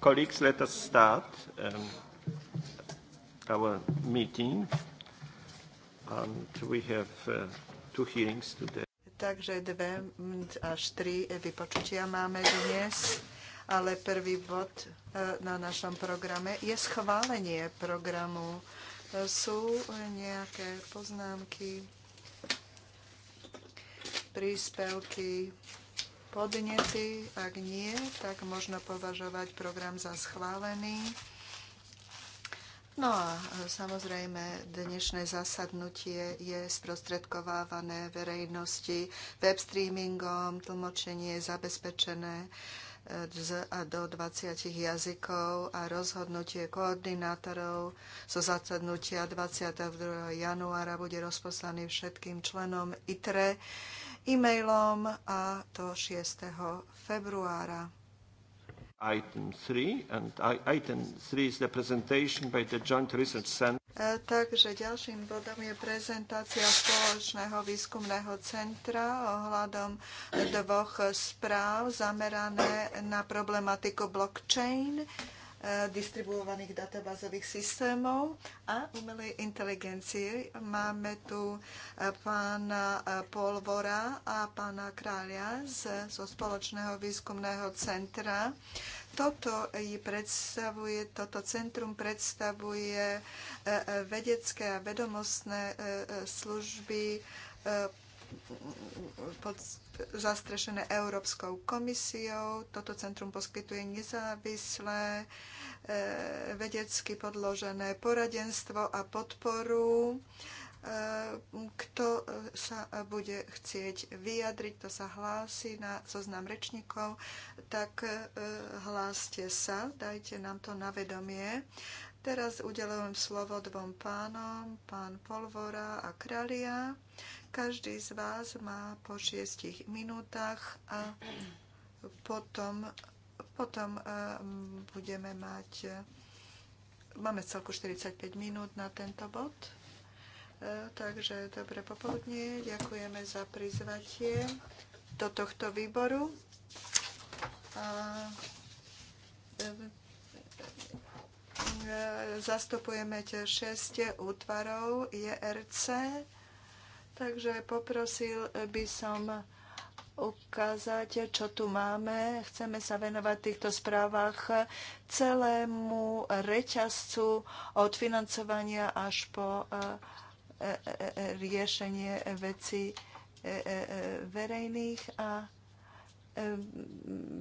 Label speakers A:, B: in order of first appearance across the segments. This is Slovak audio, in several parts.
A: Colleagues, let us start um, our meeting. And um, we have uh, two hearings today.
B: Takže dve až tri vypočutia máme dnes, ale prvý bod uh, na našom programe je schválenie programu. Sú nejaké poznámky, príspevky? podnety? Ak nie, tak možno považovať program za schválený. No a e, samozrejme, dnešné zasadnutie je sprostredkovávané verejnosti web streamingom, tlmočenie je zabezpečené e, do 20 jazykov a rozhodnutie koordinátorov zo zasadnutia 22. januára bude rozposlaný všetkým členom ITRE e-mailom a to 6. februára.
A: Item 3 and item 3 is the presentation by the Joint Research Center.
B: E, takže ďalším bodom je prezentácia spoločného výskumného centra ohľadom dvoch správ zamerané na problematiku blockchain. Eh, distribuovaných databázových systémov a umelej inteligencie. Máme tu eh, pána eh, Polvora a pána Kráľa z, zo Spoločného výskumného centra. Toto, predstavuje, toto centrum predstavuje vedecké a vedomostné služby pod zastrešené Európskou komisiou. Toto centrum poskytuje nezávislé, e, vedecky podložené poradenstvo a podporu. E, kto sa bude chcieť vyjadriť, to sa hlási na zoznam rečníkov, tak e, hláste sa, dajte nám to na vedomie. Teraz udelujem slovo dvom pánom, pán Polvora a Kralia. Každý z vás má po šiestich minútach a potom, potom eh, budeme mať... Eh, máme celku 45 minút na tento bod. Eh, takže dobre popoludne. Ďakujeme za prizvatie do tohto výboru. A zastupujeme tie 6 útvarov IRC. Takže poprosil by som ukázať, čo tu máme. Chceme sa venovať týchto správach celému reťazcu od financovania až po e, e, e, riešenie veci verejných a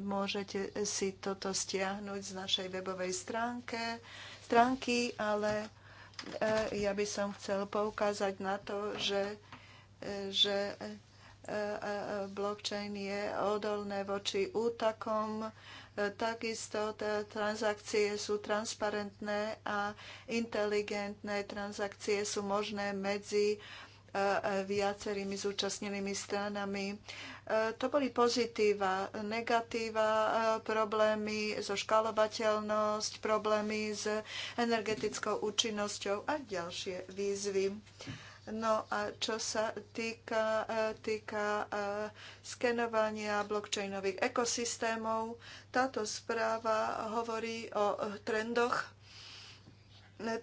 B: môžete si toto stiahnuť z našej webovej stránke, stránky, ale ja by som chcel poukázať na to, že že e, e, e, blockchain je odolné voči útakom, takisto transakcie sú transparentné a inteligentné transakcie sú možné medzi viacerými zúčastnenými stranami. To boli pozitíva, negatíva, problémy so škálovateľnosť, problémy s energetickou účinnosťou a ďalšie výzvy. No a čo sa týka, e, týka e, skenovania blockchainových ekosystémov, táto správa hovorí o e, trendoch.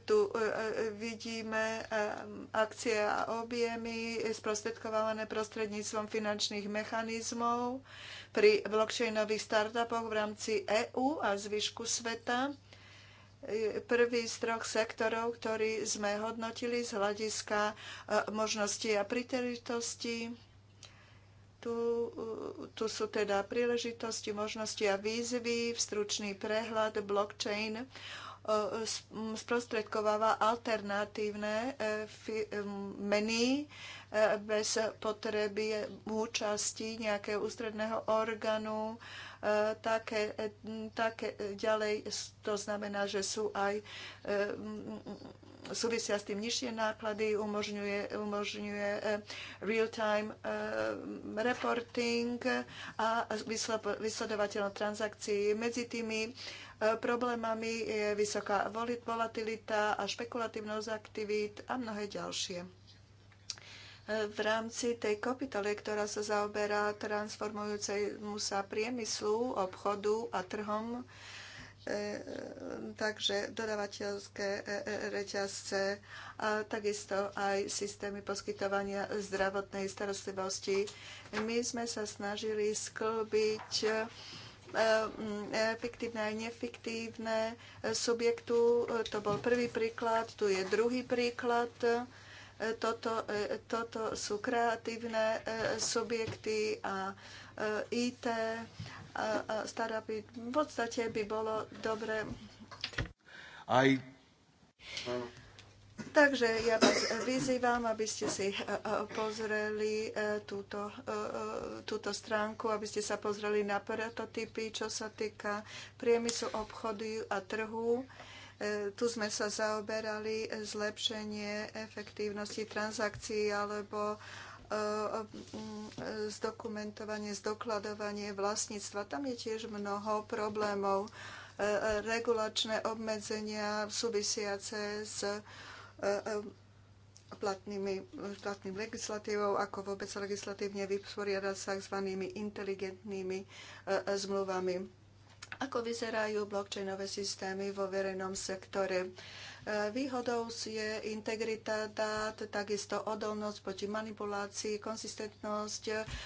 B: Tu vidíme akcie a objemy sprostredkované prostredníctvom finančných mechanizmov pri blockchainových startupoch v rámci EÚ a zvyšku sveta prvý z troch sektorov, ktorý sme hodnotili z hľadiska e, možností a priteritosti. Tu, e, tu sú teda príležitosti, možnosti a výzvy, stručný prehľad, blockchain e, sprostredkováva alternatívne meny bez potreby účasti nejakého ústredného orgánu, e, také, e, také e, ďalej. To znamená, že sú aj súvisia s tým nižšie náklady, umožňuje, umožňuje real-time reporting a vysledovateľom transakcií. Medzi tými problémami je vysoká volatilita a špekulatívnosť aktivít a mnohé ďalšie v rámci tej kapitoly, ktorá sa zaoberá transformujúcemu sa priemyslu, obchodu a trhom. E, e, takže dodavateľské e, reťazce a takisto aj systémy poskytovania zdravotnej starostlivosti. My sme sa snažili sklbiť efektívne aj nefiktívne subjektu. To bol prvý príklad, tu je druhý príklad toto, e, toto sú kreatívne e, subjekty a IT e, a startupy. V podstate by bolo dobre. Aj... Takže ja vás vyzývam, aby ste si pozreli túto, túto stránku, aby ste sa pozreli na prototypy, čo sa týka priemyslu, obchodu a trhu. E, tu sme sa zaoberali zlepšenie efektívnosti transakcií alebo e, zdokumentovanie, zdokladovanie vlastníctva. Tam je tiež mnoho problémov. E, regulačné obmedzenia súvisiace s platnými, platným legislatívou, ako vôbec legislatívne vysporiadať sa tzv. inteligentnými zmluvami ako vyzerajú blockchainové systémy vo verejnom sektore? E, výhodou je integrita dát, takisto odolnosť proti manipulácii, konsistentnosť,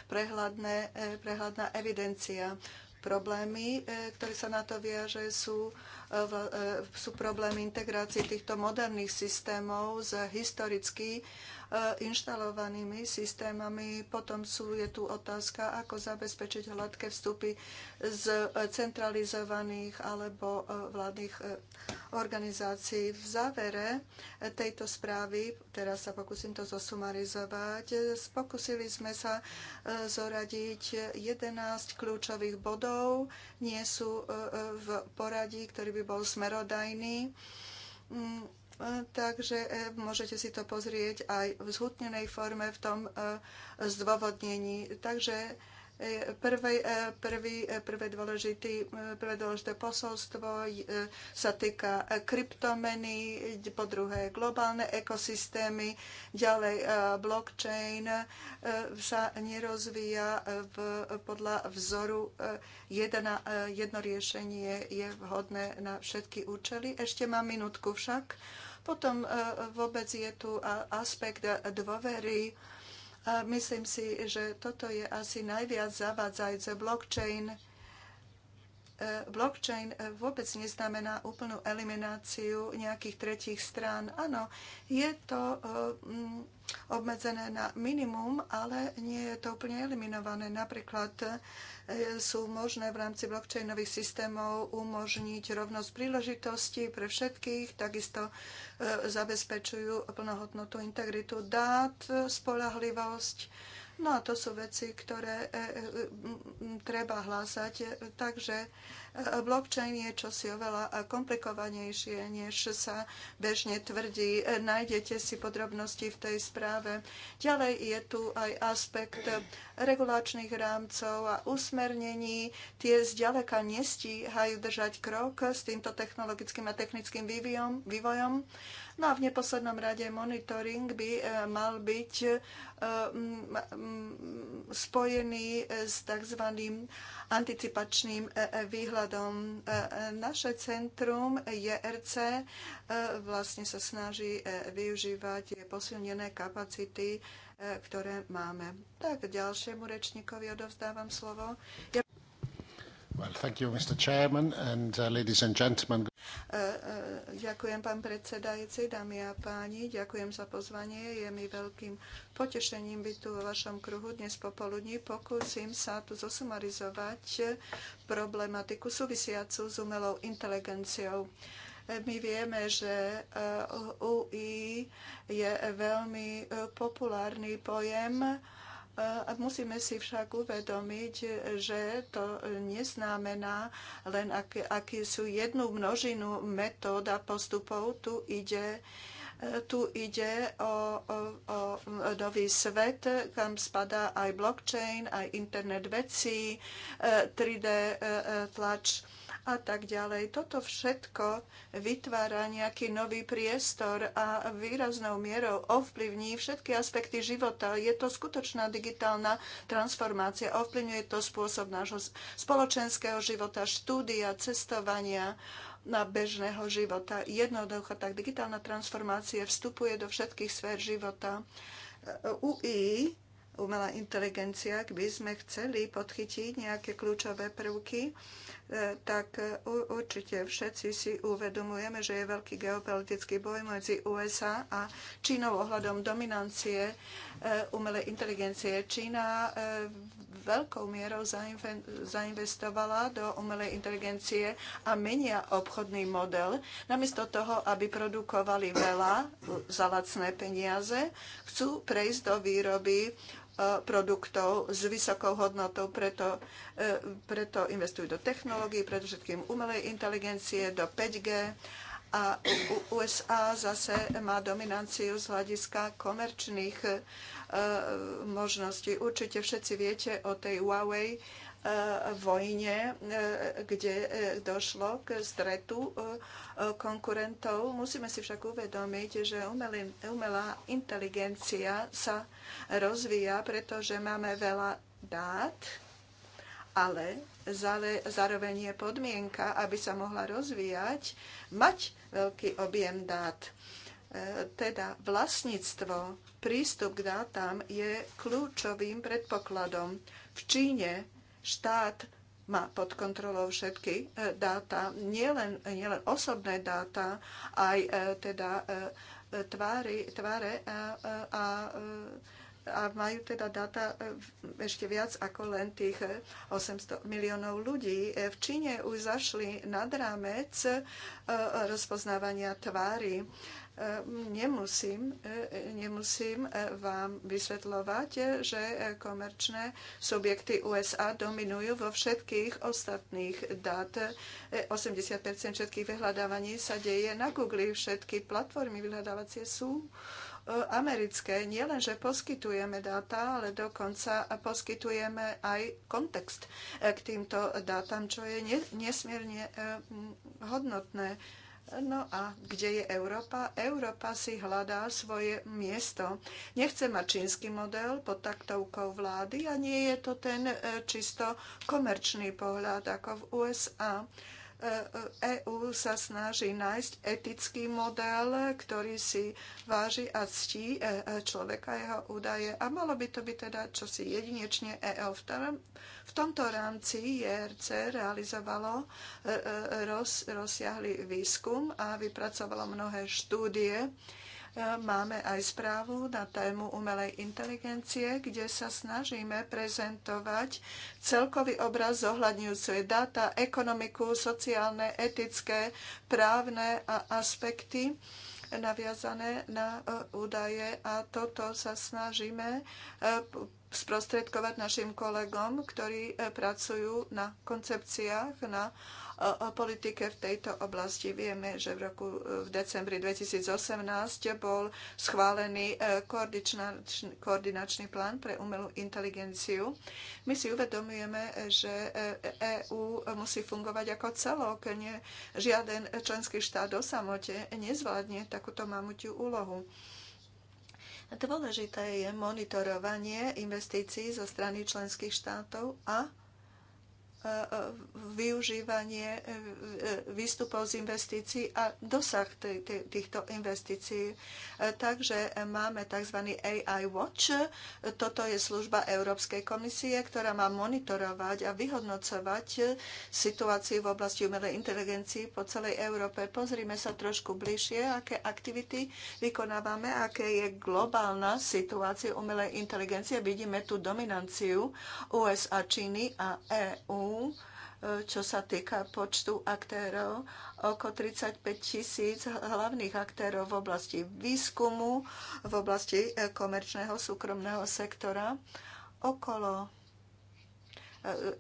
B: prehľadné, e, prehľadná evidencia. Problémy, e, ktoré sa na to viaže, sú, sú problémy integrácie týchto moderných systémov s historicky Eh, inštalovanými systémami. Potom sú, je tu otázka, ako zabezpečiť hladké vstupy z eh, centralizovaných alebo eh, vládnych organizácií. V závere tejto správy, teraz sa pokúsim to zosumarizovať, pokúsili sme sa zoradiť 11 kľúčových bodov, nie sú v poradí, ktorý by bol smerodajný mm, takže e, môžete si to pozrieť aj v zhutnenej forme v tom e, zdôvodnení. Takže e, Prvé, prvé, prvé dôležité posolstvo sa týka kryptomeny, po druhé globálne ekosystémy, ďalej blockchain sa nerozvíja v, podľa vzoru jedna, jedno riešenie je vhodné na všetky účely. Ešte mám minútku však. Potom e, vôbec je tu e, aspekt e, dôvery. Myslím si, že toto je asi najviac zavádzajúce blockchain blockchain vôbec neznamená úplnú elimináciu nejakých tretích strán. Áno, je to mm, obmedzené na minimum, ale nie je to úplne eliminované. Napríklad e, sú možné v rámci blockchainových systémov umožniť rovnosť príležitosti pre všetkých, takisto e, zabezpečujú plnohodnotnú integritu dát, spolahlivosť No a to sú veci, ktoré e, e, treba hlásať. Takže e, blockchain je čosi oveľa komplikovanejšie, než sa bežne tvrdí. Nájdete si podrobnosti v tej správe. Ďalej je tu aj aspekt regulačných rámcov a usmernení. Tie zďaleka nestíhajú držať krok s týmto technologickým a technickým vývojom. vývojom. No a v neposlednom rade monitoring by e, mal byť e, spojený s tzv. anticipačným e, výhľadom. Naše centrum JRC vlastne sa snaží využívať posilnené kapacity ktoré máme. Tak ďalšiemu rečníkovi odovzdávam slovo.
A: Well, thank you, Mr. Chairman, and uh, ladies and gentlemen.
B: E, e, ďakujem, pán predsedajúci, dámy a páni. Ďakujem za pozvanie. Je mi veľkým potešením byť tu vo vašom kruhu dnes popoludní. Pokúsim sa tu zosumarizovať problematiku súvisiacu s umelou inteligenciou e, my vieme, že UI je veľmi populárny pojem a musíme si však uvedomiť, že to neznamená len, ak, aké sú jednu množinu metód a postupov. Tu ide, tu ide o, o, o nový svet, kam spadá aj blockchain, aj internet vecí, 3D e, e, e, tlač a tak ďalej. Toto všetko vytvára nejaký nový priestor a výraznou mierou ovplyvní všetky aspekty života. Je to skutočná digitálna transformácia. Ovplyvňuje to spôsob nášho spoločenského života, štúdia, cestovania na bežného života. Jednoducho tak digitálna transformácia vstupuje do všetkých sfér života. UI umelá inteligencia, ak by sme chceli podchytiť nejaké kľúčové prvky E, tak e, určite všetci si uvedomujeme, že je veľký geopolitický boj medzi USA a Čínou ohľadom dominancie e, umelej inteligencie. Čína veľkou mierou zainvestovala do umelej inteligencie a menia obchodný model. Namiesto toho, aby produkovali veľa za lacné peniaze, chcú prejsť do výroby E, produktov s vysokou hodnotou, preto, e, preto investujú do technológií, predovšetkým umelej inteligencie, do 5G a USA zase má dominanciu z hľadiska komerčných e, možností. Určite všetci viete o tej Huawei vojne, e, kde e, došlo k stretu e, konkurentov. Musíme si však uvedomiť, že umelý, umelá inteligencia sa rozvíja, pretože máme veľa dát, ale zároveň je podmienka, aby sa mohla rozvíjať, mať veľký objem dát teda vlastníctvo, prístup k dátam je kľúčovým predpokladom. V Číne štát má pod kontrolou všetky e, dáta, nielen, nielen osobné dáta, aj e, teda e, tvári, tváre a, a, a majú teda dáta ešte viac ako len tých 800 miliónov ľudí. V Číne už zašli nad rámec rozpoznávania tvári nemusím, nemusím vám vysvetľovať, že komerčné subjekty USA dominujú vo všetkých ostatných dát. 80 všetkých vyhľadávaní sa deje na Google. Všetky platformy vyhľadávacie sú e, americké. že poskytujeme dáta, ale dokonca poskytujeme aj kontext e, k týmto dátam, čo je nesmierne e, hodnotné No a kde je Európa? Európa si hľadá svoje miesto. Nechce mať čínsky model pod taktovkou vlády a nie je to ten e, čisto komerčný pohľad ako v USA. EÚ sa snaží nájsť etický model, ktorý si váži a ctí človeka, jeho údaje a malo by to byť teda čosi jedinečne EÚ. V tomto rámci JRC realizovalo roz, rozsiahly výskum a vypracovalo mnohé štúdie, E, máme aj správu na tému umelej inteligencie, kde sa snažíme prezentovať celkový obraz zohľadňujúce dáta, ekonomiku, sociálne, etické, právne a aspekty naviazané na e, údaje a toto sa snažíme e, sprostredkovať našim kolegom, ktorí pracujú na koncepciách, na o politike v tejto oblasti. Vieme, že v roku v decembri 2018 bol schválený e, koordinačný plán pre umelú inteligenciu. My si uvedomujeme, že EÚ e musí fungovať ako celok. Nie, žiaden členský štát o samote nezvládne takúto mamutiu úlohu. Dôležité je monitorovanie investícií zo strany členských štátov a využívanie e, e, výstupov z investícií a dosah týchto investícií. E, takže máme tzv. AI Watch. Toto je služba Európskej komisie, ktorá má monitorovať a vyhodnocovať situáciu v oblasti umelej inteligencii po celej Európe. Pozrime sa trošku bližšie, aké aktivity vykonávame, aké je globálna situácia umelej inteligencie. Vidíme tu dominanciu USA, Číny a EU E, čo sa týka počtu aktérov, oko 35 tisíc hlavných aktérov v oblasti výskumu, v oblasti e, komerčného súkromného sektora, okolo e,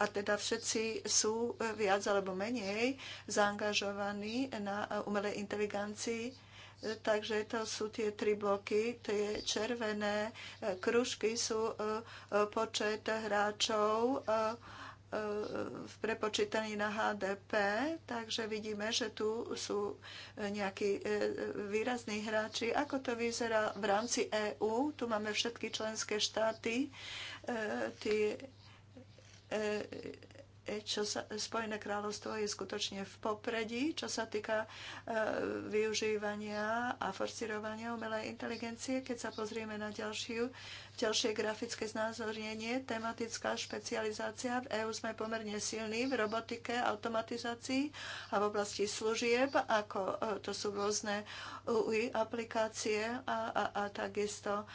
B: a teda všetci sú viac alebo menej zaangažovaní na umelej inteligencii. Takže to sú tie tri bloky, tie červené kružky sú počet hráčov, v prepočítaní na HDP, takže vidíme, že tu sú nejakí e, výrazní hráči. Ako to vyzerá v rámci EÚ? Tu máme všetky členské štáty. E, tie e, E, čo sa, Spojené kráľovstvo je skutočne v popredí, čo sa týka e, využívania a forcirovania umelej inteligencie. Keď sa pozrieme na ďalšiu, ďalšie grafické znázornenie, tematická špecializácia. V EÚ sme pomerne silní v robotike, automatizácii a v oblasti služieb, ako e, to sú rôzne UI aplikácie a, a, a takisto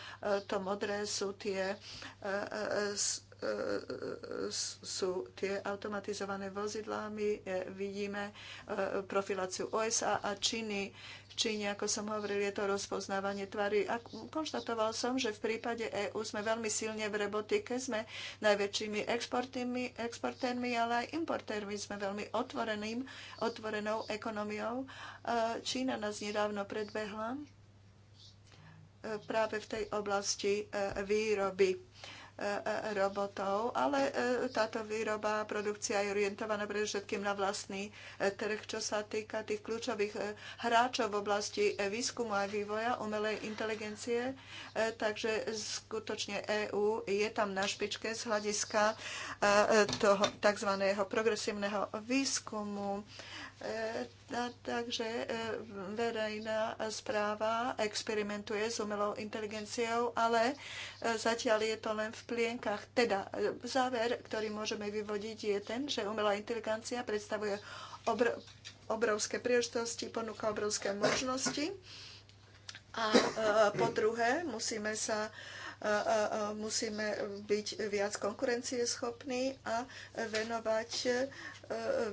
B: to modré sú tie E, e, e, sú tie automatizované vozidlá. My vidíme profiláciu OSA a Číny. V Číne, ako som hovoril, je to rozpoznávanie tvary. A konštatoval som, že v prípade EÚ sme veľmi silne v robotike, sme najväčšími exportérmi, exportérmi ale aj importérmi. Sme veľmi otvoreným, otvorenou ekonomiou. Čína nás nedávno predbehla práve v tej oblasti výroby E, e, robotov, ale e, táto výroba a produkcia je orientovaná predovšetkým na vlastný trh, čo sa týka tých kľúčových hráčov v oblasti výskumu a vývoja umelej inteligencie. Takže skutočne EÚ je tam na špičke z hľadiska toho tzv. progresívneho výskumu. E, takže e, verejná správa experimentuje s umelou inteligenciou, ale e, zatiaľ je to len v plienkach. Teda záver, ktorý môžeme vyvodiť, je ten, že umelá inteligencia predstavuje obr- obrovské príležitosti, ponúka obrovské možnosti. A po druhé, musíme sa musíme byť viac konkurencieschopní a venovať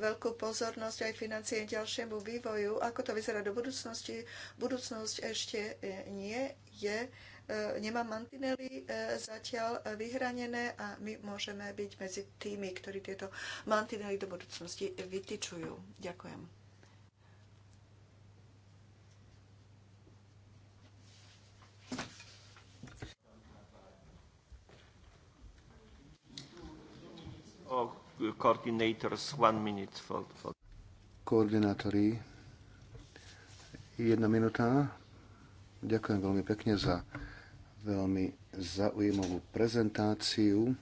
B: veľkú pozornosť aj financie ďalšiemu vývoju. Ako to vyzerá do budúcnosti? Budúcnosť ešte e, nie je e, nemá mantinely e, zatiaľ vyhranené a my môžeme byť medzi tými, ktorí tieto mantinely do budúcnosti vytyčujú. Ďakujem.
A: Oh coordinators one minute for, for...
C: Koordinátori, jedna minúta. Ďakujem veľmi pekne za veľmi zaujímavú prezentáciu.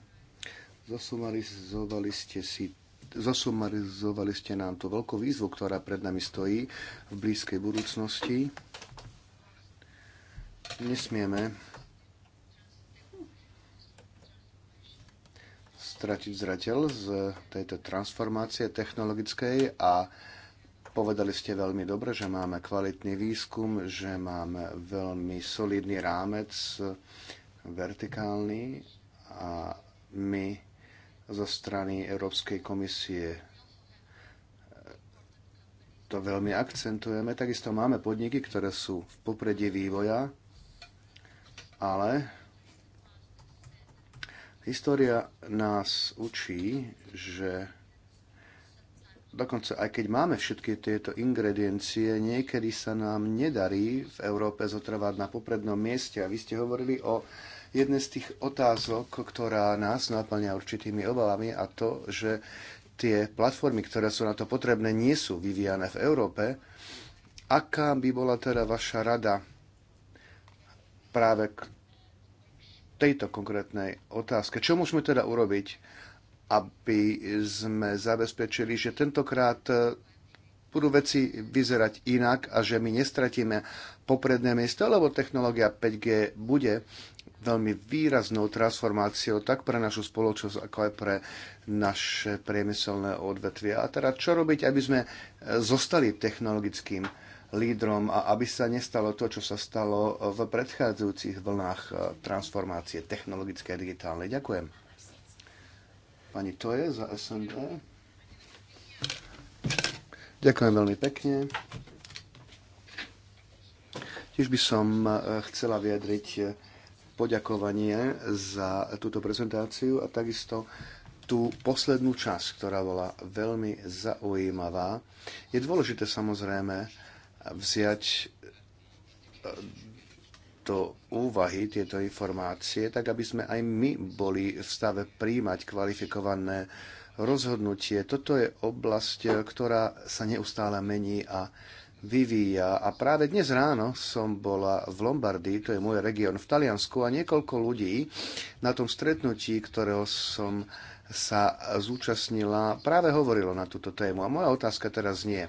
C: Zosumarizovali ste si zosumarizovali ste nám tú veľkú výzvu, ktorá pred nami stojí v blízkej budúcnosti. Nesmieme stratiť zreteľ z tejto transformácie technologickej a povedali ste veľmi dobre, že máme kvalitný výskum, že máme veľmi solidný rámec vertikálny a my zo strany Európskej komisie to veľmi akcentujeme. Takisto máme podniky, ktoré sú v popredí vývoja, ale História nás učí, že dokonca aj keď máme všetky tieto ingrediencie, niekedy sa nám nedarí v Európe zotrvať na poprednom mieste. A vy ste hovorili o jednej z tých otázok, ktorá nás naplňa určitými obavami a to, že tie platformy, ktoré sú na to potrebné, nie sú vyvíjane v Európe. Aká by bola teda vaša rada práve k tejto konkrétnej otázke. Čo môžeme teda urobiť, aby sme zabezpečili, že tentokrát e, budú veci vyzerať inak a že my nestratíme popredné miesto, lebo technológia 5G bude veľmi výraznou transformáciou tak pre našu spoločnosť, ako aj pre naše priemyselné odvetvie. A teda čo robiť, aby sme e, zostali technologickým lídrom a aby sa nestalo to, čo sa stalo v predchádzajúcich vlnách e, transformácie technologické a digitálne. Ďakujem. Pani Toje za SND. Ďakujem veľmi pekne. Tiež by som e, chcela vyjadriť e, poďakovanie za túto prezentáciu a takisto tú poslednú časť, ktorá bola veľmi zaujímavá. Je dôležité samozrejme vziať eh, do úvahy tieto informácie, tak aby sme aj my boli v stave príjmať kvalifikované rozhodnutie. Toto je oblasť, eh, ktorá sa neustále mení a vyvíja. A práve dnes ráno som bola v Lombardii, to je môj región v Taliansku, a niekoľko ľudí na tom stretnutí, ktorého som sa zúčastnila, práve hovorilo na túto tému. A moja otázka teraz nie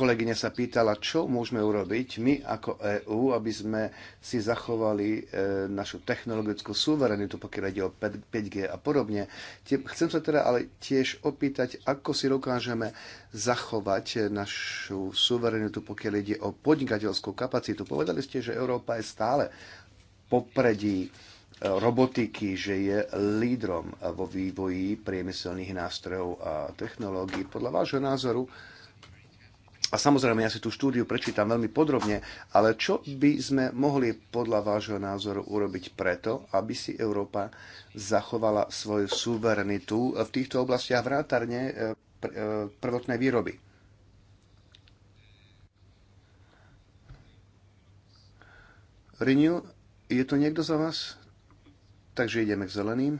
C: kolegyňa sa pýtala, čo môžeme urobiť my ako EÚ, aby sme si zachovali e, našu technologickú suverenitu, pokiaľ ide o 5G a podobne. Chcem sa teda ale tiež opýtať, ako si dokážeme zachovať našu suverenitu, pokiaľ ide o podnikateľskú kapacitu. Povedali ste, že Európa je stále popredí e, robotiky, že je lídrom vo vývoji priemyselných nástrojov a technológií. Podľa vášho názoru, a samozrejme, ja si tú štúdiu prečítam veľmi podrobne, ale čo by sme mohli podľa vášho názoru urobiť preto, aby si Európa zachovala svoju suverenitu v týchto oblastiach vrátarne e, e, prvotnej výroby? Renew, je tu niekto za vás? Takže ideme k zeleným.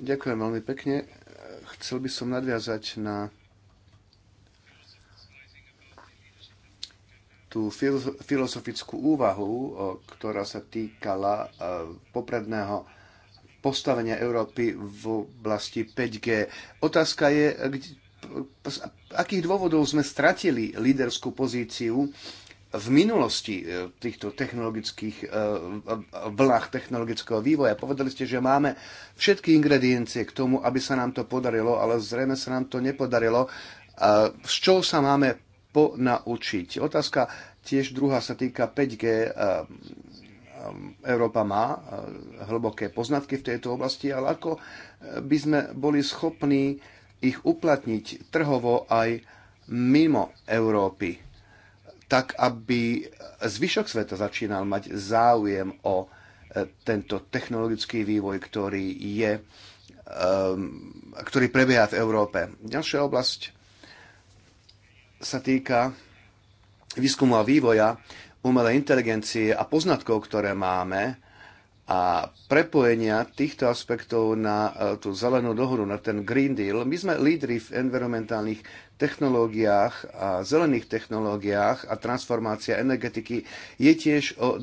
C: Ďakujem veľmi pekne. Chcel by som nadviazať na tú filozofickú úvahu, ktorá sa týkala e, popredného postavenia Európy v oblasti 5G. Otázka je, akých dôvodov sme stratili líderskú pozíciu v minulosti e, týchto technologických e, vlnách technologického vývoja. Povedali ste, že máme všetky ingrediencie k tomu, aby sa nám to podarilo, ale zrejme sa nám to nepodarilo. E, z čoho sa máme ponaučiť? Otázka tiež druhá sa týka 5G. Európa má hlboké poznatky v tejto oblasti, ale ako by sme boli schopní ich uplatniť trhovo aj mimo Európy tak aby zvyšok sveta začínal mať záujem o e, tento technologický vývoj, ktorý je ehm, ktorý prebieha v Európe. Ďalšia oblasť sa týka výskumu a vývoja umelej inteligencie a poznatkov, ktoré máme a prepojenia týchto aspektov na e, tú zelenú dohodu, na ten Green Deal. My sme lídri v environmentálnych technológiách a zelených technológiách a transformácia energetiky je tiež o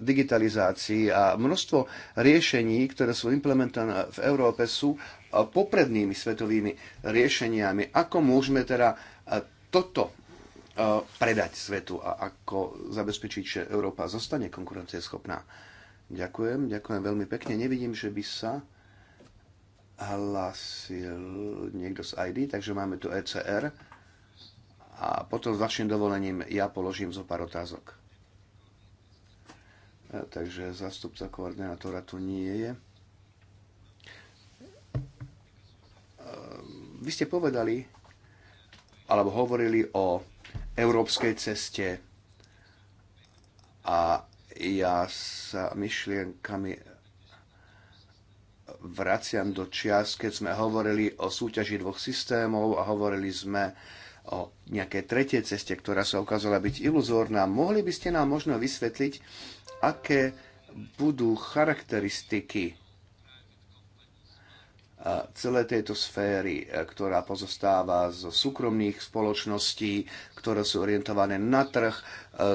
C: digitalizácii a množstvo riešení, ktoré sú implementované v Európe, sú e, poprednými svetovými riešeniami. Ako môžeme teda e, toto predať svetu a ako zabezpečiť, že Európa zostane konkurencieschopná? Ďakujem, ďakujem veľmi pekne. Nevidím, že by sa hlasil niekto z ID, takže máme tu ECR. A potom s vašim dovolením ja položím zo pár otázok. E, takže zastupca koordinátora tu nie je. E, vy ste povedali, alebo hovorili o európskej ceste a ja sa myšlienkami vraciam do čias, keď sme hovorili o súťaži dvoch systémov a hovorili sme o nejaké tretej ceste, ktorá sa ukázala byť iluzórna. Mohli by ste nám možno vysvetliť, aké budú charakteristiky celé tejto sféry, e, ktorá pozostáva zo súkromných spoločností, ktoré sú orientované na trh, e,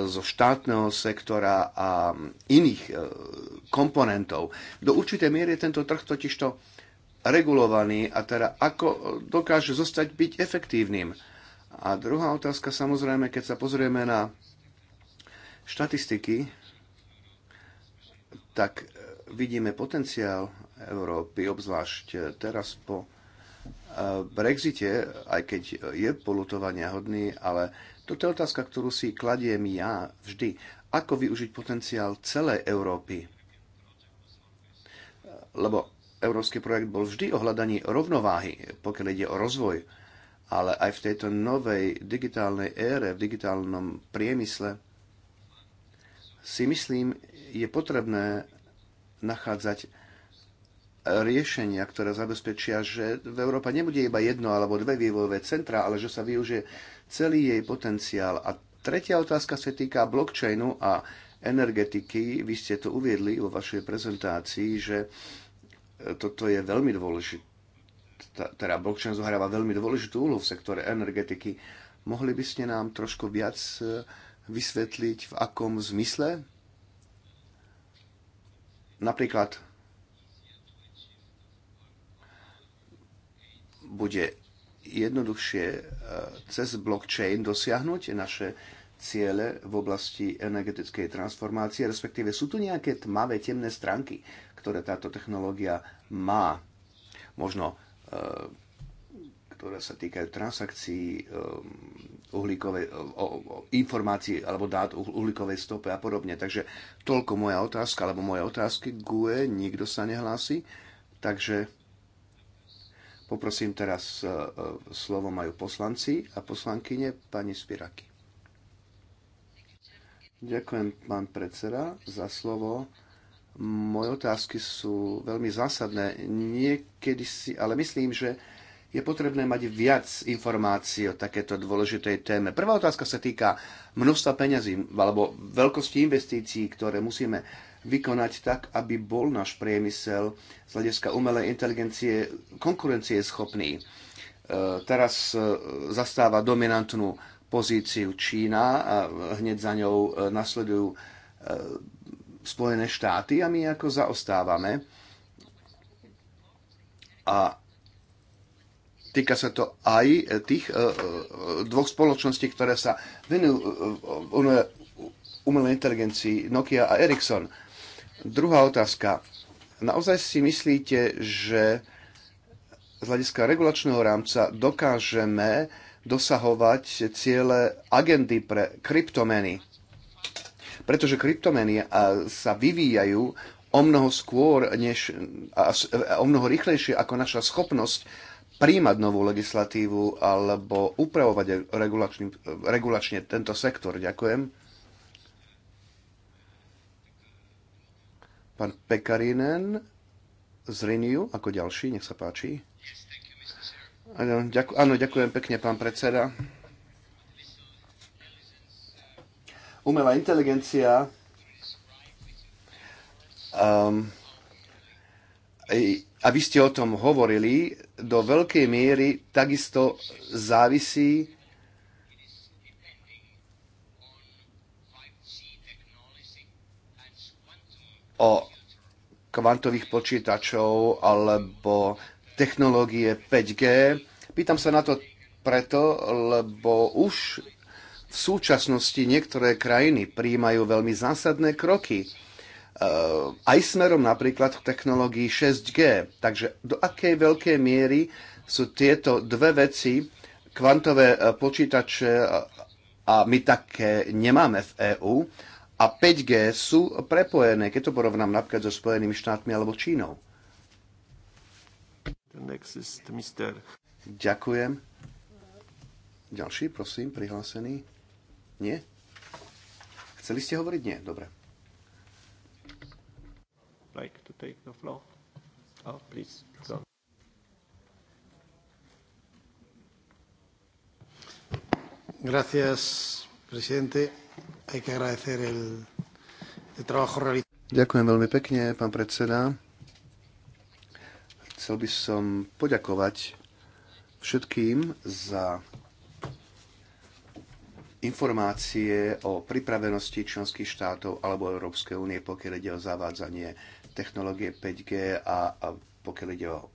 C: zo štátneho sektora a iných e, komponentov. Do určitej miery je tento trh totižto regulovaný a teda ako dokáže zostať byť efektívnym. A druhá otázka samozrejme, keď sa pozrieme na štatistiky, tak vidíme potenciál Európy, obzvlášť eh, teraz po eh, Brexite, aj keď je polutovania hodný, ale toto je otázka, ktorú si kladiem ja vždy. Ako využiť potenciál celej Európy? Eh, lebo európsky projekt bol vždy o hľadaní rovnováhy, pokiaľ ide o rozvoj, ale aj v tejto novej digitálnej ére, v digitálnom priemysle, si myslím, je potrebné nachádzať riešenia, ktoré zabezpečia, že v Európa nebude iba jedno alebo dve vývojové centra, ale že sa využije celý jej potenciál. A tretia otázka sa týka blockchainu a energetiky. Vy ste to uviedli vo vašej prezentácii, že toto je veľmi dôležité. Teda blockchain zohráva veľmi dôležitú úlohu v sektore energetiky. Mohli by ste nám trošku viac e, vysvetliť, v akom zmysle? Napríklad bude jednoduchšie e, cez blockchain dosiahnuť naše ciele v oblasti energetickej transformácie, respektíve sú tu nejaké tmavé, temné stránky, ktoré táto technológia má. Možno e, ktoré sa týkajú transakcií, e, informácií alebo dát uhlíkovej stope a podobne. Takže toľko moja otázka, alebo moje otázky GUE, nikto sa nehlási. Takže Poprosím teraz, e, e, slovo majú poslanci a poslankyne pani Spiraky. Ďakujem, pán predseda, za slovo. Moje otázky sú veľmi zásadné. Niekedy si, ale myslím, že je potrebné mať viac informácií o takéto dôležitej téme. Prvá otázka sa týka množstva peňazí alebo veľkosti investícií, ktoré musíme vykonať tak, aby bol náš priemysel z hľadiska umelej inteligencie konkurencie schopný. E, teraz e, zastáva dominantnú pozíciu Čína a hneď za ňou e, nasledujú Spojené štáty a my ako zaostávame. A týka sa to aj tých dvoch spoločností, ktoré sa venujú umelej inteligencii Nokia a Ericsson Druhá otázka. Naozaj si myslíte, že z hľadiska regulačného rámca dokážeme dosahovať ciele agendy pre kryptomeny? Pretože kryptomeny eh, sa vyvíjajú o mnoho skôr, než, a, eh, o mnoho rýchlejšie ako naša schopnosť príjmať novú legislatívu alebo upravovať eh, regulačne tento sektor. Ďakujem. Pán Pekarinen z Riniu, ako ďalší, nech sa páči. Áno, ďaku, áno, ďakujem pekne, pán predseda. Umelá inteligencia um, a vy ste o tom hovorili, do veľkej miery takisto závisí o kvantových počítačov alebo technológie 5G. Pýtam sa na to preto, lebo už v súčasnosti niektoré krajiny príjmajú veľmi zásadné kroky e, aj smerom napríklad k technológii 6G. Takže do akej veľkej miery sú tieto dve veci, kvantové e, počítače a my také nemáme v EÚ, a 5G sú prepojené, keď to porovnám napríklad so Spojenými štátmi alebo Čínou. Ďakujem. Ďalší, prosím, prihlásený. Nie? Chceli ste hovoriť? Nie, dobre.
A: Like to take the floor? Oh, please, go.
C: Gracias, presidente. Ďakujem veľmi pekne, pán predseda. Chcel by som poďakovať všetkým za informácie o pripravenosti členských štátov alebo Európskej únie, pokiaľ ide o zavádzanie technológie 5G a, a pokiaľ ide o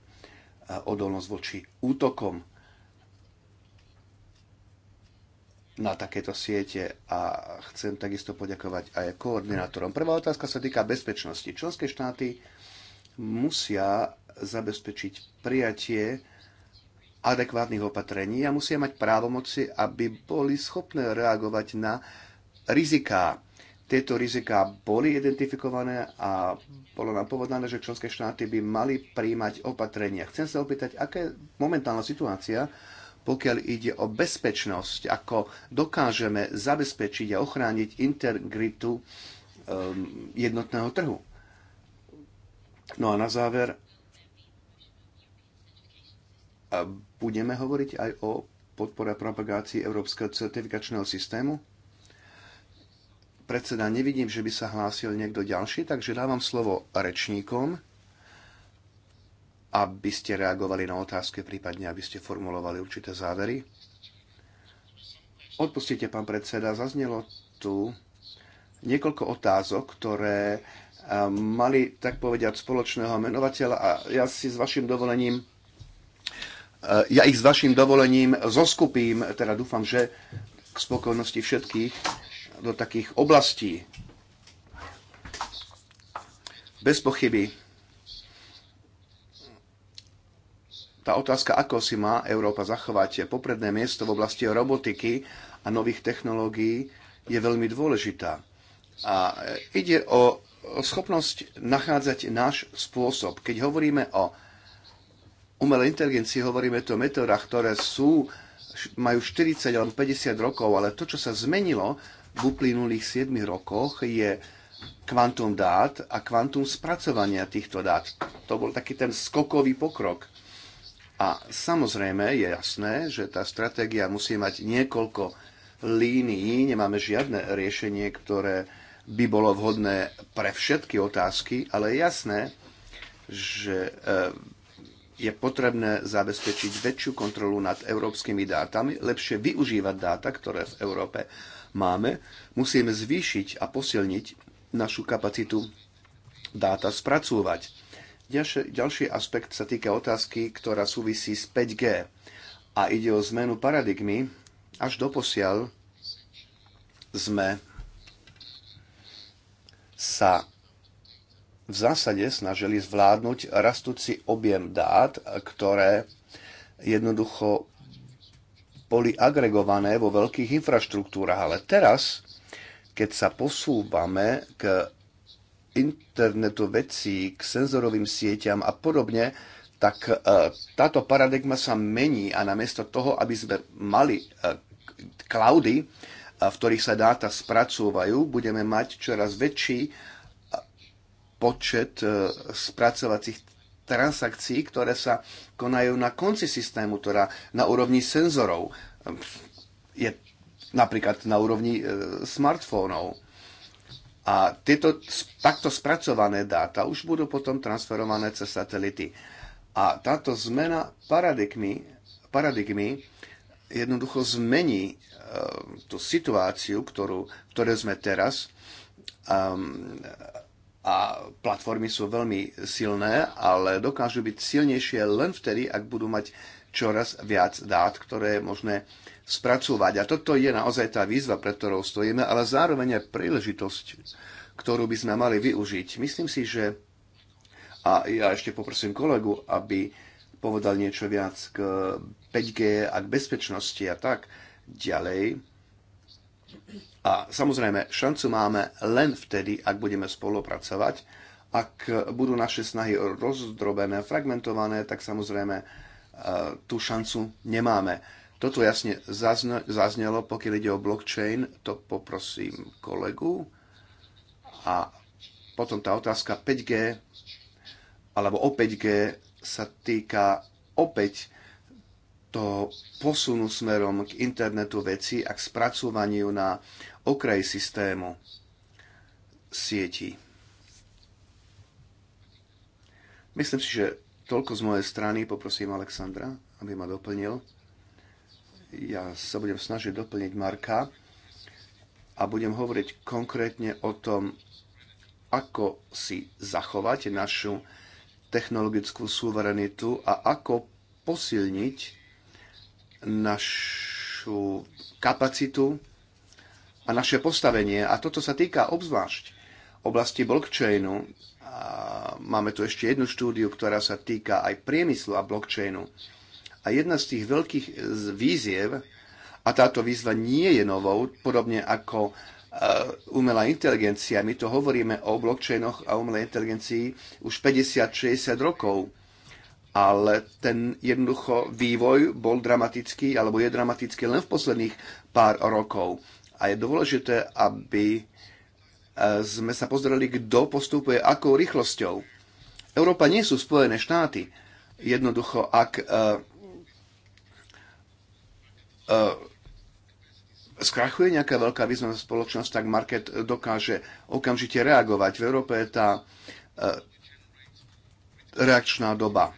C: odolnosť voči útokom na takéto siete a chcem takisto poďakovať aj koordinátorom. Prvá otázka sa týka bezpečnosti. Členské štáty musia zabezpečiť prijatie adekvátnych opatrení a musia mať právomoci, aby boli schopné reagovať na riziká. Tieto riziká boli identifikované a bolo nám povedané, že členské štáty by mali príjmať opatrenia. Chcem sa opýtať, aká je momentálna situácia pokiaľ ide o bezpečnosť, ako dokážeme zabezpečiť a ochrániť integritu um, jednotného trhu. No a na záver budeme hovoriť aj o podpore propagácii Európskeho certifikačného systému. Predseda, nevidím, že by sa hlásil niekto ďalší, takže dávam slovo rečníkom aby ste reagovali na otázky, prípadne aby ste formulovali určité závery. Odpustite, pán predseda, zaznelo tu niekoľko otázok, ktoré eh, mali, tak povedať, spoločného menovateľa a ja si s vašim dovolením eh, ja ich s vašim dovolením zoskupím, teda dúfam, že k spokojnosti všetkých do takých oblastí. Bez pochyby tá otázka, ako si má Európa zachovať popredné miesto v oblasti robotiky a nových technológií, je veľmi dôležitá. A ide o schopnosť nachádzať náš spôsob. Keď hovoríme o umelej inteligencii, hovoríme tu o meteorách, ktoré sú, majú 40 alebo 50 rokov, ale to, čo sa zmenilo v uplynulých 7 rokoch, je kvantum dát a kvantum spracovania týchto dát. To bol taký ten skokový pokrok. A samozrejme je jasné, že tá stratégia musí mať niekoľko línií. Nemáme žiadne riešenie, ktoré by bolo vhodné pre všetky otázky, ale je jasné, že eh, je potrebné zabezpečiť väčšiu kontrolu nad európskymi dátami, lepšie využívať dáta, ktoré v Európe máme. Musíme zvýšiť a posilniť našu kapacitu dáta spracúvať Ďalšie, ďalší aspekt sa týka otázky, ktorá súvisí s 5G a ide o zmenu paradigmy. Až doposiaľ sme sa v zásade snažili zvládnuť rastúci objem dát, ktoré jednoducho boli agregované vo veľkých infraštruktúrach. Ale teraz, keď sa posúvame k internetu vecí, k senzorovým sieťam a podobne, tak e, táto paradigma sa mení a namiesto toho, aby sme mali e, cloudy, e, v ktorých sa dáta spracúvajú, budeme mať čoraz väčší počet spracovacích transakcií, ktoré sa konajú na konci systému, ktorá na úrovni senzorov je napríklad na úrovni smartfónov. A tieto takto spracované dáta už budú potom transferované cez satelity. A táto zmena paradigmy, paradigmy jednoducho zmení e, tú situáciu, ktorú, ktoré sme teraz. Um, a platformy sú veľmi silné, ale dokážu byť silnejšie len vtedy, ak budú mať čoraz viac dát, ktoré je možné spracúvať. A toto je naozaj tá výzva, pred ktorou stojíme, ale zároveň aj príležitosť, ktorú by sme mali využiť. Myslím si, že... A ja ešte poprosím kolegu, aby povedal niečo viac k 5G a k bezpečnosti a tak ďalej. A samozrejme, šancu máme len vtedy, ak budeme spolupracovať. Ak budú naše snahy rozdrobené, fragmentované, tak samozrejme eh, tú šancu nemáme toto jasne zaznelo, pokiaľ ide o blockchain, to poprosím kolegu. A potom tá otázka 5G, alebo o 5G sa týka opäť toho posunu smerom k internetu veci a k spracovaniu na okraj systému sieti. Myslím si, že toľko z mojej strany. Poprosím Alexandra, aby ma doplnil ja sa budem snažiť doplniť Marka a budem hovoriť konkrétne o tom, ako si zachovať našu technologickú suverenitu a ako posilniť našu kapacitu a naše postavenie. A toto sa týka obzvlášť oblasti blockchainu. A máme tu ešte jednu štúdiu, ktorá sa týka aj priemyslu a blockchainu a jedna z tých veľkých eh, výziev, a táto výzva nie je novou, podobne ako eh, umelá inteligencia. My to hovoríme o blockchainoch a umelej inteligencii už 50-60 rokov. Ale ten jednoducho vývoj bol dramatický, alebo je dramatický len v posledných pár rokov. A je dôležité, aby eh, sme sa pozreli, kto postupuje akou rýchlosťou. Európa nie sú Spojené štáty. Jednoducho, ak E, skrachuje nejaká veľká významná spoločnosť, tak market dokáže okamžite reagovať. V Európe je tá e, reakčná doba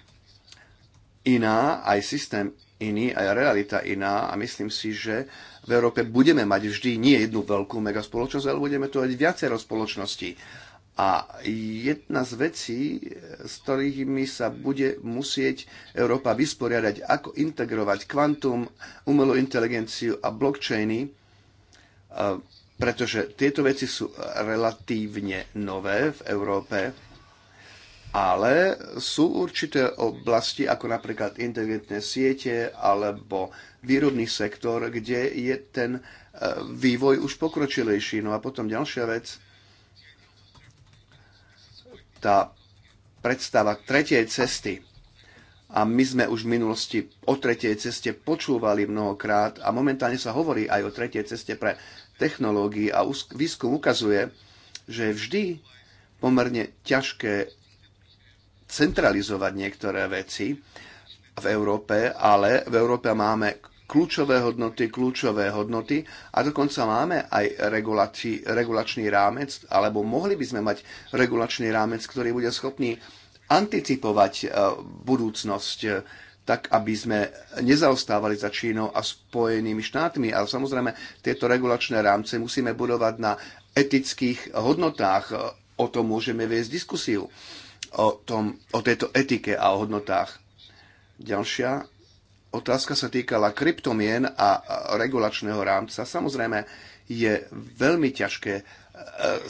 C: iná, aj systém iný, aj realita iná a myslím si, že v Európe budeme mať vždy nie jednu veľkú megaspoločnosť, ale budeme tu mať viacero spoločností a jedna z vecí, s ktorými sa bude musieť Európa vysporiadať, ako integrovať kvantum, umelú inteligenciu a blockchainy, e, pretože tieto veci sú relatívne nové v Európe, ale sú určité oblasti, ako napríklad inteligentné siete alebo výrobný sektor, kde je ten e, vývoj už pokročilejší. No a potom ďalšia vec, tá predstava tretej cesty. A my sme už v minulosti o tretej ceste počúvali mnohokrát a momentálne sa hovorí aj o tretej ceste pre technológií a výskum ukazuje, že je vždy pomerne ťažké centralizovať niektoré veci v Európe, ale v Európe máme kľúčové hodnoty, kľúčové hodnoty a dokonca máme aj regulací, regulačný rámec, alebo mohli by sme mať regulačný rámec, ktorý bude schopný anticipovať e, budúcnosť e, tak, aby sme nezaostávali za Čínou a Spojenými štátmi. Ale samozrejme, tieto regulačné rámce musíme budovať na etických hodnotách. E, o tom môžeme viesť diskusiu. O, tom, o tejto etike a o hodnotách. Ďalšia otázka sa týkala kryptomien a regulačného rámca. Samozrejme, je veľmi ťažké e,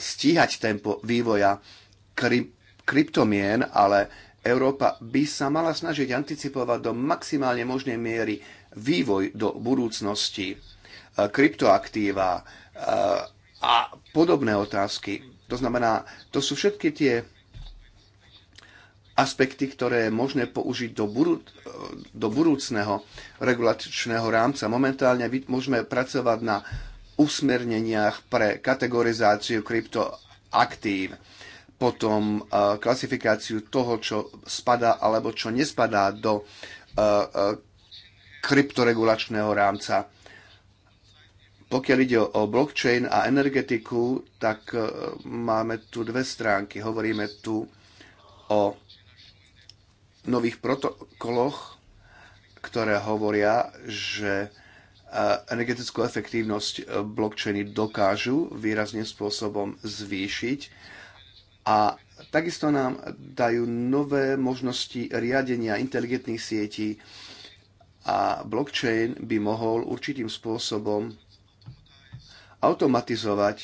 C: stíhať tempo vývoja kryptomien, ale Európa by sa mala snažiť anticipovať do maximálne možnej miery vývoj do budúcnosti, e, kryptoaktíva e, a podobné otázky. To znamená, to sú všetky tie aspekty, ktoré je možné použiť do, budú, do budúcneho regulačného rámca. Momentálne môžeme pracovať na usmerneniach pre kategorizáciu kryptoaktív, potom e, klasifikáciu toho, čo spadá alebo čo nespadá do e, e, kryptoregulačného rámca. Pokiaľ ide o blockchain a energetiku, tak máme tu dve stránky. Hovoríme tu o nových protokoloch, ktoré hovoria, že e, energetickú efektívnosť e, blockchainy dokážu výrazným spôsobom zvýšiť a takisto nám dajú nové možnosti riadenia inteligentných sietí a blockchain by mohol určitým spôsobom automatizovať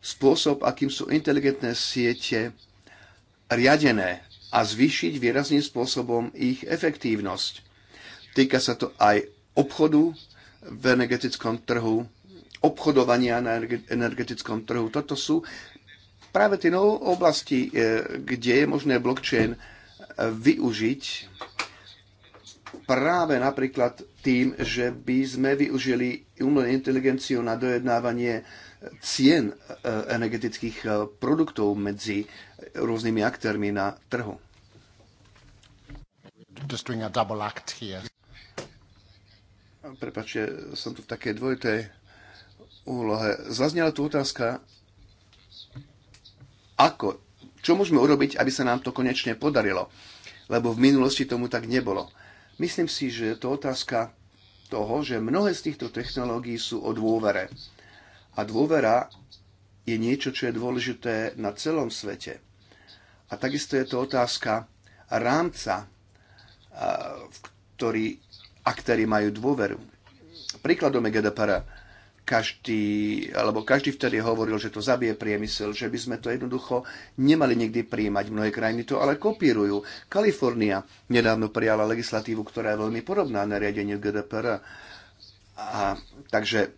C: spôsob, akým sú inteligentné siete riadené a zvýšiť výrazným spôsobom ich efektívnosť. Týka sa to aj obchodu v energetickom trhu, obchodovania na energetickom trhu. Toto sú práve tie nové oblasti, e, kde je možné blockchain e, využiť práve napríklad tým, že by sme využili umelú inteligenciu na dojednávanie cien e, energetických e, produktov medzi rôznymi aktérmi na trhu.
A: Just doing a double act here.
C: Prepačte, som tu v takej dvojitej úlohe. Zaznela tu otázka, ako, čo môžeme urobiť, aby sa nám to konečne podarilo, lebo v minulosti tomu tak nebolo. Myslím si, že je to otázka toho, že mnohé z týchto technológií sú o dôvere a dôvera je niečo, čo je dôležité na celom svete. A takisto je to otázka rámca, v ktorý a ktorí majú dôveru. Príkladom je GDPR. Každý, alebo každý vtedy hovoril, že to zabije priemysel, že by sme to jednoducho nemali nikdy príjmať. Mnohé krajiny to ale kopírujú. Kalifornia nedávno prijala legislatívu, ktorá je veľmi podobná na riadenie GDPR. A, takže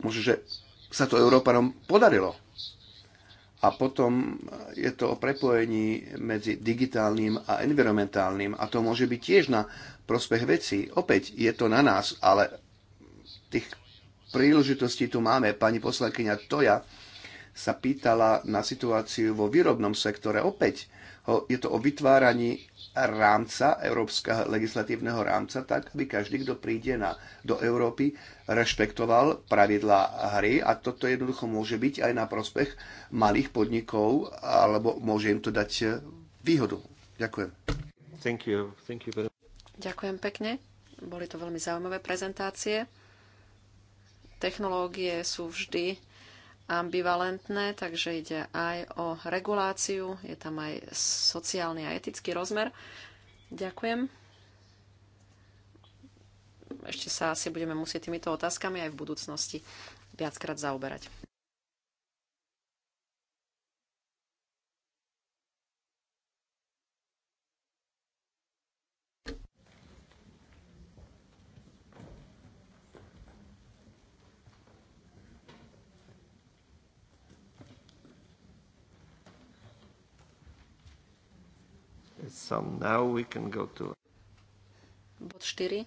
C: Možno, že sa to Európanom podarilo. A potom je to o prepojení medzi digitálnym a environmentálnym a to môže byť tiež na prospech veci. Opäť je to na nás, ale tých príležitostí tu máme. Pani poslankyňa Toja sa pýtala na situáciu vo výrobnom sektore. Opäť je to o vytváraní rámca, európskeho legislatívneho rámca, tak aby každý, kto príde na, do Európy, rešpektoval pravidlá hry a toto jednoducho môže byť aj na prospech malých podnikov alebo môže im to dať eh, výhodu. Ďakujem. Thank you. Thank you very...
D: Ďakujem pekne. Boli to veľmi zaujímavé prezentácie. Technológie sú vždy ambivalentné, takže ide aj o reguláciu, je tam aj sociálny a etický rozmer. Ďakujem. Ešte sa asi budeme musieť týmito otázkami aj v budúcnosti viackrát zaoberať.
A: So now we can go to...
D: Bod 4.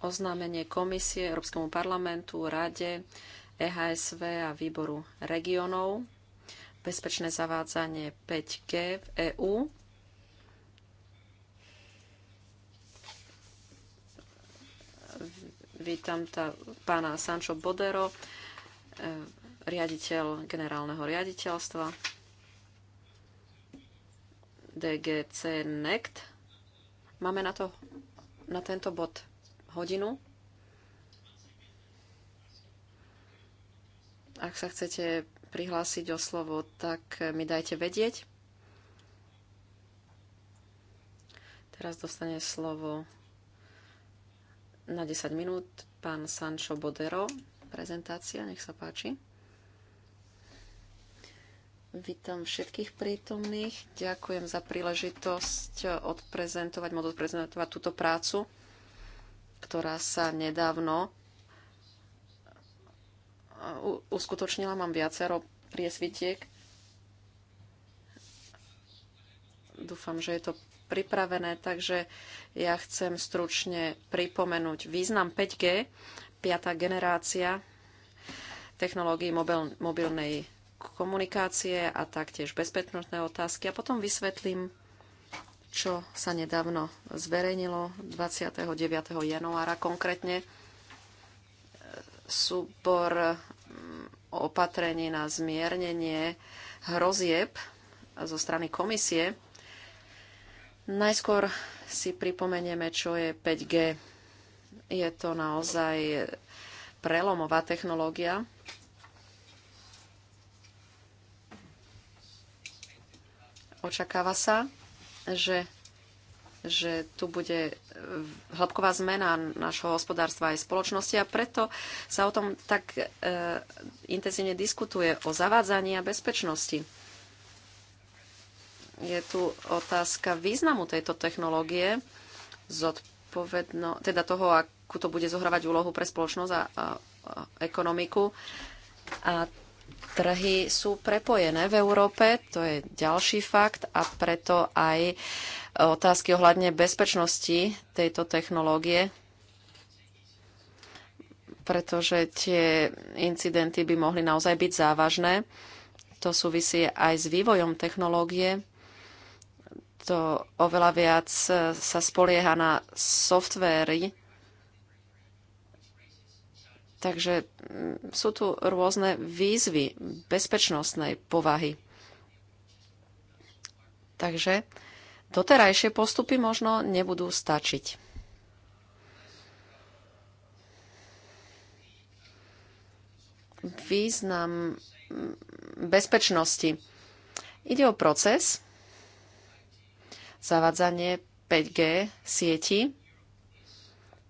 D: Oznámenie komisie Európskemu parlamentu, rade, EHSV a výboru regionov. Bezpečné zavádzanie 5G v EÚ. Vítam tá, pána Sancho Bodero, e, riaditeľ generálneho riaditeľstva. DGC NECT. Máme na, to, na tento bod hodinu. Ak sa chcete prihlásiť o slovo, tak mi dajte vedieť. Teraz dostane slovo na 10 minút pán Sancho Bodero. Prezentácia, nech sa páči. Vítam všetkých prítomných. Ďakujem za príležitosť odprezentovať, môcť odprezentovať túto prácu, ktorá sa nedávno uh, uskutočnila. Mám viacero priesvitiek. Dúfam, že je to pripravené, takže ja chcem stručne pripomenúť význam 5G, 5. generácia technológií mobil, mobilnej komunikácie a taktiež bezpečnostné otázky. A potom vysvetlím, čo sa nedávno zverejnilo 29. januára konkrétne e, súbor mm, opatrení na zmiernenie hrozieb zo strany komisie. Najskôr si pripomenieme, čo je 5G. Je to naozaj prelomová technológia, Očakáva sa, že, že tu bude hĺbková zmena našho hospodárstva aj spoločnosti a preto sa o tom tak e, intenzívne diskutuje o zavádzaní a bezpečnosti. Je tu otázka významu tejto technológie, zodpovedno, teda toho, akú to bude zohrávať úlohu pre spoločnosť a, a, a ekonomiku. A trhy sú prepojené v Európe, to je ďalší fakt a preto aj otázky ohľadne bezpečnosti tejto technológie, pretože tie incidenty by mohli naozaj byť závažné. To súvisí aj s vývojom technológie. To oveľa viac sa spolieha na softvery, Takže mm, sú tu rôzne výzvy bezpečnostnej povahy. Takže doterajšie postupy možno nebudú stačiť. Význam mm, bezpečnosti. Ide o proces zavadzanie 5G sieti.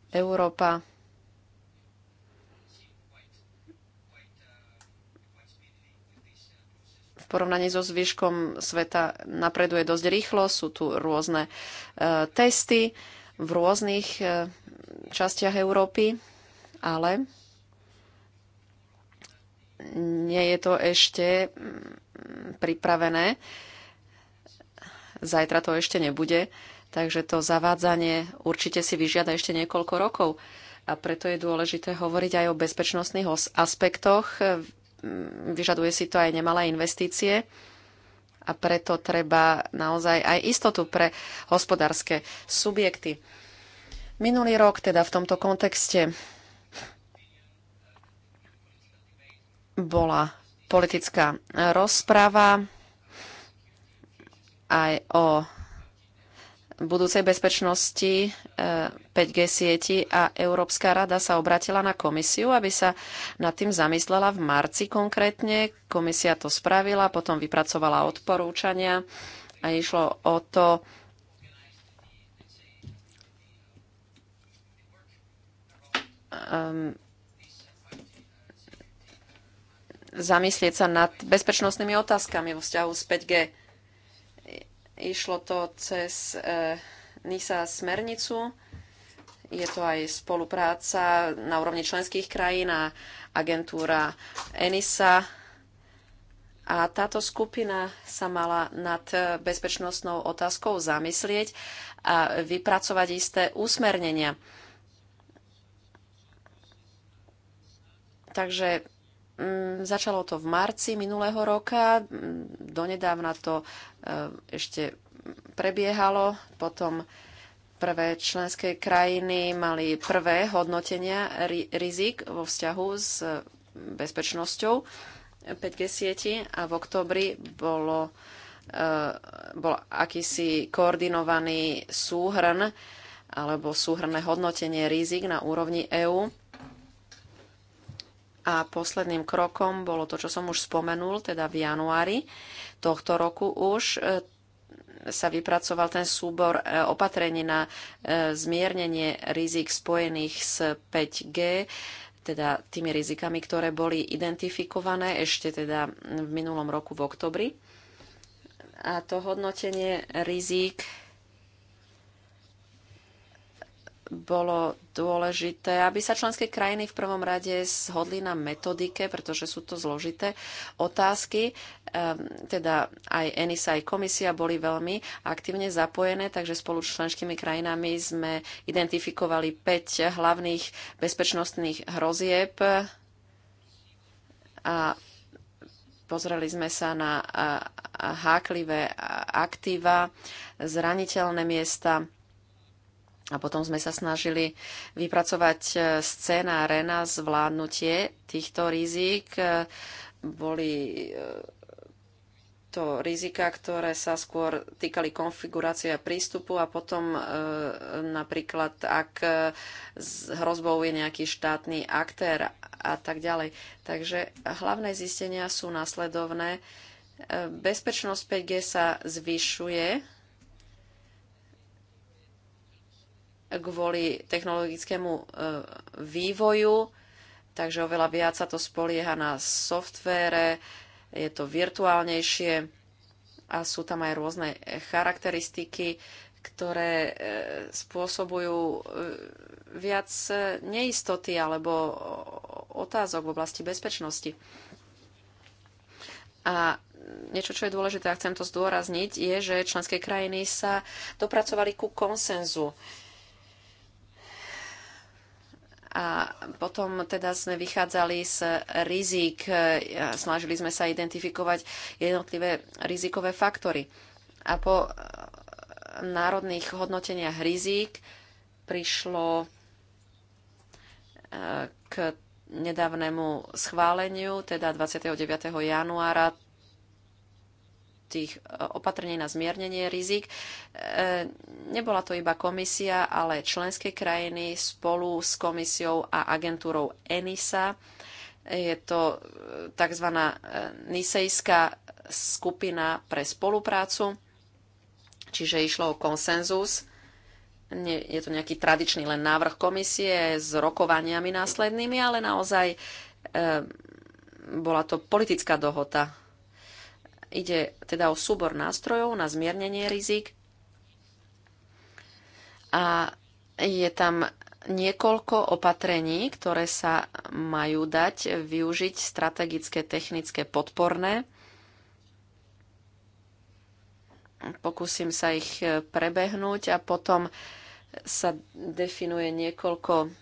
D: Európa v porovnaní so zvyškom sveta napreduje dosť rýchlo. Sú tu rôzne e, testy v rôznych e, častiach Európy, ale nie je to ešte mm, pripravené. Zajtra to ešte nebude, takže to zavádzanie určite si vyžiada ešte niekoľko rokov. A preto je dôležité hovoriť aj o bezpečnostných aspektoch vyžaduje si to aj nemalé investície a preto treba naozaj aj istotu pre hospodárske subjekty. Minulý rok teda v tomto kontexte bola politická rozprava aj o budúcej bezpečnosti 5G e, sieti a Európska rada sa obratila na komisiu, aby sa nad tým zamyslela v marci konkrétne. Komisia to spravila, potom vypracovala odporúčania a išlo o to, um, zamyslieť sa nad bezpečnostnými otázkami vo vzťahu s 5G Išlo to cez e, NISA smernicu. Je to aj spolupráca na úrovni členských krajín a agentúra ENISA. A táto skupina sa mala nad bezpečnostnou otázkou zamyslieť a vypracovať isté usmernenia. Takže Mm, začalo to v marci minulého roka, mm, donedávna to e, ešte prebiehalo, potom prvé členské krajiny mali prvé hodnotenia rizik vo vzťahu s bezpečnosťou 5G sieti a v oktobri bolo, e, bol akýsi koordinovaný súhrn alebo súhrné hodnotenie rizik na úrovni EÚ a posledným krokom bolo to, čo som už spomenul, teda v januári tohto roku už e, sa vypracoval ten súbor e, opatrení na e, zmiernenie rizik spojených s 5G, teda tými rizikami, ktoré boli identifikované ešte teda v minulom roku v oktobri. A to hodnotenie rizik bolo dôležité, aby sa členské krajiny v prvom rade zhodli na metodike, pretože sú to zložité otázky. Ehm, teda aj ENISA, aj komisia boli veľmi aktívne zapojené, takže spolu s členskými krajinami sme identifikovali 5 hlavných bezpečnostných hrozieb a pozreli sme sa na háklivé aktíva, zraniteľné miesta, a potom sme sa snažili vypracovať e, scénáre na zvládnutie týchto rizik. E, boli e, to rizika, ktoré sa skôr týkali konfigurácie a prístupu a potom napríklad, ak s hrozbou je nejaký štátny aktér a tak ďalej. Takže hlavné zistenia sú následovné. Bezpečnosť 5G sa zvyšuje kvôli technologickému e, vývoju, takže oveľa viac sa to spolieha na softvére, je to virtuálnejšie a sú tam aj rôzne e, charakteristiky, ktoré e, spôsobujú viac neistoty alebo otázok v oblasti bezpečnosti. A niečo, čo je dôležité a chcem to zdôrazniť, je, že členské krajiny sa dopracovali ku konsenzu. A potom teda sme vychádzali z rizik, e, snažili sme sa identifikovať jednotlivé rizikové faktory. A po e, národných hodnoteniach rizik prišlo e, k nedávnemu schváleniu, teda 29. januára tých e, opatrení na zmiernenie rizik. E, nebola to iba komisia, ale členské krajiny spolu s komisiou a agentúrou ENISA. Je to e, tzv. nisejská skupina pre spoluprácu, čiže išlo o konsenzus. Nie, je to nejaký tradičný len návrh komisie s rokovaniami následnými, ale naozaj e, bola to politická dohoda Ide teda o súbor nástrojov na zmiernenie rizik a je tam niekoľko opatrení, ktoré sa majú dať využiť strategické, technické, podporné. Pokúsim sa ich prebehnúť a potom sa definuje niekoľko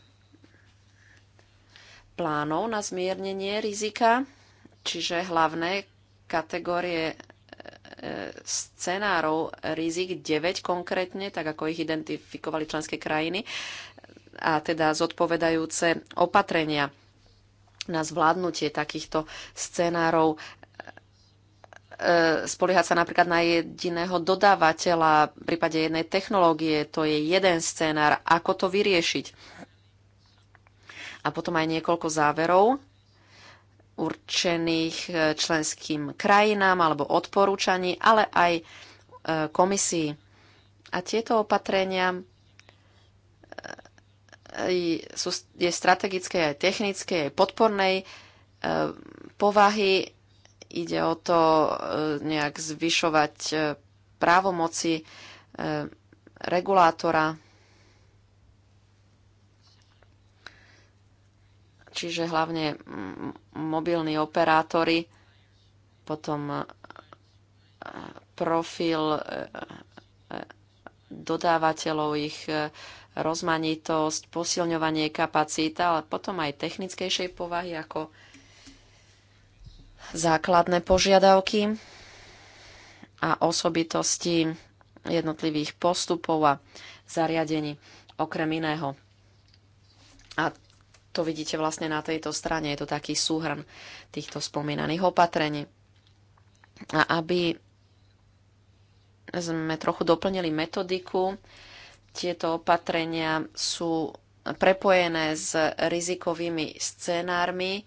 D: plánov na zmiernenie rizika, čiže hlavné kategórie e, e, scenárov rizik 9 konkrétne, tak ako ich identifikovali členské krajiny a teda zodpovedajúce opatrenia na zvládnutie takýchto scenárov e, spoliehať sa napríklad na jediného dodávateľa v prípade jednej technológie, to je jeden scenár, ako to vyriešiť. A potom aj niekoľko záverov určených e, členským krajinám alebo odporúčaní, ale aj e, komisii. A tieto opatrenia e, sú, je strategické, aj technické, aj podpornej povahy. Ide o to nejak zvyšovať právomoci regulátora čiže hlavne mobilní operátori, potom e, profil e, e, dodávateľov, ich rozmanitosť, posilňovanie kapacít, ale potom aj technickejšej povahy ako základné požiadavky a osobitosti jednotlivých postupov a zariadení okrem iného. A to vidíte vlastne na tejto strane. Je to taký súhrn týchto spomínaných opatrení. A aby sme trochu doplnili metodiku, tieto opatrenia sú prepojené s rizikovými scenármi,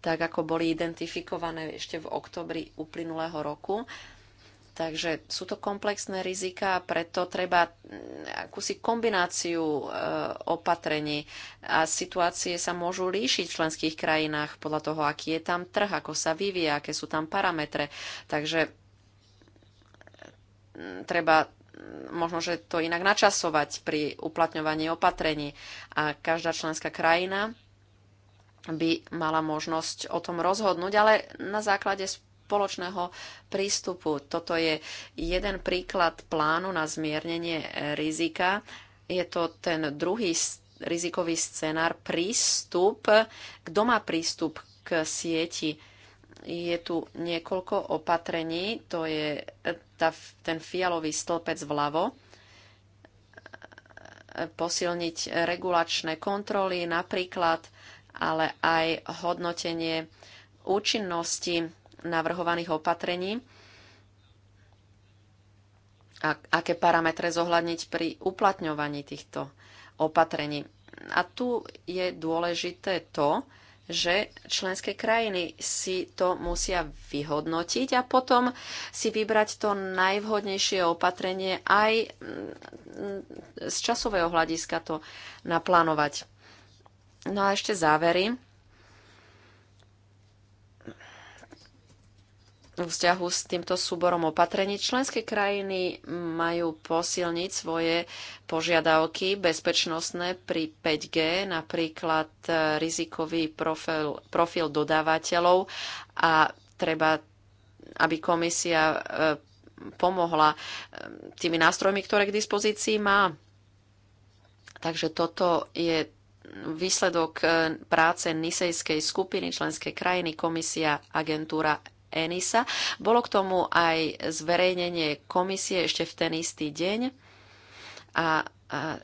D: tak ako boli identifikované ešte v oktobri uplynulého roku. Takže sú to komplexné rizika a preto treba mm, akúsi kombináciu e, opatrení a situácie sa môžu líšiť v členských krajinách podľa toho, aký je tam trh, ako sa vyvíja, aké sú tam parametre. Takže mm, treba mm, možno, že to inak načasovať pri uplatňovaní opatrení a každá členská krajina by mala možnosť o tom rozhodnúť, ale na základe spoločného prístupu. Toto je jeden príklad plánu na zmiernenie rizika. Je to ten druhý rizikový scenár, prístup, kto má prístup k sieti. Je tu niekoľko opatrení, to je eh, tá, ten fialový stĺpec vľavo, posilniť regulačné kontroly napríklad, ale aj hodnotenie účinnosti navrhovaných opatrení a aké parametre zohľadniť pri uplatňovaní týchto opatrení. A tu je dôležité to, že členské krajiny si to musia vyhodnotiť a potom si vybrať to najvhodnejšie opatrenie aj mm, z časového hľadiska to naplánovať. No a ešte závery. vzťahu s týmto súborom opatrení členské krajiny majú posilniť svoje požiadavky bezpečnostné pri 5G, napríklad e, rizikový profil, profil dodávateľov a treba, aby komisia e, pomohla e, tými nástrojmi, ktoré k dispozícii má. Takže toto je výsledok práce nisejskej skupiny členské krajiny, komisia, agentúra ENISA. Bolo k tomu aj zverejnenie komisie ešte v ten istý deň a, a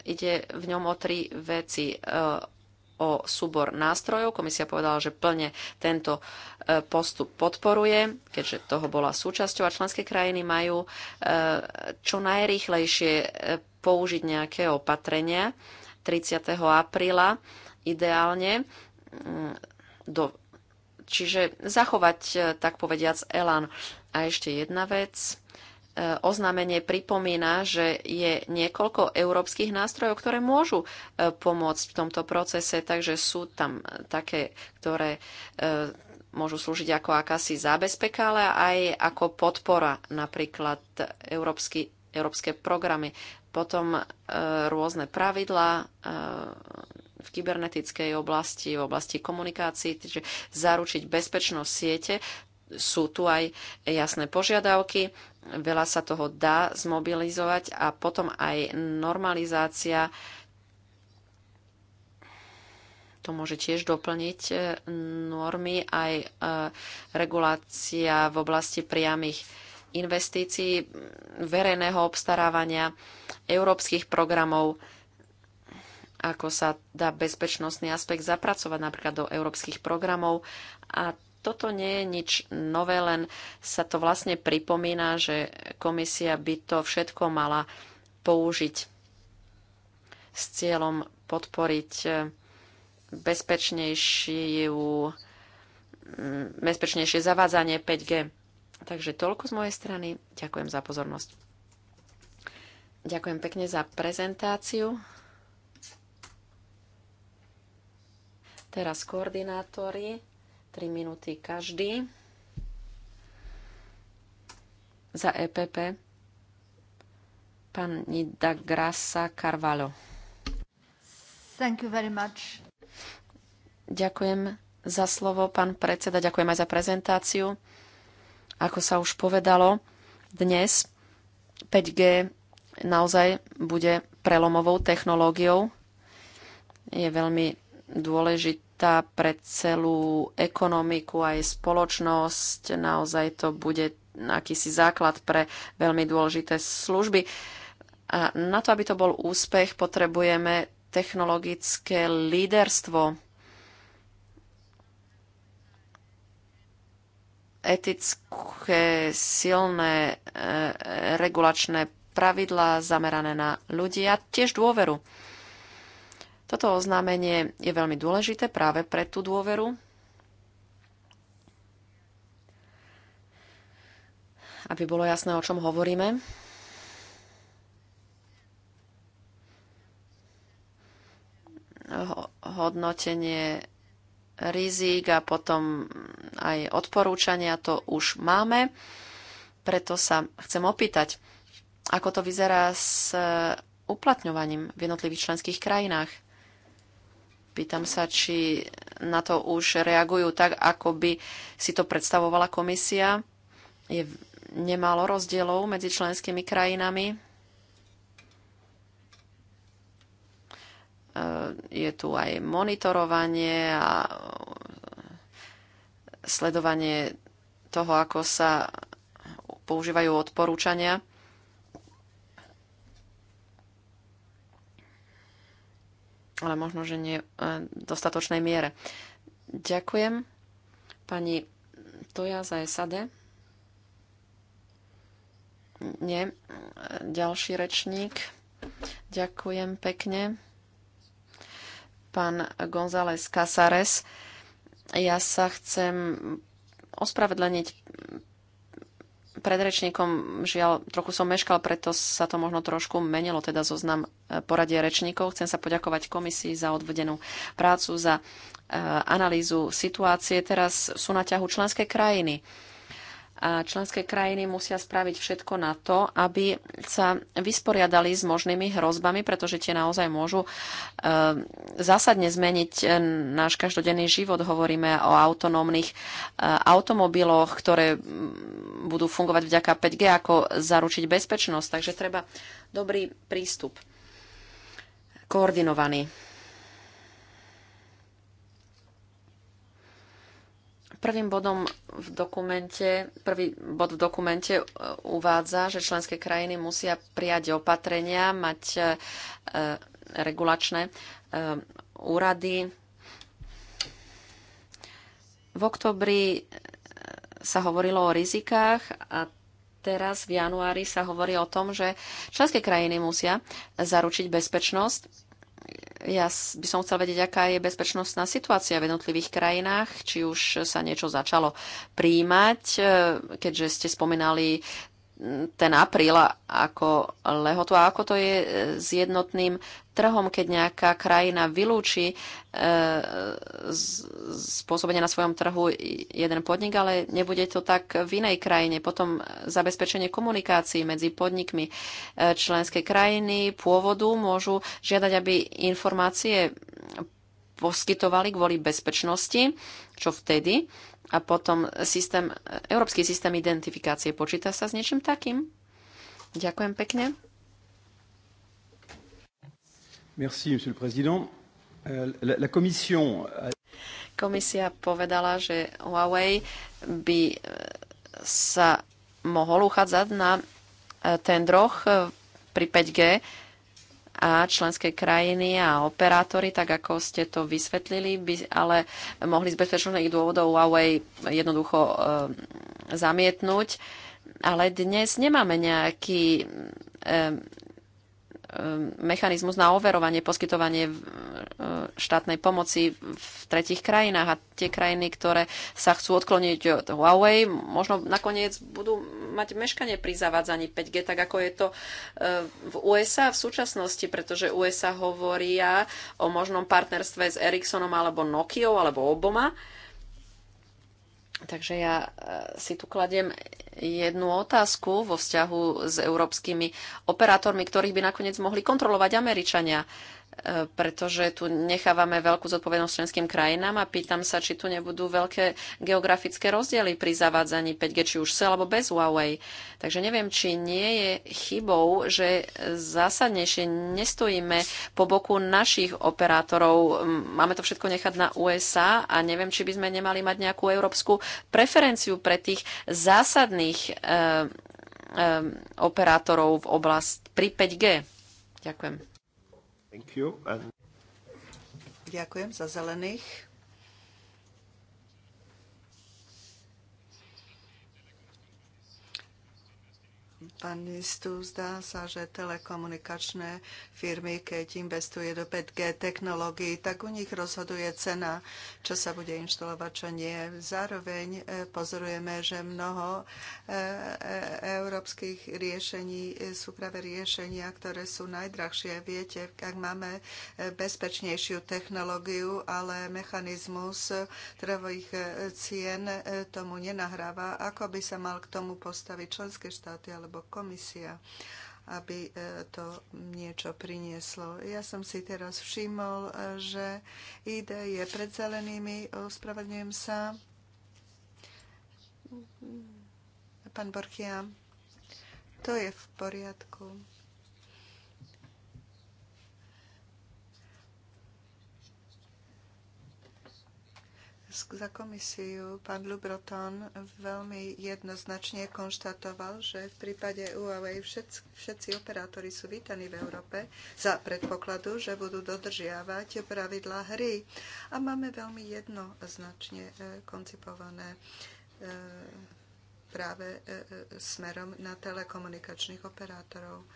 D: ide v ňom o tri veci. E, o súbor nástrojov. Komisia povedala, že plne tento e, postup podporuje, keďže toho bola súčasťou a členské krajiny majú e, čo najrýchlejšie e, použiť nejaké opatrenia 30. apríla ideálne mm, do Čiže zachovať, e, tak povediac, elán. A ešte jedna vec. E, oznámenie pripomína, že je niekoľko európskych nástrojov, ktoré môžu e, pomôcť v tomto procese, takže sú tam také, ktoré môžu slúžiť ako akási zábezpeka, ale aj ako podpora, napríklad európsky, európske programy, potom e, rôzne pravidlá, e, v kybernetickej oblasti, v oblasti komunikácií, čiže zaručiť bezpečnosť siete. Sú tu aj jasné požiadavky, veľa sa toho dá zmobilizovať a potom aj normalizácia to môže tiež doplniť e, normy aj e, regulácia v oblasti priamých investícií, verejného obstarávania, európskych programov ako sa dá bezpečnostný aspekt zapracovať napríklad do európskych programov. A toto nie je nič nové, len sa to vlastne pripomína, že komisia by to všetko mala použiť s cieľom podporiť eh, mm, bezpečnejšie zavádzanie 5G. Takže toľko z mojej strany. Ďakujem za pozornosť. Ďakujem pekne za prezentáciu. Teraz koordinátori, 3 minúty každý. Za EPP Nida Grasa Carvalho.
B: Thank you very much.
D: Ďakujem za slovo, pán predseda. Ďakujem aj za prezentáciu. Ako sa už povedalo, dnes 5G naozaj bude prelomovou technológiou. Je veľmi dôležité tá pre celú ekonomiku aj spoločnosť. Naozaj to bude akýsi základ pre veľmi dôležité služby. A na to, aby to bol úspech, potrebujeme technologické líderstvo. etické, silné e, regulačné pravidlá zamerané na ľudí a tiež dôveru. Toto oznámenie je veľmi dôležité práve pre tú dôveru, aby bolo jasné, o čom hovoríme. Hodnotenie rizik a potom aj odporúčania to už máme. Preto sa chcem opýtať, ako to vyzerá s uplatňovaním v jednotlivých členských krajinách. Pýtam sa, či na to už reagujú tak, ako by si to predstavovala komisia. Je nemalo rozdielov medzi členskými krajinami. E, je tu aj monitorovanie a sledovanie toho, ako sa používajú odporúčania. ale možno, že nie v eh, dostatočnej miere. Ďakujem pani Toja za SAD. Nie, ďalší rečník. Ďakujem pekne. Pán González Casares. Ja sa chcem ospravedlniť predrečníkom. Žiaľ, trochu som meškal, preto sa to možno trošku menilo, teda zoznam e, poradie rečníkov. Chcem sa poďakovať komisii za odvedenú prácu, za e, analýzu situácie. Teraz sú na ťahu členské krajiny a členské krajiny musia spraviť všetko na to, aby sa vysporiadali s možnými hrozbami, pretože tie naozaj môžu e, zásadne zmeniť e, náš každodenný život. Hovoríme o autonómnych e, automobiloch, ktoré budú fungovať vďaka 5G, ako zaručiť bezpečnosť. Takže treba dobrý prístup, koordinovaný. Prvým bodom v dokumente, prvý bod v dokumente e, uvádza, že členské krajiny musia prijať opatrenia, mať e, e, regulačné úrady. V oktobri sa hovorilo o rizikách a teraz v januári sa hovorí o tom, že členské krajiny musia zaručiť bezpečnosť ja by som chcel vedieť, aká je bezpečnostná situácia v jednotlivých krajinách, či už sa niečo začalo príjmať, eh, keďže ste spomínali ten apríl ako lehotu a ako to je e, s jednotným trhom, keď nejaká krajina vylúči e, spôsobenie na svojom trhu jeden podnik, ale nebude to tak v inej krajine. Potom zabezpečenie komunikácií medzi podnikmi e, členské krajiny pôvodu môžu žiadať, aby informácie poskytovali kvôli bezpečnosti, čo vtedy a potom systém, európsky systém identifikácie počíta sa s niečím takým? Ďakujem pekne. Merci, monsieur le président. Euh,
A: la, la commission...
D: Komisia povedala, že Huawei by e, sa mohol uchádzať na e, tendroch e, pri 5G a členské krajiny a operátory, tak ako ste to vysvetlili, by ale mohli z bezpečnostných dôvodov Huawei jednoducho e, zamietnúť. Ale dnes nemáme nejaký e, Um, mechanizmus na overovanie, poskytovanie uh, štátnej pomoci v tretich krajinách a tie krajiny, ktoré sa chcú odkloniť od Huawei, možno nakoniec budú mať meškanie pri zavádzaní 5G, tak ako je to uh, v USA v súčasnosti, pretože USA hovoria o možnom partnerstve s Ericssonom alebo Nokiou alebo oboma. Takže ja e, si tu kladiem jednu otázku vo vzťahu s európskymi operátormi, ktorých by nakoniec mohli kontrolovať Američania. E, pretože tu nechávame veľkú zodpovednosť členským krajinám a pýtam sa, či tu nebudú veľké geografické rozdiely pri zavádzaní 5G, či už se alebo bez Huawei. Takže neviem, či nie je chybou, že zásadnejšie nestojíme po boku našich operátorov. Máme to všetko nechať na USA a neviem, či by sme nemali mať nejakú európsku preferenciu pre tých zásadných um, um, operátorov v oblasti pri 5G. Ďakujem.
A: Thank you. And...
D: Ďakujem za zelených.
B: panistu. Zdá sa, že telekomunikačné firmy, keď investuje do 5G technológií, tak u nich rozhoduje cena, čo sa bude inštalovať, čo nie. Zároveň e, pozorujeme, že mnoho e, e, európskych riešení sú práve riešenia, ktoré sú najdrahšie. Viete, ak máme bezpečnejšiu technológiu, ale mechanizmus trhových cien tomu nenahráva, ako by sa mal k tomu postaviť členské štáty alebo komisia aby e, to niečo prinieslo. Ja som si teraz všimol, e, že ide je pred zelenými, e, ospravedlňujem sa. Pán Borkia, to je v poriadku. za komisiu pán Lubroton veľmi jednoznačne konštatoval, že v prípade Huawei všetci, všetci operátori sú vítaní v Európe za predpokladu, že budú dodržiavať pravidlá hry. A máme veľmi jednoznačne e, koncipované e, práve e, smerom na telekomunikačných operátorov.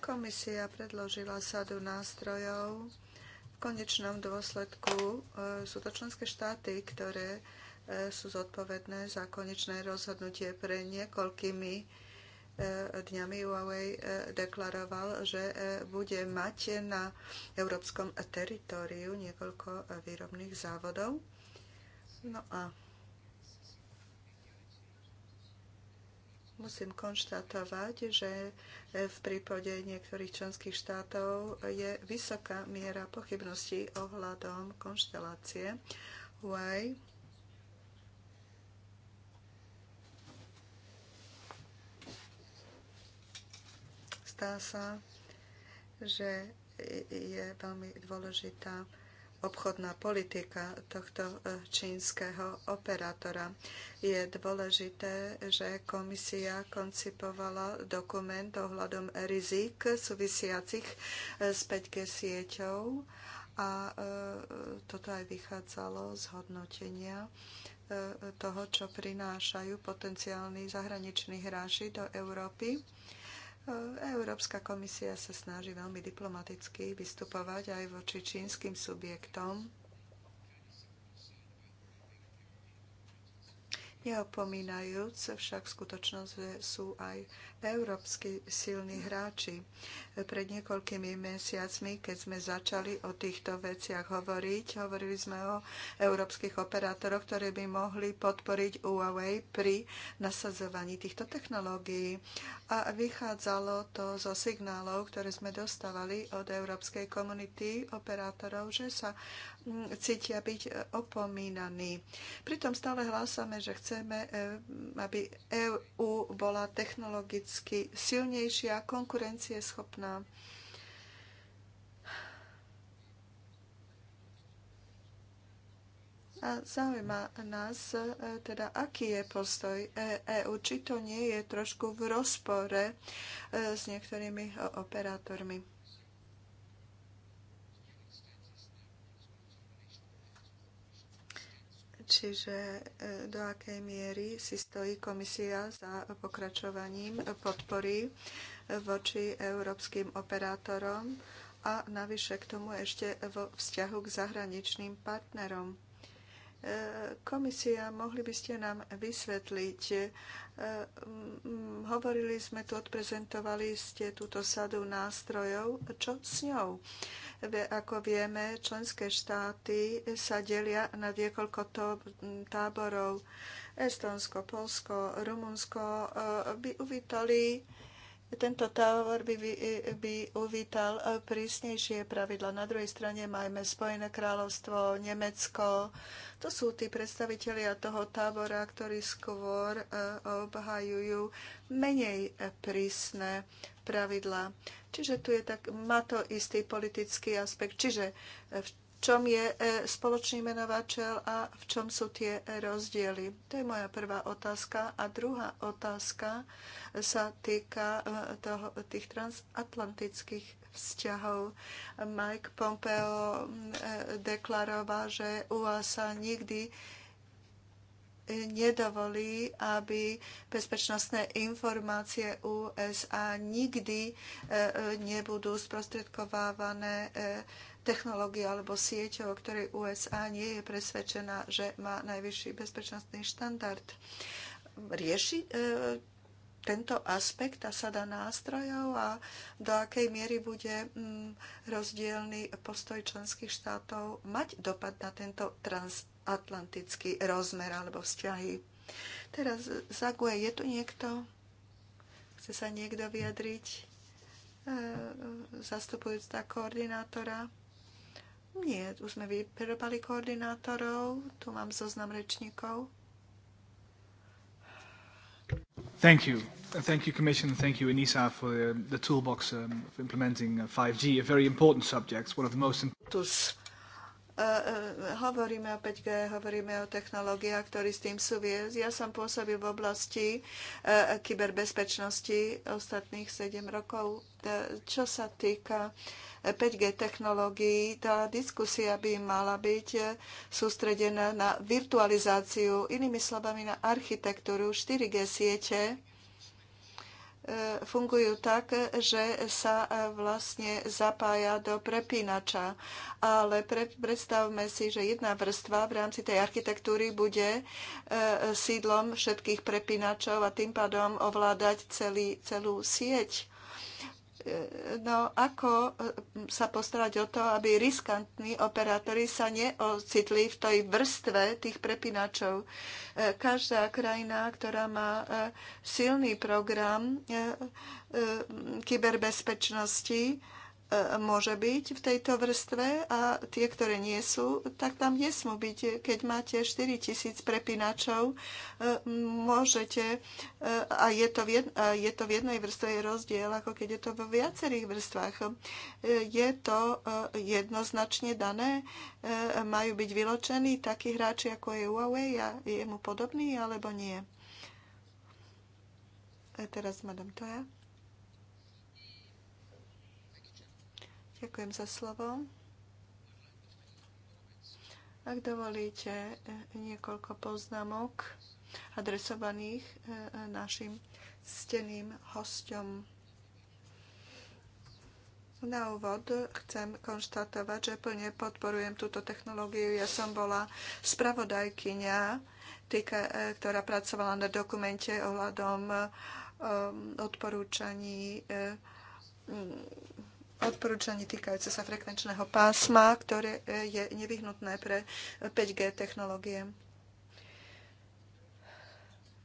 B: Komisia predložila sadu nástrojov, konečnom dôsledku e, sú to členské štáty, ktoré e, sú zodpovedné za konečné rozhodnutie. Pre niekoľkými e, dňami Huawei deklaroval, že bude mať na európskom teritoriu niekoľko výrobných závodov. No a musím konštatovať, že v prípade niektorých členských štátov je vysoká miera pochybností ohľadom konštelácie Huawei. Zdá sa, že je veľmi dôležitá obchodná politika tohto e, čínskeho operátora. Je dôležité, že komisia koncipovala dokument ohľadom rizik súvisiacich e, s 5G sieťou a e, toto aj vychádzalo z hodnotenia toho, čo prinášajú potenciálni zahraniční hráči do Európy Európska komisia sa snaží veľmi diplomaticky vystupovať aj voči čínskym subjektom. Neopomínajúc však skutočnosť, že sú aj európsky silní hráči. Pred niekoľkými mesiacmi, keď sme začali o týchto veciach hovoriť, hovorili sme o európskych operátoroch, ktorí by mohli podporiť Huawei pri nasadzovaní týchto technológií. A vychádzalo to zo signálov, ktoré sme dostávali od európskej komunity operátorov, že sa mm, cítia byť opomínaní. Pritom stále hlásame, že chceme, e, aby EU bola technologická ekonomicky silnejšia, konkurencieschopná. A zaujíma nás e, teda, aký je postoj EÚ, e či to nie je trošku v rozpore e, s niektorými operátormi. Čiže e, do akej miery si stojí komisia za pokračovaním podpory e, voči európskym operátorom a navyše k tomu ešte vo vzťahu k zahraničným partnerom. Komisia, mohli by ste nám vysvetliť, e, hovorili sme tu, odprezentovali ste túto sadu nástrojov, čo s ňou? Ako vieme, členské štáty sa delia na niekoľko táborov. Estonsko, Polsko, Rumunsko e, by uvítali tento tábor by, by uvítal eh, prísnejšie pravidla. Na druhej strane máme Spojené kráľovstvo, Nemecko. To sú tí predstavitelia toho tábora, ktorí skôr eh, obhajujú menej eh, prísne pravidlá. Čiže tu je tak, má to istý politický aspekt. Čiže v čom je e, spoločný menovateľ a v čom sú tie rozdiely. To je moja prvá otázka. A druhá otázka sa týka e, toho, tých transatlantických vzťahov. Mike Pompeo e, deklaroval, že USA nikdy nedovolí, aby bezpečnostné informácie USA nikdy nebudú sprostredkovávané technológia alebo sieť, o ktorej USA nie je presvedčená, že má najvyšší bezpečnostný štandard. Rieši e, tento aspekt a sada nástrojov a do akej miery bude mm, rozdielny postoj členských štátov mať dopad na tento transatlantický rozmer alebo vzťahy. Teraz Zague, je tu niekto? Chce sa niekto vyjadriť? E, e, zastupujúc tá koordinátora? Nie, už sme vyprvali koordinátorov. Tu mám zoznam rečníkov.
C: Thank you. Thank you, Commission. Thank you, Enisa, for the, uh, the toolbox um, of implementing
B: 5G, uh, a very important subject, one of the most important E, e, hovoríme o 5G, hovoríme o technológiách, ktoré s tým súviesia. Ja som pôsobil v oblasti e, kyberbezpečnosti ostatných 7 rokov. Čo sa týka 5G technológií, tá diskusia by mala byť sústredená na virtualizáciu, inými slovami na architektúru 4G siete fungujú tak, že sa e, vlastne zapája do prepínača. Ale predstavme si, že jedna vrstva v rámci tej architektúry bude e, sídlom všetkých prepínačov a tým pádom ovládať celý, celú sieť No ako e, sa postarať o to, aby riskantní operátori sa neocitli v tej vrstve tých prepínačov? E, každá krajina, ktorá má e, silný program kyberbezpečnosti, môže byť v tejto vrstve a tie, ktoré nie sú, tak tam nesmú byť. Keď máte 4000 prepínačov, e, môžete, e, a je to, v jednej, je to v jednej vrstve, je rozdiel, ako keď je to vo viacerých vrstvách. E, je to jednoznačne dané, majú byť vyločení takí hráči, ako je Huawei a je mu podobný, alebo nie. A teraz, madam, to ja. Ďakujem za slovo. Ak dovolíte niekoľko poznámok adresovaných e, e, našim steným hostom. Na úvod chcem konštatovať, že plne podporujem túto technológiu. Ja som bola spravodajkyňa, e, ktorá pracovala na dokumente ohľadom odporúčaní odporúčaní týkajúce sa frekvenčného pásma, ktoré e, je nevyhnutné pre 5G e, technológie.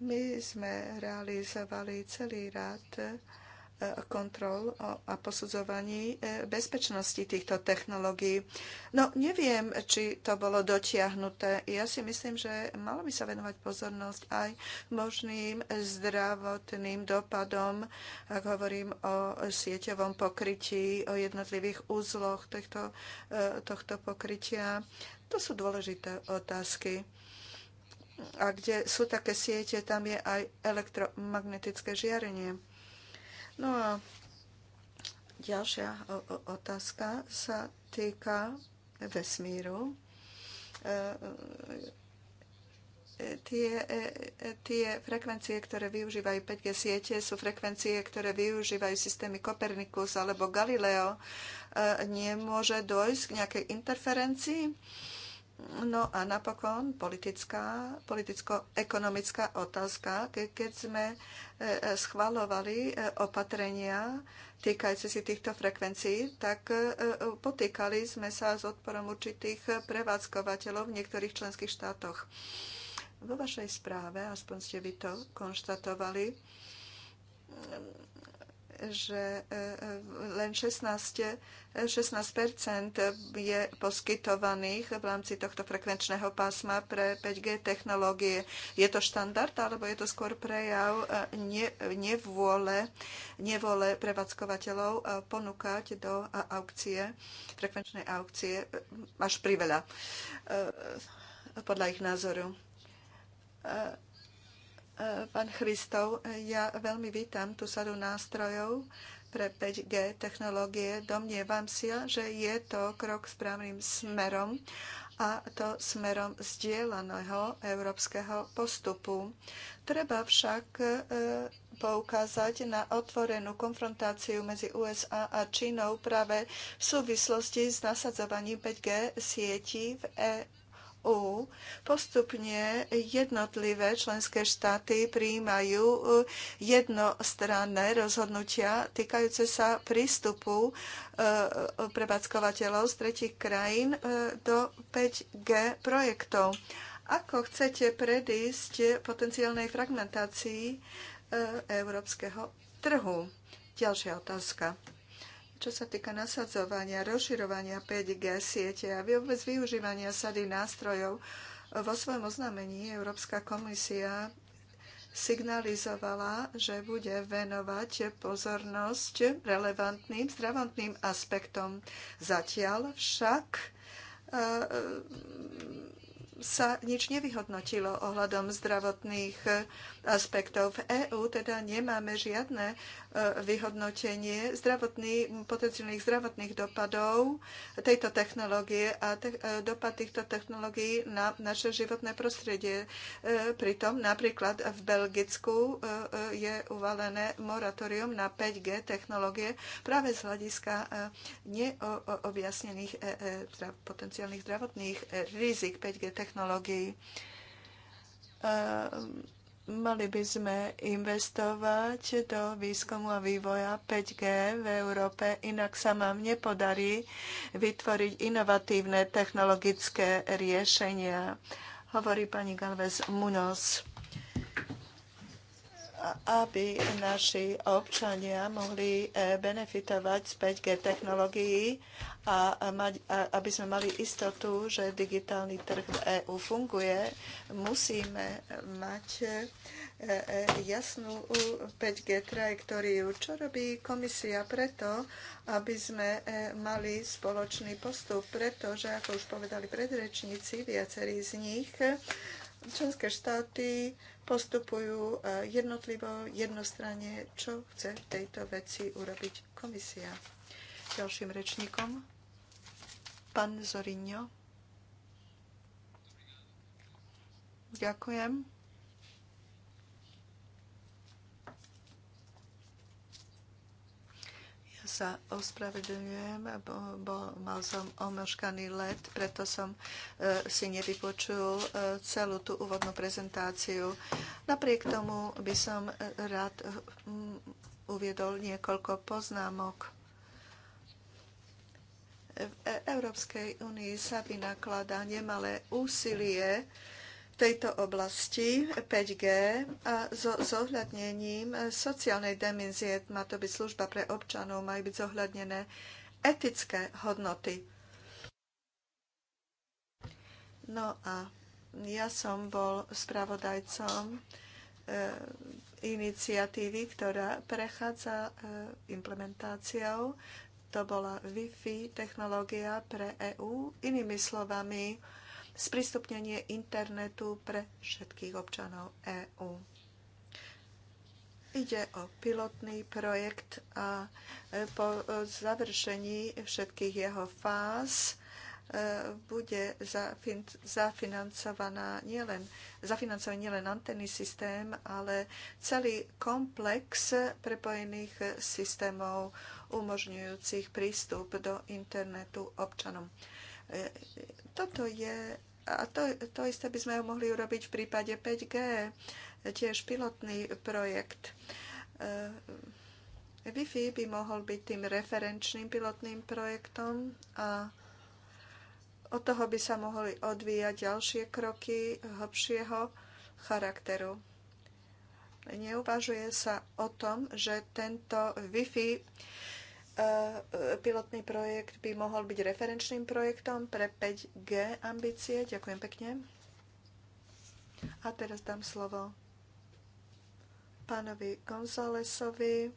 B: My sme realizovali celý rád kontrol a posudzovaní e, bezpečnosti týchto technológií. No neviem, či to bolo dotiahnuté. Ja si myslím, že malo by sa venovať pozornosť aj možným zdravotným dopadom, ak hovorím o sieťovom pokrytí, o jednotlivých úzloch tohto, e, tohto pokrytia. To sú dôležité otázky a kde sú také siete, tam je aj elektromagnetické žiarenie. No a ďalšia otázka sa týka vesmíru e, e, tie, e, tie frekvencie, ktoré využívajú 5G siete, sú frekvencie, ktoré využívajú systémy Copernicus alebo Galileo. Nemôže dojsť k nejakej interferencii? No a napokon politická, politicko-ekonomická otázka, ke, keď sme e, e, schvalovali e, opatrenia týkajúce si týchto frekvencií, tak potýkali sme sa s odporom určitých prevádzkovateľov v niektorých členských štátoch. Vo vašej správe, aspoň ste vy to konštatovali, že e, e, len 16, 16 je poskytovaných v rámci tohto frekvenčného pásma pre 5G technológie. Je to štandard, alebo je to skôr prejav e, nevôle, nevôle prevádzkovateľov ponúkať do aukcie, frekvenčnej aukcie až priveľa, podľa ich názoru pán Christov, ja veľmi vítam tú sadu nástrojov pre 5G technológie. Domnievam si, že je to krok správnym smerom a to smerom zdieľaného európskeho postupu. Treba však e, poukázať na otvorenú konfrontáciu medzi USA a Čínou práve v súvislosti s nasadzovaním 5G sietí v EÚ EÚ. Postupne jednotlivé členské štáty prijímajú e, jednostranné rozhodnutia týkajúce sa prístupu e, e, prevádzkovateľov z tretich krajín do 5G projektov. Ako chcete predísť potenciálnej fragmentácii európskeho trhu? Ďalšia otázka čo sa týka nasadzovania, rozširovania 5G siete a vôbec využívania sady nástrojov. Vo svojom oznámení Európska komisia signalizovala, že bude venovať pozornosť relevantným zdravotným aspektom. Zatiaľ však e, e, sa nič nevyhodnotilo ohľadom zdravotných aspektov. V EÚ teda nemáme žiadne e, vyhodnotenie zdravotný, potenciálnych zdravotných dopadov tejto technológie a te, e, dopad týchto technológií na naše životné prostredie. E, pritom napríklad v Belgicku je uvalené moratorium na 5G technológie práve z hľadiska neobjasnených potenciálnych zdravotných rizik 5G technológií Mali by sme investovať do výskumu a vývoja 5G v Európe, inak sa nám nepodarí vytvoriť inovatívne technologické riešenia, hovorí pani Galvez Munoz aby naši občania mohli e, benefitovať z 5G technológií a, aby sme mali istotu, že digitálny trh v EÚ funguje, musíme mať e, e, jasnú 5G trajektóriu. Čo robí komisia preto, aby sme mali spoločný postup? Pretože, ako už povedali predrečníci, viacerí z nich, členské štáty postupujú e, jednotlivo, jednostranne, čo chce v tejto veci urobiť komisia. Ďalším rečníkom, pán Zorinho. Ďakujem. sa ospravedlňujem, bo, bo mal som omeškaný let, preto som e, si nevypočul e, celú tú úvodnú prezentáciu. Napriek tomu by som e, rád e, m, uviedol niekoľko poznámok. V e-, Európskej únii sa vynakladá nemalé úsilie e, tejto oblasti 5G a so zohľadnením sociálnej demenzie má to byť služba pre občanov, majú byť zohľadnené etické hodnoty. No a ja som bol spravodajcom e, iniciatívy, ktorá prechádza e, implementáciou. To bola Wi-Fi technológia pre EÚ. Inými slovami, sprístupnenie internetu pre všetkých občanov EÚ. Ide o pilotný projekt a e, po završení všetkých jeho fáz e, bude zafinancovaná nielen, zafinancovaný nielen antenný systém, ale celý komplex prepojených systémov umožňujúcich prístup do internetu občanom. E, toto je a to, to isté by sme mohli urobiť v prípade 5G, tiež pilotný projekt. E, Wi-Fi by mohol byť tým referenčným pilotným projektom a od toho by sa mohli odvíjať ďalšie kroky hlbšieho charakteru. Neuvažuje sa o tom, že tento Wi-Fi E, pilotný projekt by mohol byť referenčným projektom pre 5G ambície. Ďakujem pekne. A teraz dám slovo pánovi Gonzálesovi,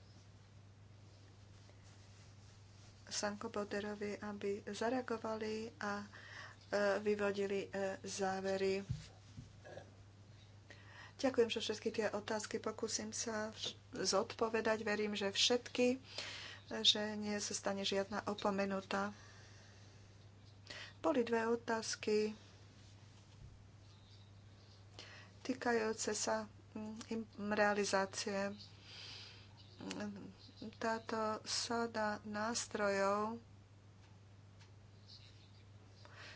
B: Boderovi, aby zareagovali a e, vyvodili e, závery. Ďakujem za všetky tie otázky. Pokúsim sa zodpovedať. Verím, že všetky že nie stane žiadna opomenutá. Boli dve otázky týkajúce sa mm, realizácie. Táto sada nástrojov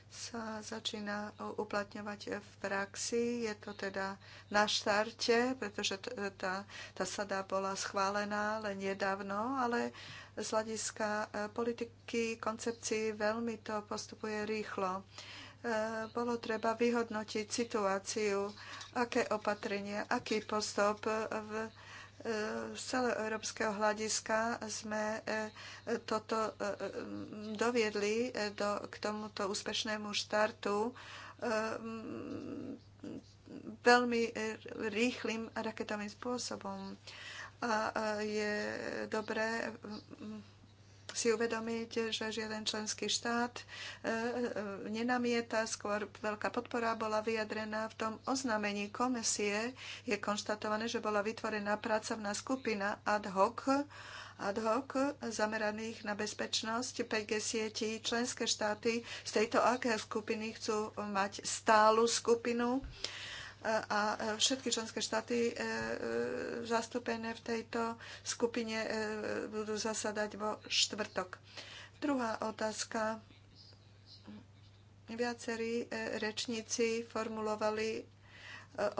B: sa začína uplatňovať v praxi. Je to teda na štarte, pretože tá, tá sada bola schválená len nedávno, ale z hľadiska e, politiky, koncepcií veľmi to postupuje rýchlo. E, bolo treba vyhodnotiť situáciu, aké opatrenia, aký postup v z celoeurópskeho hľadiska sme e, toto e, doviedli e, do, k tomuto úspešnému štartu veľmi rýchlým raketovým spôsobom. A je dobré si uvedomiť, že žiaden členský štát e, e, nenamieta, skôr veľká podpora bola vyjadrená v tom oznámení komisie. Je konštatované, že bola vytvorená pracovná skupina ad hoc, ad hoc zameraných na bezpečnosť 5G sietí. Členské štáty z tejto aké skupiny chcú mať stálu skupinu a všetky členské štáty e, e, zastúpené v tejto skupine e, budú zasadať vo štvrtok. Druhá otázka. Viacerí rečníci formulovali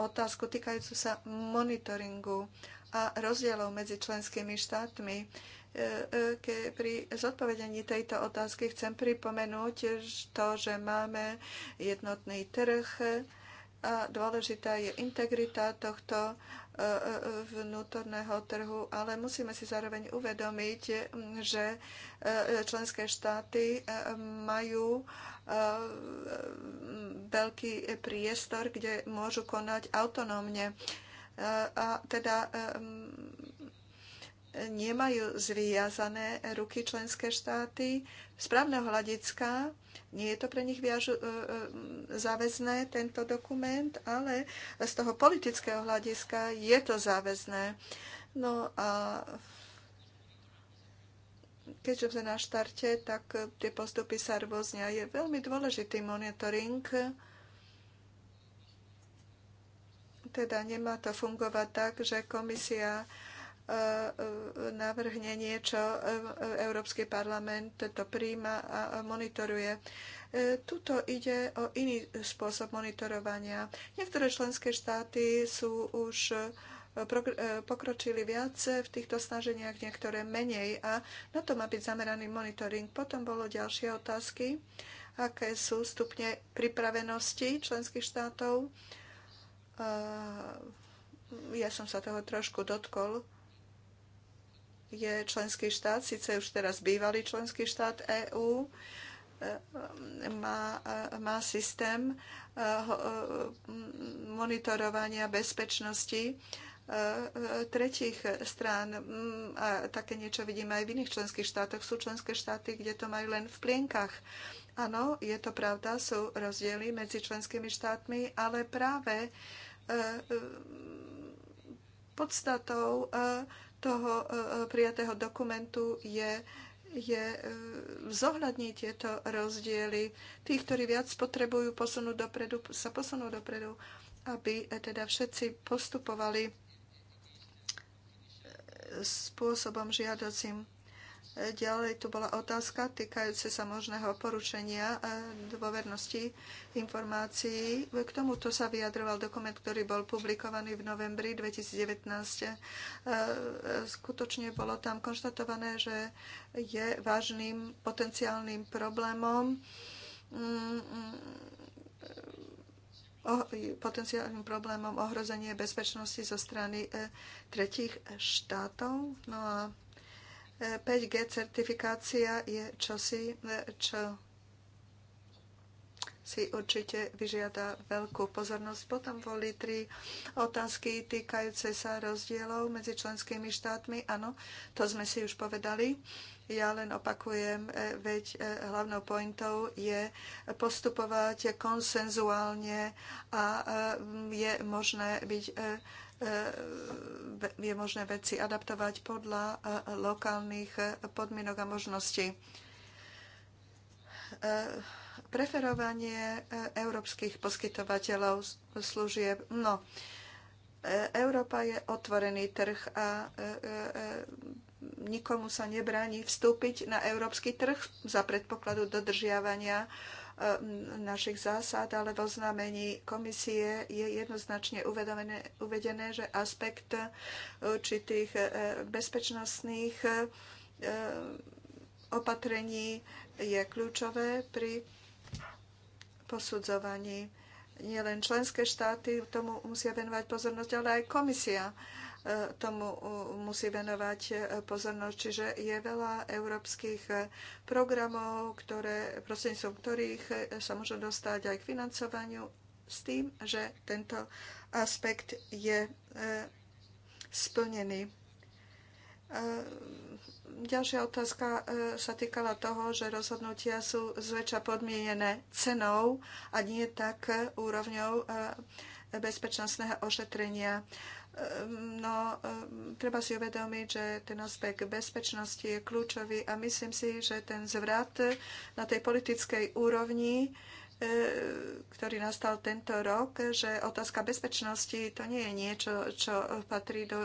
B: otázku týkajúcu sa monitoringu a rozdielov medzi členskými štátmi ke, pri zodpovedení tejto otázky chcem pripomenúť to, že máme jednotný trh, a dôležitá je integrita tohto e, e, vnútorného trhu, ale musíme si zároveň uvedomiť, že e, členské štáty majú veľký priestor, kde môžu konať autonómne. A teda nemajú zviazané ruky členské štáty. Z právneho hľadiska nie je to pre nich viažu, e, e, záväzné, tento dokument, ale z toho politického hľadiska je to záväzné. No a keďže sme na štarte, tak tie postupy sa rôznia. Je veľmi dôležitý monitoring teda nemá to fungovať tak, že komisia navrhne niečo, Európsky parlament to príjma a monitoruje. E, tuto ide o iný spôsob monitorovania. Niektoré členské štáty sú už e, e, pokročili viac v týchto snaženiach, niektoré menej a na to má byť zameraný monitoring. Potom bolo ďalšie otázky, aké sú stupne pripravenosti členských štátov. Ja som sa toho trošku dotkol je členský štát, síce už teraz bývalý členský štát EÚ, e, má, e, má systém e, monitorovania bezpečnosti tretich strán. Mm, a také niečo vidíme aj v iných členských štátoch. Sú členské štáty, kde to majú len v plienkach. Áno, je to pravda, sú rozdiely medzi členskými štátmi, ale práve podstatou toho e, e, prijatého dokumentu je, je e, zohľadniť tieto rozdiely. Tí, ktorí viac potrebujú posunúť dopredu, sa posunú dopredu, aby teda všetci postupovali spôsobom žiadocím. Ďalej tu bola otázka týkajúce sa možného porušenia e, dôvernosti informácií. K tomuto sa vyjadroval dokument, ktorý bol publikovaný v novembri 2019. E, skutočne bolo tam konštatované, že je vážnym potenciálnym problémom mm, mm, e, potenciálnym problémom ohrozenie bezpečnosti zo strany tretích štátov. No a 5G certifikácia je čosi, čo si určite vyžiada veľkú pozornosť. Potom boli tri otázky týkajúce sa rozdielov medzi členskými štátmi. Áno, to sme si už povedali. Ja len opakujem, e, veď e, hlavnou pointou je postupovať konsenzuálne a e, je možné byť je možné veci adaptovať podľa lokálnych podmienok a možností. Preferovanie európskych poskytovateľov služieb. No, Európa je otvorený trh a nikomu sa nebráni vstúpiť na európsky trh za predpokladu dodržiavania e, našich zásad, ale v oznámení komisie je jednoznačne uvedené, uvedené že aspekt určitých e, bezpečnostných e, opatrení je kľúčové pri posudzovaní. Nielen členské štáty tomu musia venovať pozornosť, ale aj komisia E, tomu e, musí venovať e, pozornosť. Čiže je veľa európskych programov, ktoré, prostredníctvom ktorých sa môžu dostať aj k financovaniu s tým, že tento aspekt je splnený. Ďalšia otázka sa týkala toho, že rozhodnutia sú zväčša podmienené cenou a nie tak úrovňou bezpečnostného ošetrenia. Ehm, no, ehm, treba si uvedomiť, že ten aspekt bezpečnosti je kľúčový a myslím si, že ten zvrat na tej politickej úrovni ehm, ktorý nastal tento rok, že otázka bezpečnosti to nie je niečo, čo patrí do,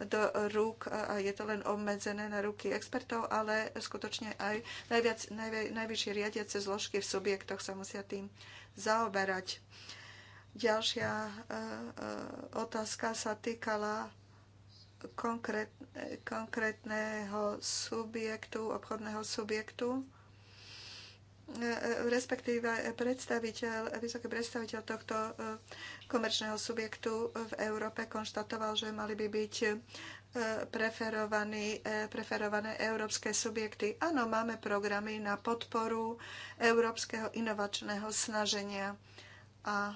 B: do rúk a je to len obmedzené na ruky expertov, ale skutočne aj najviac, najvi, najvyššie riadiace zložky v subjektoch sa musia tým zaoberať. Ďalšia e, e, otázka sa týkala konkrét, konkrétneho subjektu, obchodného subjektu, e, respektíve predstaviteľ, vysoký predstaviteľ tohto komerčného subjektu v Európe konštatoval, že mali by byť preferované európske subjekty. Áno, máme programy na podporu európskeho inovačného snaženia a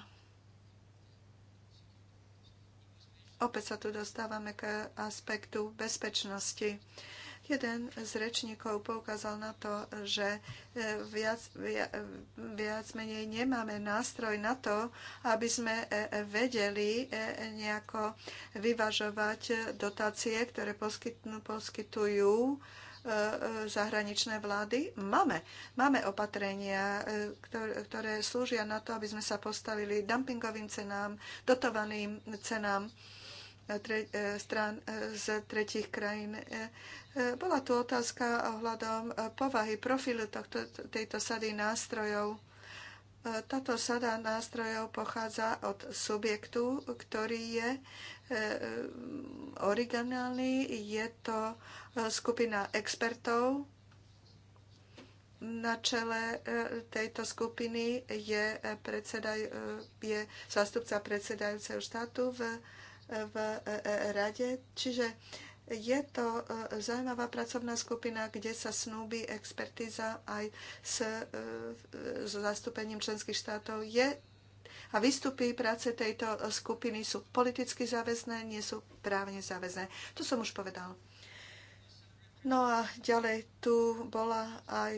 B: Opäť sa tu dostávame k aspektu bezpečnosti. Jeden z rečníkov poukázal na to, že e, viac, viac, viac menej nemáme nástroj na to, aby sme e, vedeli e, nejako vyvažovať dotácie, ktoré poskytnú, poskytujú zahraničné vlády? Máme. Máme opatrenia, ktoré slúžia na to, aby sme sa postavili dumpingovým cenám, dotovaným cenám tre, e, stran e, z tretich krajín. E, bola tu otázka ohľadom povahy profilu tohto, tejto sady nástrojov. Táto sada nástrojov pochádza od subjektu, ktorý je originálny. Je to skupina expertov. Na čele tejto skupiny je, predsedaj, je zástupca predsedajúceho štátu v v e, e, rade. Čiže je to e, zaujímavá pracovná skupina, kde sa snúbi expertíza aj s, s zastúpením členských štátov. Je a výstupy práce tejto skupiny sú politicky záväzné, nie sú právne záväzné. To som už povedal. No a ďalej tu bola aj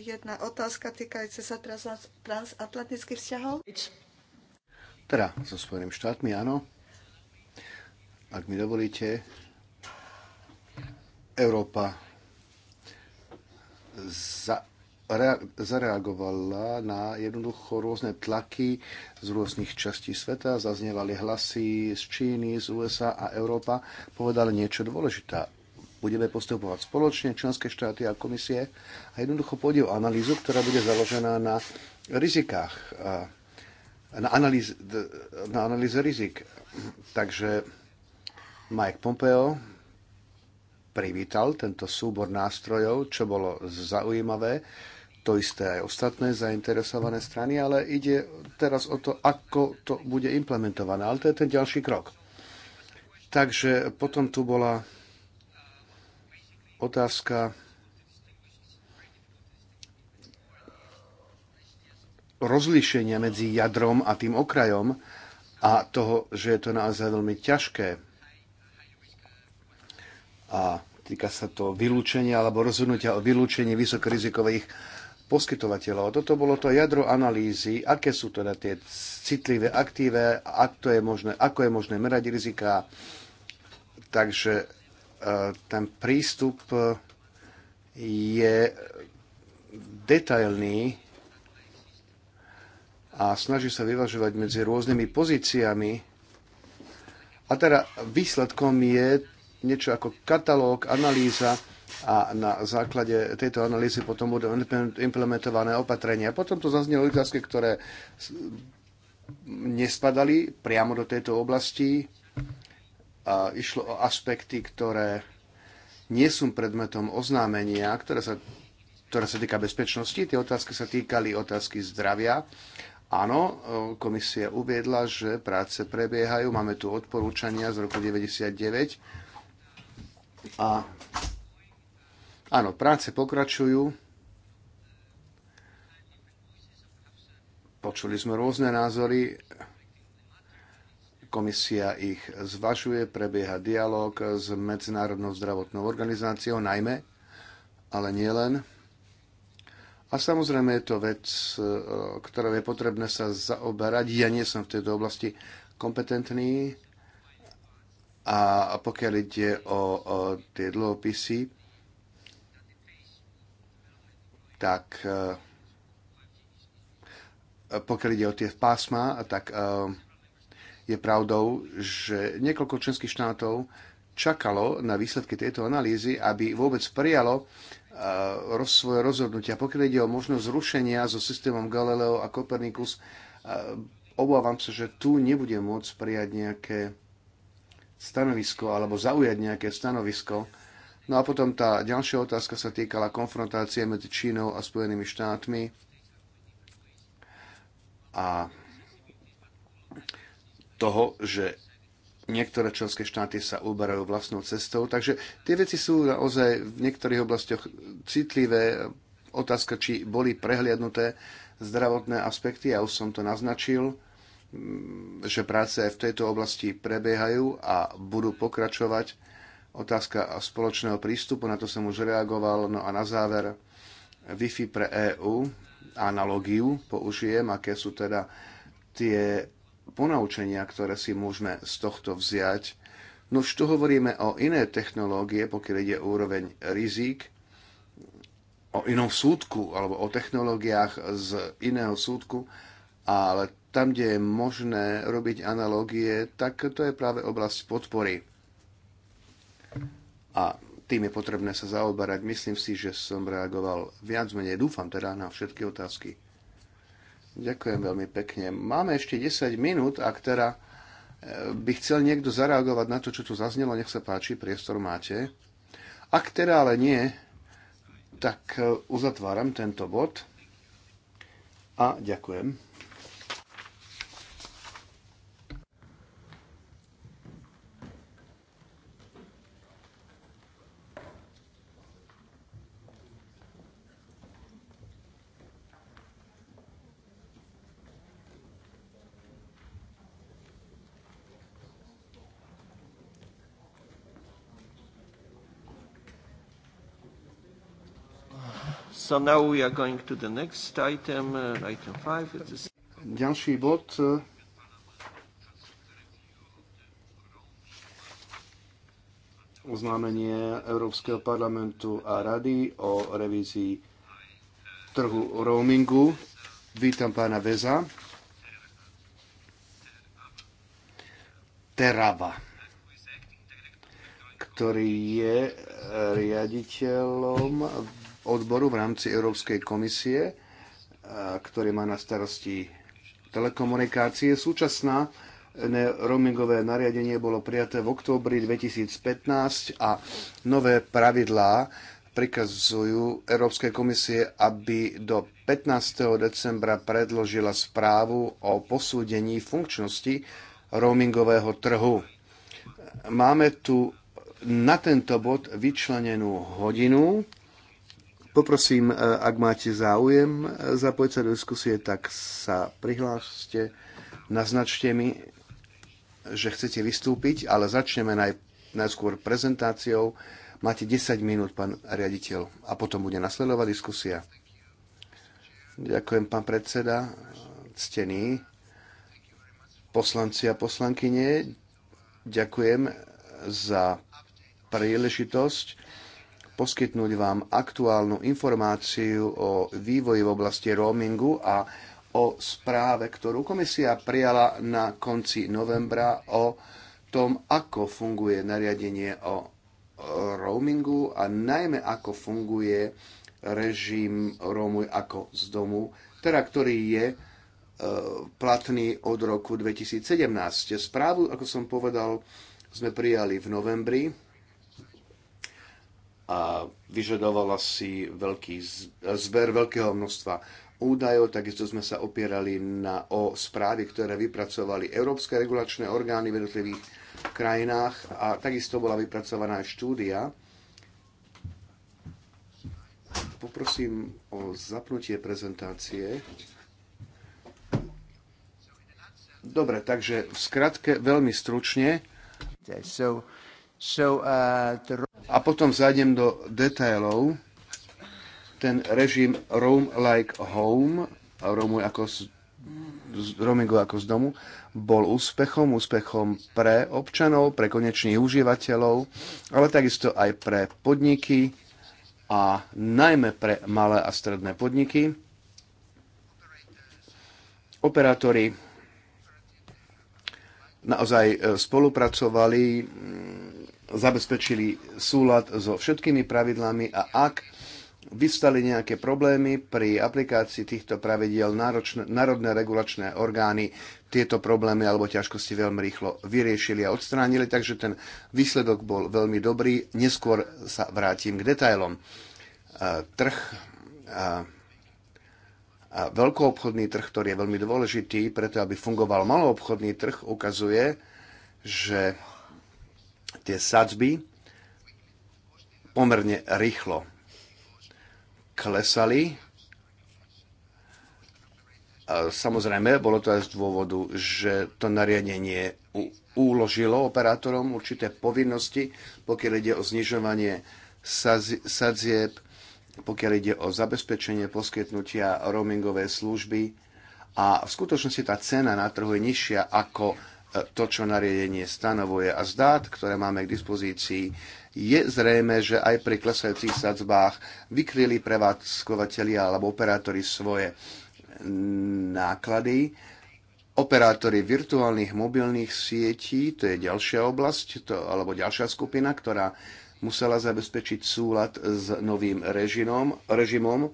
B: jedna otázka týkajúca sa transatlantických vzťahov.
C: Teda so Spojenými štátmi, áno ak mi dovolíte, Európa zareagovala na jednoducho rôzne tlaky z rôznych častí sveta. Zaznievali hlasy z Číny, z USA a Európa povedali niečo dôležité. Budeme postupovať spoločne, členské štáty a komisie a jednoducho pôjde o analýzu, ktorá bude založená na rizikách, na na analýze rizik. Takže Mike Pompeo privítal tento súbor nástrojov, čo bolo zaujímavé. To isté aj ostatné zainteresované strany, ale ide teraz o to, ako to bude implementované. Ale to je ten ďalší krok. Takže potom tu bola otázka rozlíšenia medzi jadrom a tým okrajom a toho, že je to naozaj veľmi ťažké a týka sa to vylúčenia alebo rozhodnutia o vylúčení vysokorizikových poskytovateľov. Toto bolo to jadro analýzy, aké sú teda tie citlivé aktíve, ak to je možné, ako je možné merať rizika. Takže e, ten prístup e, je detailný a snaží sa vyvažovať medzi rôznymi pozíciami. A teda výsledkom je niečo ako katalóg, analýza a na základe tejto analýzy potom budú implementované opatrenia. Potom to zaznelo otázky, ktoré nespadali priamo do tejto oblasti. A išlo o aspekty, ktoré nie sú predmetom oznámenia, ktoré sa, ktoré sa týka bezpečnosti. Tie otázky sa týkali otázky zdravia. Áno, komisia uviedla, že práce prebiehajú. Máme tu odporúčania z roku 1999 a áno, práce pokračujú. Počuli sme rôzne názory. Komisia ich zvažuje, prebieha dialog s Medzinárodnou zdravotnou organizáciou najmä, ale nielen. A samozrejme je to vec, ktorou je potrebné sa zaoberať. Ja nie som v tejto oblasti kompetentný, a pokiaľ ide o, o tie dlhopisy, tak e, pokiaľ ide o tie pásma, tak e, je pravdou, že niekoľko členských štátov čakalo na výsledky tejto analýzy, aby vôbec prijalo e, svoje rozhodnutia. Pokiaľ ide o možnosť zrušenia so systémom Galileo a Copernicus, obávam sa, že tu nebude môcť prijať nejaké stanovisko alebo zaujať nejaké stanovisko. No a potom tá ďalšia otázka sa týkala konfrontácie medzi Čínou a Spojenými štátmi. A toho, že niektoré členské štáty sa uberajú vlastnou cestou. Takže tie veci sú naozaj v niektorých oblastiach citlivé. Otázka, či boli prehliadnuté zdravotné aspekty, ja už som to naznačil že práce v tejto oblasti prebiehajú a budú pokračovať. Otázka spoločného prístupu, na to som už reagoval. No a na záver Wi-Fi pre EÚ, analogiu použijem, aké sú teda tie ponaučenia, ktoré si môžeme z tohto vziať. No už tu hovoríme o iné technológie, pokiaľ ide o úroveň rizík, o inom súdku alebo o technológiách z iného súdku, ale tam, kde je možné robiť analogie, tak to je práve oblasť podpory. A tým je potrebné sa zaoberať. Myslím si, že som reagoval viac menej, dúfam teda, na všetky otázky. Ďakujem veľmi pekne. Máme ešte 10 minút, a teda e, by chcel niekto zareagovať na to, čo tu zaznelo, nech sa páči, priestor máte. Ak teda ale nie, tak e, uzatváram tento bod a ďakujem.
A: Uh,
C: Ďalší bod. Uh, oznámenie Európskeho parlamentu a rady o revízii trhu roamingu. Vítam pána Veza. Terava, ktorý je eh, riaditeľom odboru v rámci Európskej komisie, ktorý má na starosti telekomunikácie. Súčasná roamingové nariadenie bolo prijaté v októbri 2015 a nové pravidlá prikazujú Európskej komisie, aby do 15. decembra predložila správu o posúdení funkčnosti roamingového trhu. Máme tu na tento bod vyčlenenú hodinu Poprosím, e, ak máte záujem e, zapojiť sa do diskusie, tak sa prihláste, naznačte mi, že chcete vystúpiť, ale začneme naj, najskôr prezentáciou. Máte 10 minút, pán riaditeľ, a potom bude nasledovať diskusia. Ďakujem, pán predseda, ctení poslanci a poslankyne. Ďakujem za príležitosť poskytnúť vám aktuálnu informáciu o vývoji v oblasti roamingu a o správe, ktorú komisia prijala na konci novembra o tom, ako funguje nariadenie o roamingu a najmä ako funguje režim Rómuj ako z domu, teda ktorý je e, platný od roku 2017. Správu, ako som povedal, sme prijali v novembri a vyžadovala si veľký zber veľkého množstva údajov, takisto sme sa opierali na, o správy, ktoré vypracovali európske regulačné orgány v jednotlivých krajinách a takisto bola vypracovaná aj štúdia. Poprosím o zapnutie prezentácie. Dobre, takže v skratke veľmi stručne. So, so, uh, the... A potom zájdem do detailov. Ten režim Roam like home, roamuj ako z, roamingu ako z domu, bol úspechom, úspechom pre občanov, pre konečných užívateľov, ale takisto aj pre podniky a najmä pre malé a stredné podniky. Operátori naozaj e, spolupracovali zabezpečili súlad so všetkými pravidlami a ak vystali nejaké problémy pri aplikácii týchto pravidiel, náročné, národné regulačné orgány tieto problémy alebo ťažkosti veľmi rýchlo vyriešili a odstránili, takže ten výsledok bol veľmi dobrý. Neskôr sa vrátim k detailom. E, trh, a, a veľkoobchodný trh, ktorý je veľmi dôležitý, preto aby fungoval maloobchodný trh, ukazuje, že tie sadzby pomerne rýchlo klesali. Samozrejme, bolo to aj z dôvodu, že to nariadenie uložilo operátorom určité povinnosti, pokiaľ ide o znižovanie sadzieb, pokiaľ ide o zabezpečenie poskytnutia roamingovej služby. A v skutočnosti tá cena na trhu je nižšia ako E, to, čo nariadenie stanovuje. A z dát, ktoré máme k dispozícii, je zrejme, že aj pri klesajúcich sadzbách vykryli prevádzkovateľia alebo operátori svoje náklady. Operátori virtuálnych mobilných sietí, to je ďalšia oblasť, to, alebo ďalšia skupina, ktorá musela zabezpečiť súlad s novým režimom, režimom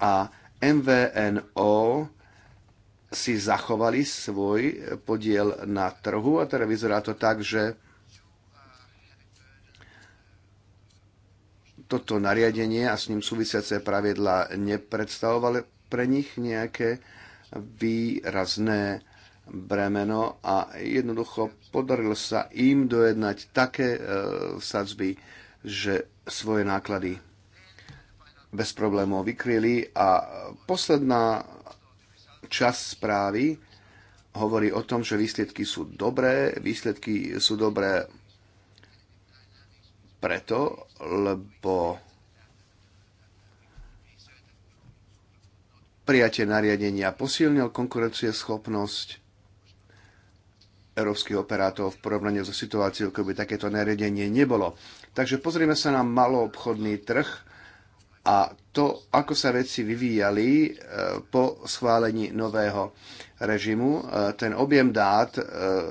C: a MVNO si zachovali svoj podiel na trhu a teda vyzerá to tak, že toto nariadenie a s ním súvisiace pravidla nepredstavovali pre nich nejaké výrazné bremeno a jednoducho podarilo sa im dojednať také e, sadzby, že svoje náklady bez problémov vykryli a posledná čas správy hovorí o tom, že výsledky sú dobré. Výsledky sú dobré preto, lebo prijatie nariadenia posilnil konkurencieschopnosť európskych operátorov v porovnaní so situáciou, keby takéto nariadenie nebolo. Takže pozrieme sa na maloobchodný trh a to, ako sa veci vyvíjali e, po schválení nového režimu. E, ten objem dát e,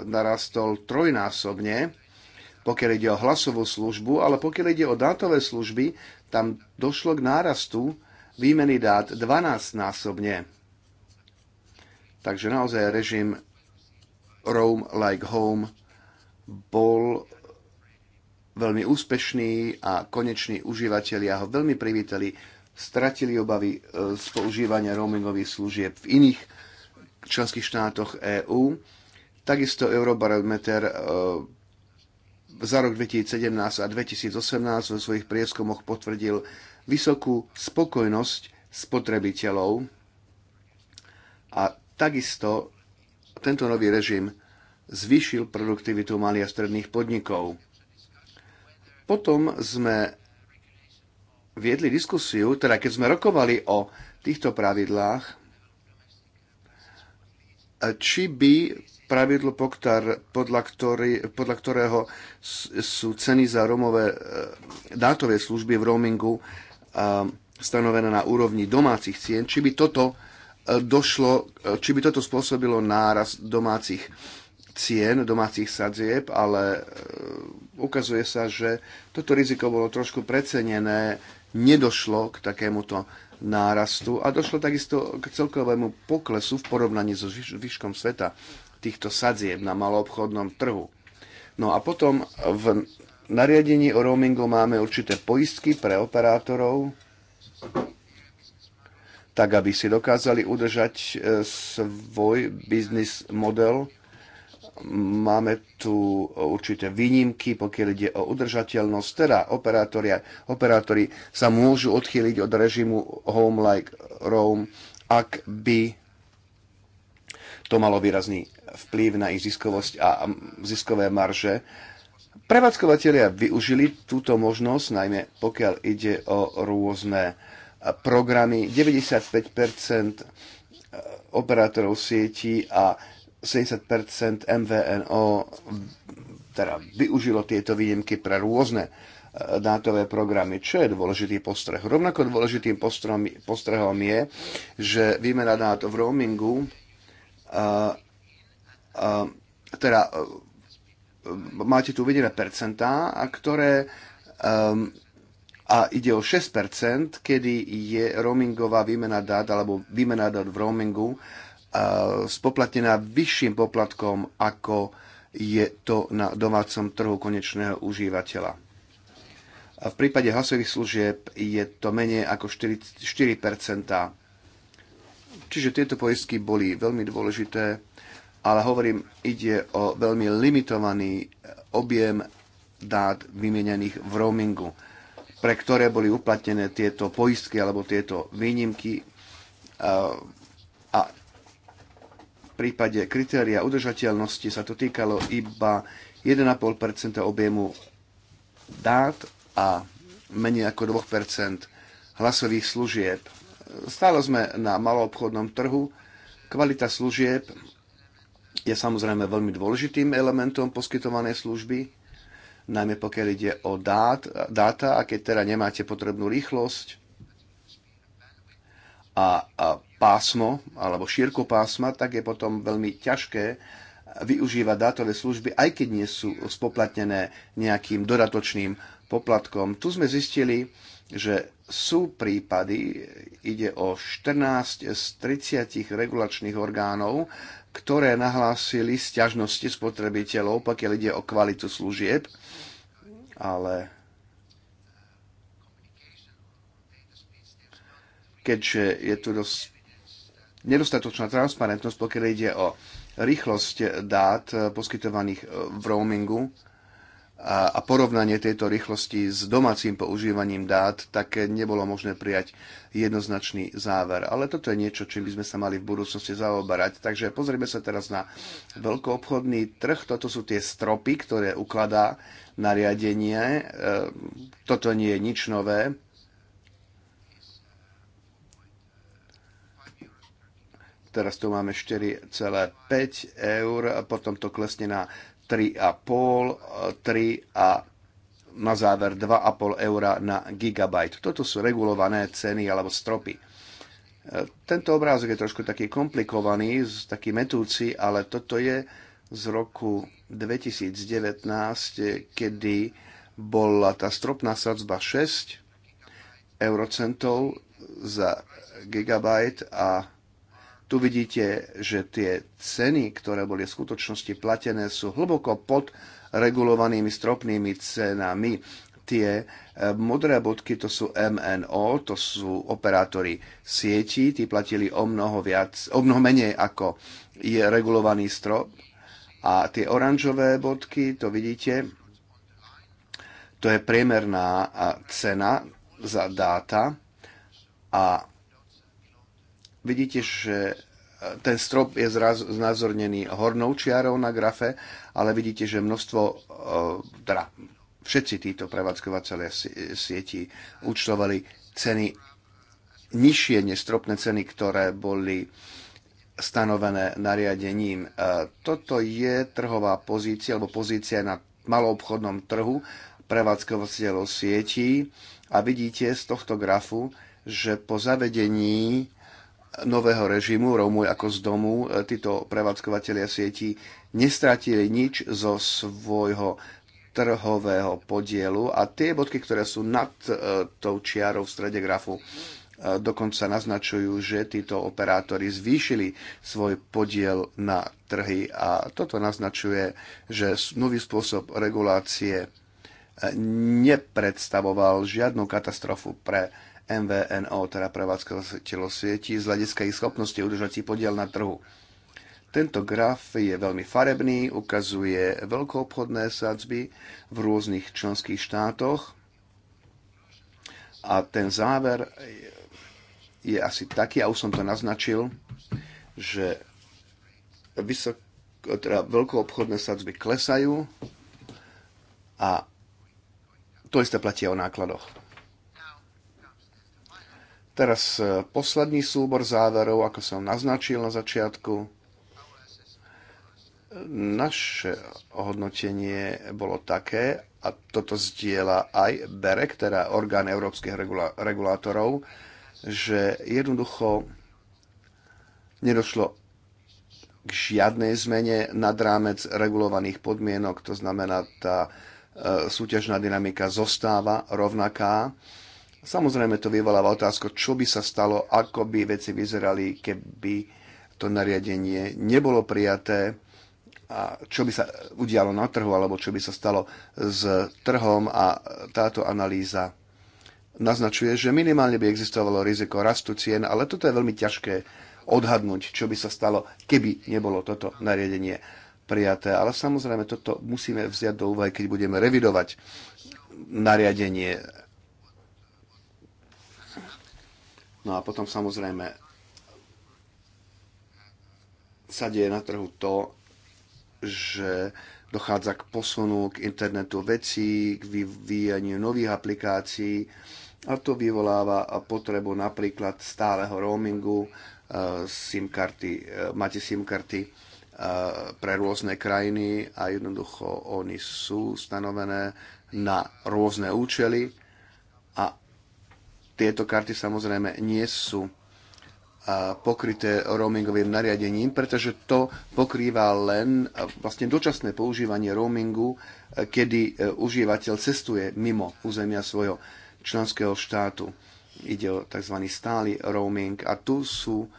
C: narastol trojnásobne, pokiaľ ide o hlasovú službu, ale pokiaľ ide o dátové služby, tam došlo k nárastu výmeny dát 12-násobne. Takže naozaj režim Roam like home bol veľmi úspešní a koneční užívateľia ho veľmi privítali, stratili obavy e, z používania roamingových služieb v iných členských štátoch EÚ. Takisto Eurobarometer e, za rok 2017 a 2018 vo svojich prieskumoch potvrdil vysokú spokojnosť spotrebiteľov a takisto tento nový režim zvýšil produktivitu malých a stredných podnikov potom sme viedli diskusiu, teda keď sme rokovali o týchto pravidlách, či by pravidlo, poktar, podľa, ktorý, podľa ktorého sú ceny za romové e, dátové služby v roamingu e, stanovené na úrovni domácich cien, či by toto e, došlo, či by toto spôsobilo náraz domácich cien domácich sadzieb, ale e, ukazuje sa, že toto riziko bolo trošku precenené, nedošlo k takémuto nárastu a došlo takisto k celkovému poklesu v porovnaní so výškom sveta týchto sadzieb na maloobchodnom trhu. No a potom v nariadení o roamingu máme určité poistky pre operátorov, tak aby si dokázali udržať e, svoj biznis model Máme tu určité výnimky, pokiaľ ide o udržateľnosť, teda operátori sa môžu odchýliť od režimu Home Like Roam, ak by to malo výrazný vplyv na ich ziskovosť a ziskové marže. Prevádzkovateľia využili túto možnosť, najmä pokiaľ ide o rôzne programy. 95 e, operátorov sietí a 70% MVNO teda využilo tieto výnimky pre rôzne e, dátové programy, čo je dôležitý postreh. Rovnako dôležitým postrehom, postrehom je, že výmena dát v roamingu a, e, a, e, teda máte tu uvedené percentá, a ktoré a, a ide o 6%, kedy je roamingová výmena dát alebo výmena dát v roamingu Eh, spoplatnená vyšším poplatkom, ako je to na domácom trhu konečného užívateľa. v prípade hlasových služieb je to menej ako 4, 4%. Čiže tieto poistky boli veľmi dôležité, ale hovorím, ide o veľmi limitovaný eh, objem dát vymienených v roamingu, pre ktoré boli uplatnené tieto poistky alebo tieto výnimky eh, a prípade kritéria udržateľnosti sa to týkalo iba 1,5 objemu dát a menej ako 2 hlasových služieb. Stále sme na maloobchodnom trhu. Kvalita služieb je samozrejme veľmi dôležitým elementom poskytovanej služby, najmä pokiaľ ide o dát, dáta a keď teda nemáte potrebnú rýchlosť a, a pásmo alebo šírku pásma, tak je potom veľmi ťažké využívať dátové služby, aj keď nie sú spoplatnené nejakým dodatočným poplatkom. Tu sme zistili, že sú prípady, ide o 14 z 30 regulačných orgánov, ktoré nahlásili sťažnosti spotrebiteľov, pokiaľ ide o kvalitu služieb, ale keďže je tu dosť nedostatočná transparentnosť, pokiaľ ide o rýchlosť dát eh, poskytovaných eh, v roamingu a porovnanie tejto rýchlosti s domácim používaním dát, tak nebolo možné prijať jednoznačný záver. Ale toto je niečo, čím by sme sa mali v budúcnosti zaoberať. Takže pozrieme sa teraz na veľkoobchodný trh. Toto sú tie stropy, ktoré ukladá nariadenie. Eh, toto nie je nič nové Teraz tu máme 4,5 eur, potom to klesne na 3,5, 3 a na záver 2,5 eur na gigabyte. Toto sú regulované ceny alebo stropy. Tento obrázok je trošku taký komplikovaný, taký metúci, ale toto je z roku 2019, kedy bola tá stropná sadzba 6 eurocentov za gigabyte a tu vidíte, že tie ceny, ktoré boli v skutočnosti platené, sú hlboko pod regulovanými stropnými cenami. Tie e, modré bodky to sú MNO, to sú operátori sietí, tí platili o mnoho, viac, o mnoho menej ako je regulovaný strop. A tie oranžové bodky, to vidíte, to je priemerná cena za dáta a Vidíte, že e, ten strop je zraz, znázornený hornou čiarou na grafe, ale vidíte, že množstvo, e, teda všetci títo prevádzkovateľia sieti účtovali ceny nižšie než stropné ceny, ktoré boli stanovené nariadením. E, toto je trhová pozícia, alebo pozícia na maloobchodnom trhu prevádzkovateľov sietí a vidíte z tohto grafu, že po zavedení nového režimu Rómuj ako z domu. E, títo prevádzkovateľia sieti nestratili nič zo svojho trhového podielu a tie bodky, ktoré sú nad e, tou čiarou v strede grafu, e, dokonca naznačujú, že títo operátori zvýšili svoj podiel na trhy a toto naznačuje, že nový spôsob regulácie nepredstavoval žiadnu katastrofu pre MVNO, teda prevádzkovateľov sieti, z hľadiska ich schopnosti udržať si podiel na trhu. Tento graf je veľmi farebný, ukazuje veľkoobchodné sadzby v rôznych členských štátoch a ten záver je asi taký, a už som to naznačil, že vysok, teda veľkoobchodné sadzby klesajú a to isté platí o nákladoch Teraz e, posledný súbor záverov, ako som naznačil na začiatku. Naše ohodnotenie bolo také, a toto zdieľa aj BEREK, teda orgán európskych regulátorov, že jednoducho nedošlo k žiadnej zmene nad rámec regulovaných podmienok, to znamená, tá e, súťažná dynamika zostáva rovnaká Samozrejme to vyvoláva otázku, čo by sa stalo, ako by veci vyzerali, keby to nariadenie nebolo prijaté a čo by sa udialo na trhu, alebo čo by sa stalo s trhom a táto analýza naznačuje, že minimálne by existovalo riziko rastu cien, ale toto je veľmi ťažké odhadnúť, čo by sa stalo, keby nebolo toto nariadenie prijaté. Ale samozrejme, toto musíme vziať do úvahy, keď budeme revidovať nariadenie No a potom samozrejme sa deje na trhu to, že dochádza k posunu k internetu vecí, k vyvíjaniu nových aplikácií a to vyvoláva potrebu napríklad stáleho roamingu, e, SIM karty, e, máte SIM karty e, pre rôzne krajiny a jednoducho oni sú stanovené na rôzne účely a tieto karty samozrejme nie sú pokryté roamingovým nariadením, pretože to pokrýva len vlastne dočasné používanie roamingu, kedy e, užívateľ cestuje mimo územia svojho členského štátu. Ide o tzv. stály roaming a tu sú e,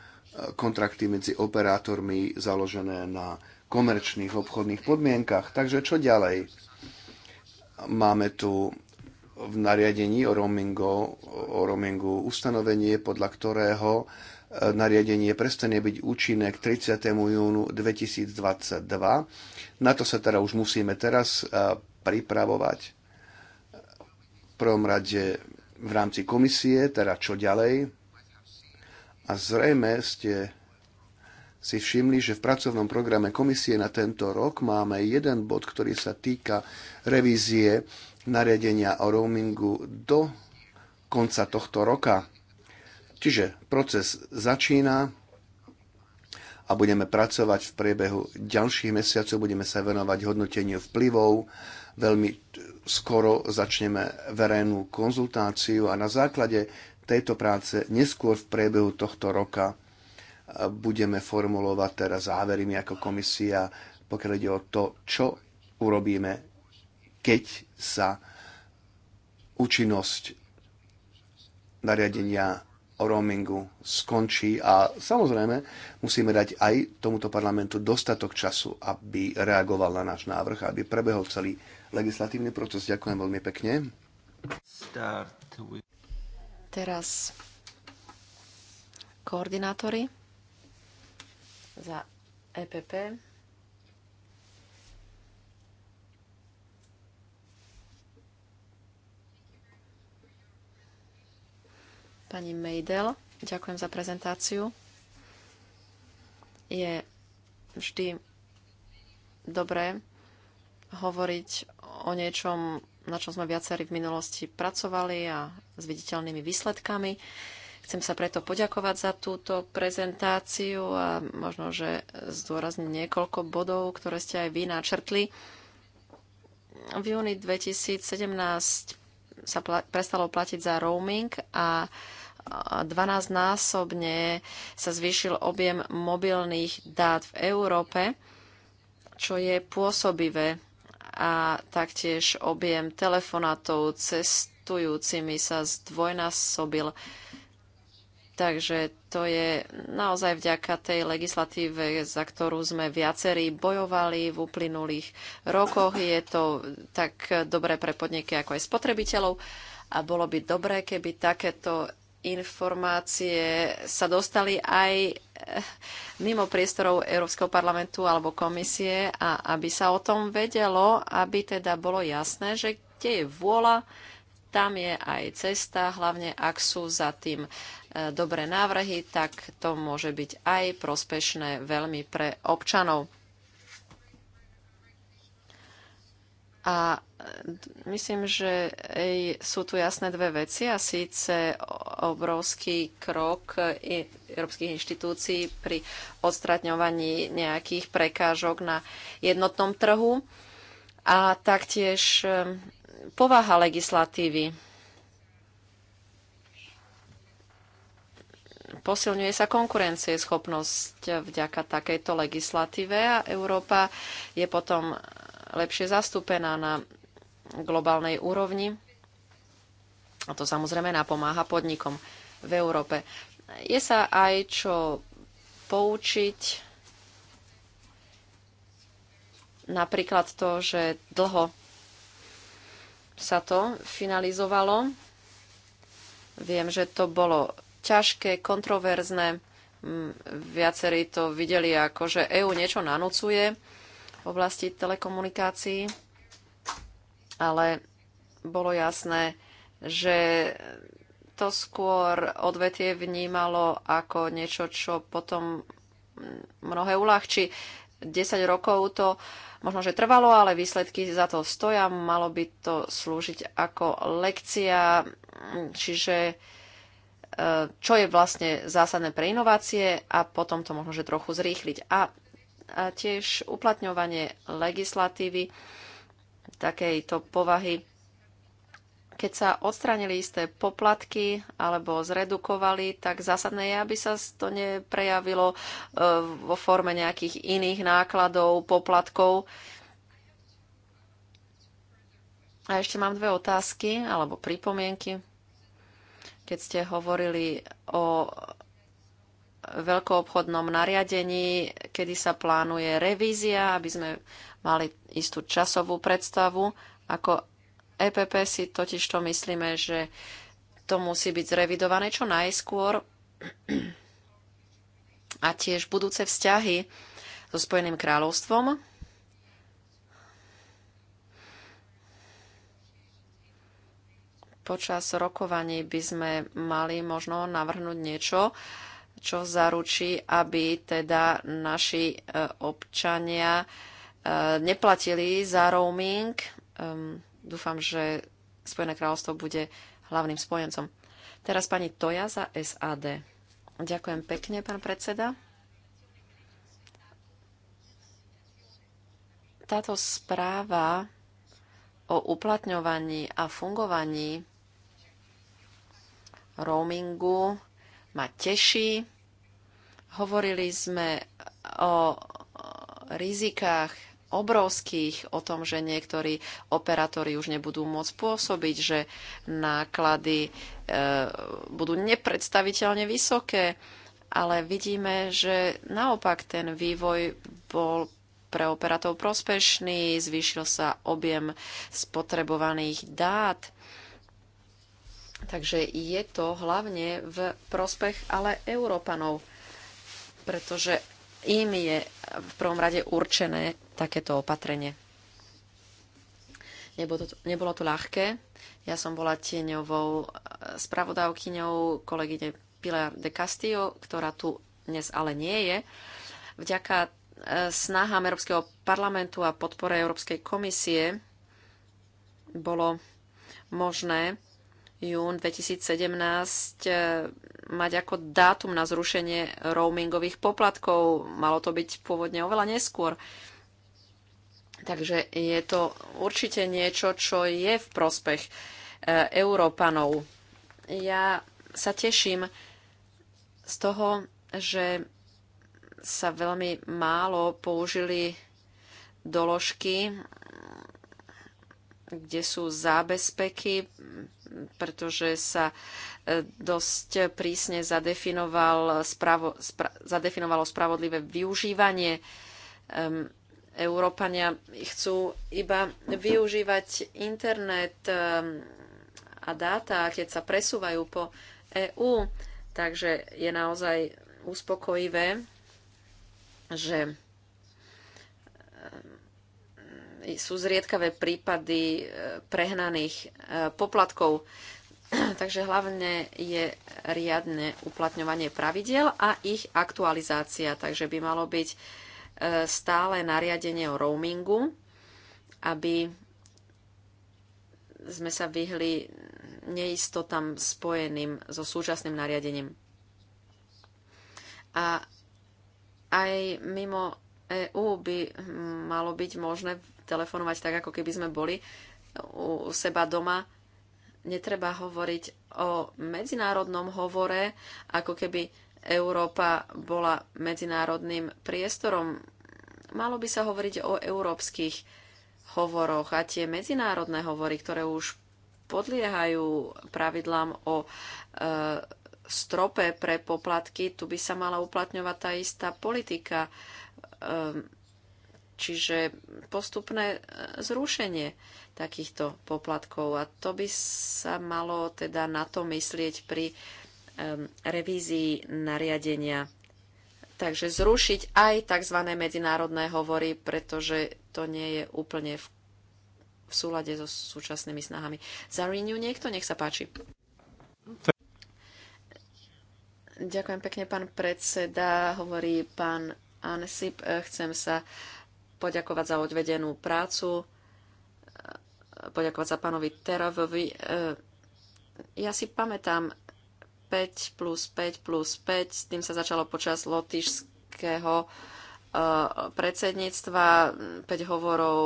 C: kontrakty medzi operátormi založené na komerčných obchodných podmienkach. Takže čo ďalej? Máme tu v nariadení o roamingu, o roamingu ustanovenie, podľa ktorého e, nariadenie prestane byť účinné k 30. júnu 2022. Na to sa teda už musíme teraz e, pripravovať. V prvom rade v rámci komisie, teda čo ďalej. A zrejme ste si všimli, že v pracovnom programe komisie na tento rok máme jeden bod, ktorý sa týka revízie nariadenia o roamingu do konca tohto roka. Čiže proces začína a budeme pracovať v priebehu ďalších mesiacov, budeme sa venovať hodnoteniu vplyvov, veľmi skoro začneme verejnú konzultáciu a na základe tejto práce neskôr v priebehu tohto roka e, budeme formulovať teraz závery my ako komisia, pokiaľ ide o to, čo urobíme keď sa účinnosť nariadenia o roamingu skončí a samozrejme musíme dať aj tomuto parlamentu dostatok času, aby reagoval na náš návrh, aby prebehol celý legislatívny proces. Ďakujem veľmi pekne.
A: With...
D: Teraz koordinátory za EPP. pani Mejdel. Ďakujem za prezentáciu. Je vždy dobré hovoriť o niečom, na čom sme viacerí v minulosti pracovali a s viditeľnými výsledkami. Chcem sa preto poďakovať za túto prezentáciu a možno, že zdôrazniť niekoľko bodov, ktoré ste aj vy načrtli. V júni 2017 sa pla- prestalo platiť za roaming a 12-násobne sa zvýšil objem mobilných dát v Európe, čo je pôsobivé a taktiež objem telefonátov cestujúcimi sa zdvojnásobil. Takže to je naozaj vďaka tej legislatíve, za ktorú sme viacerí bojovali v uplynulých rokoch. Je to tak dobré pre podniky ako aj spotrebiteľov a bolo by dobré, keby takéto informácie sa dostali aj eh, mimo priestorov Európskeho parlamentu alebo komisie a aby sa o tom vedelo, aby teda bolo jasné, že kde je vôľa, tam je aj cesta, hlavne ak sú za tým e, dobré návrhy, tak to môže byť aj prospešné veľmi pre občanov. A e, myslím, že sú tu jasné dve veci a síce obrovský krok e, európskych inštitúcií pri odstratňovaní nejakých prekážok na jednotnom trhu a taktiež povaha legislatívy. Posilňuje sa schopnosť vďaka takejto legislatíve a Európa je potom lepšie zastúpená na globálnej úrovni. A to samozrejme napomáha podnikom v Európe. Je sa aj čo poučiť napríklad to, že dlho sa to finalizovalo. Viem, že to bolo ťažké, kontroverzné. Mm, viacerí to videli ako, že EÚ niečo nanúcuje v oblasti telekomunikácií, ale bolo jasné, že to skôr odvetie vnímalo ako niečo, čo potom mnohé uľahčí. 10 rokov to možno, že trvalo, ale výsledky za to stoja. Malo by to slúžiť ako lekcia, čiže e, čo je vlastne zásadné pre inovácie a potom to možno, že trochu zrýchliť. A, a tiež uplatňovanie legislatívy takejto povahy keď sa odstranili isté poplatky alebo zredukovali, tak zásadné je, aby sa to neprejavilo e, vo forme nejakých iných nákladov, poplatkov. A ešte mám dve otázky alebo pripomienky. Keď ste hovorili o veľkoobchodnom nariadení, kedy sa plánuje revízia, aby sme mali istú časovú predstavu, ako EPP si totiž to myslíme, že to musí byť zrevidované čo najskôr a tiež budúce vzťahy so Spojeným kráľovstvom. Počas rokovaní by sme mali možno navrhnúť niečo, čo zaručí, aby teda naši e, občania e, neplatili za roaming ehm, dúfam, že Spojené kráľovstvo bude hlavným spojencom. Teraz pani Toja za SAD. Ďakujem pekne, pán predseda. Táto správa o uplatňovaní a fungovaní roamingu ma teší. Hovorili sme o rizikách obrovských o tom, že niektorí operátori už nebudú môcť pôsobiť, že náklady e, budú nepredstaviteľne vysoké, ale vidíme, že naopak ten vývoj bol pre operátov prospešný, zvýšil sa objem spotrebovaných dát. Takže je to hlavne v prospech ale Európanov, pretože im je v prvom rade určené takéto opatrenie. Nebolo to, nebolo to ľahké. Ja som bola tieňovou e, spravodávkyňou kolegyne Pilar de Castillo, ktorá tu dnes ale nie je. Vďaka e, snahám Európskeho parlamentu a podpore Európskej komisie bolo možné jún 2017 e, mať ako dátum na zrušenie roamingových poplatkov. Malo to byť pôvodne oveľa neskôr. Takže je to určite niečo, čo je v prospech e, Európanov. Ja sa teším z toho, že sa veľmi málo použili doložky kde sú zábezpeky pretože sa e, dosť prísne zadefinoval spravo, spra, zadefinovalo spravodlivé využívanie. Um, Európania chcú iba využívať internet a dáta, keď sa presúvajú po EÚ. Takže je naozaj uspokojivé, že sú zriedkavé prípady e, prehnaných e, poplatkov. Takže hlavne je riadne uplatňovanie pravidiel a ich aktualizácia. Takže by malo byť e, stále nariadenie o roamingu, aby sme sa vyhli neistotám spojeným so súčasným nariadením. A aj mimo EÚ by malo byť možné telefonovať tak, ako keby sme boli u seba doma. Netreba hovoriť o medzinárodnom hovore, ako keby Európa bola medzinárodným priestorom. Malo by sa hovoriť o európskych hovoroch a tie medzinárodné hovory, ktoré už podliehajú pravidlám o e, strope pre poplatky, tu by sa mala uplatňovať tá istá politika. E, Čiže postupné e, zrušenie takýchto poplatkov. A to by sa malo teda na to myslieť pri um, revízii nariadenia. Takže zrušiť aj tzv. medzinárodné hovory, pretože to nie je úplne v, v súlade so súčasnými snahami. Za Renew niekto, nech sa páči. Ďakujem pekne, pán predseda, hovorí pán Ansip. E, chcem sa uh, poďakovať za odvedenú prácu, poďakovať za pánovi Terovovi. E, ja si pamätám 5 plus 5 plus 5, s tým sa začalo počas lotišského. Eh, predsedníctva, 5 hovorov,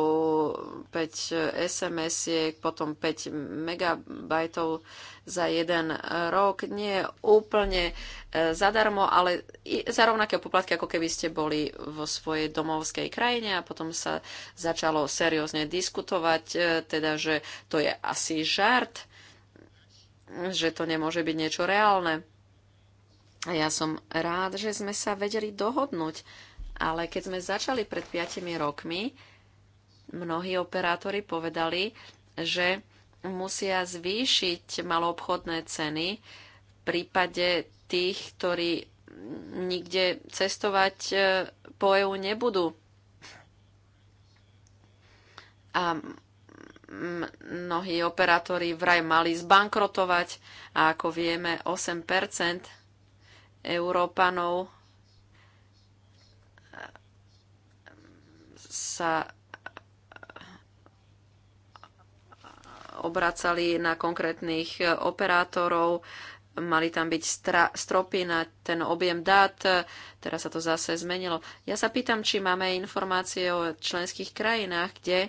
D: 5 SMS-iek, potom 5 megabajtov za jeden rok. Nie úplne eh, zadarmo, ale za rovnaké poplatky, ako keby ste boli vo svojej domovskej krajine a potom sa začalo seriózne diskutovať, eh, teda, že to je asi žart, že to nemôže byť niečo reálne. A ja som rád, že sme sa vedeli dohodnúť ale keď sme začali pred 5 rokmi, mnohí operátori povedali, že musia zvýšiť maloobchodné ceny v prípade tých, ktorí nikde cestovať e, po EU nebudú. A mnohí operátori vraj mali zbankrotovať a ako vieme 8% Európanov sa obracali na konkrétnych operátorov, mali tam byť stropy na ten objem dát, teraz sa to zase zmenilo. Ja sa pýtam, či máme informácie o členských krajinách, kde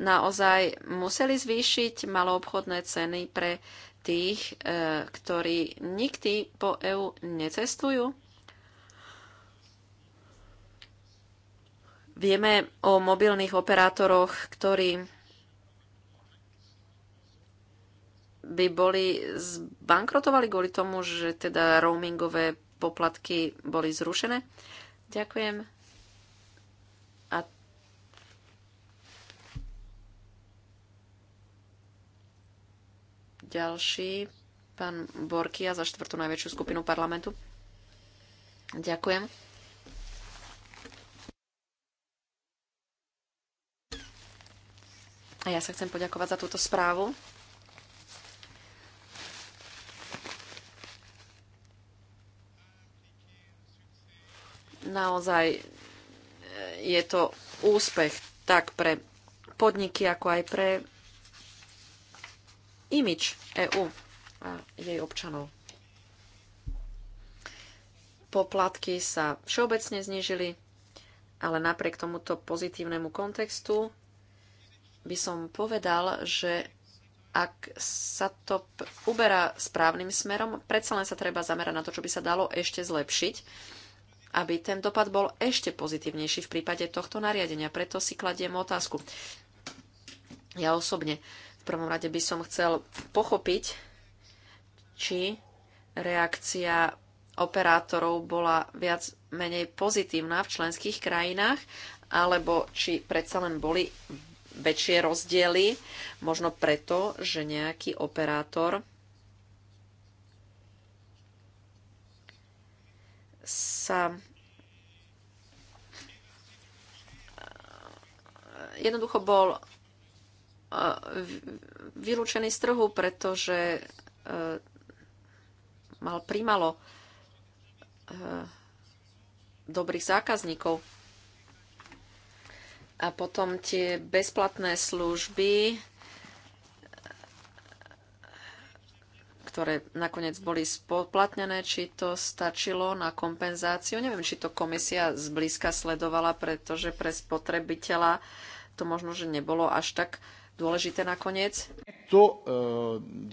D: naozaj museli zvýšiť maloobchodné ceny pre tých, eh, ktorí nikdy po EÚ necestujú. Vieme o mobilných operátoroch, ktorí by boli zbankrotovali kvôli tomu, že teda roamingové poplatky boli zrušené. Ďakujem. A ďalší, pán Borkia za štvrtú najväčšiu skupinu parlamentu. Ďakujem. A ja sa chcem poďakovať za túto správu. Naozaj e, je to úspech tak pre podniky, ako aj pre imič EÚ a jej občanov. Poplatky sa všeobecne znížili, ale napriek tomuto pozitívnemu kontextu by som povedal, že ak sa to uberá správnym smerom, predsa len sa treba zamerať na to, čo by sa dalo ešte zlepšiť, aby ten dopad bol ešte pozitívnejší v prípade tohto nariadenia. Preto si kladiem otázku. Ja osobne v prvom rade by som chcel pochopiť, či reakcia operátorov bola viac menej pozitívna v členských krajinách, alebo či predsa len boli väčšie rozdiely, možno preto, že nejaký operátor sa eh, jednoducho bol eh, vylúčený z trhu, pretože eh, mal primalo dobrých zákazníkov. A potom tie bezplatné služby, ktoré nakoniec boli spoplatnené, či to stačilo na kompenzáciu. Neviem, či to komisia zblízka sledovala, pretože pre spotrebiteľa to možno, že nebolo až tak dôležité nakoniec.
C: 30. Eh,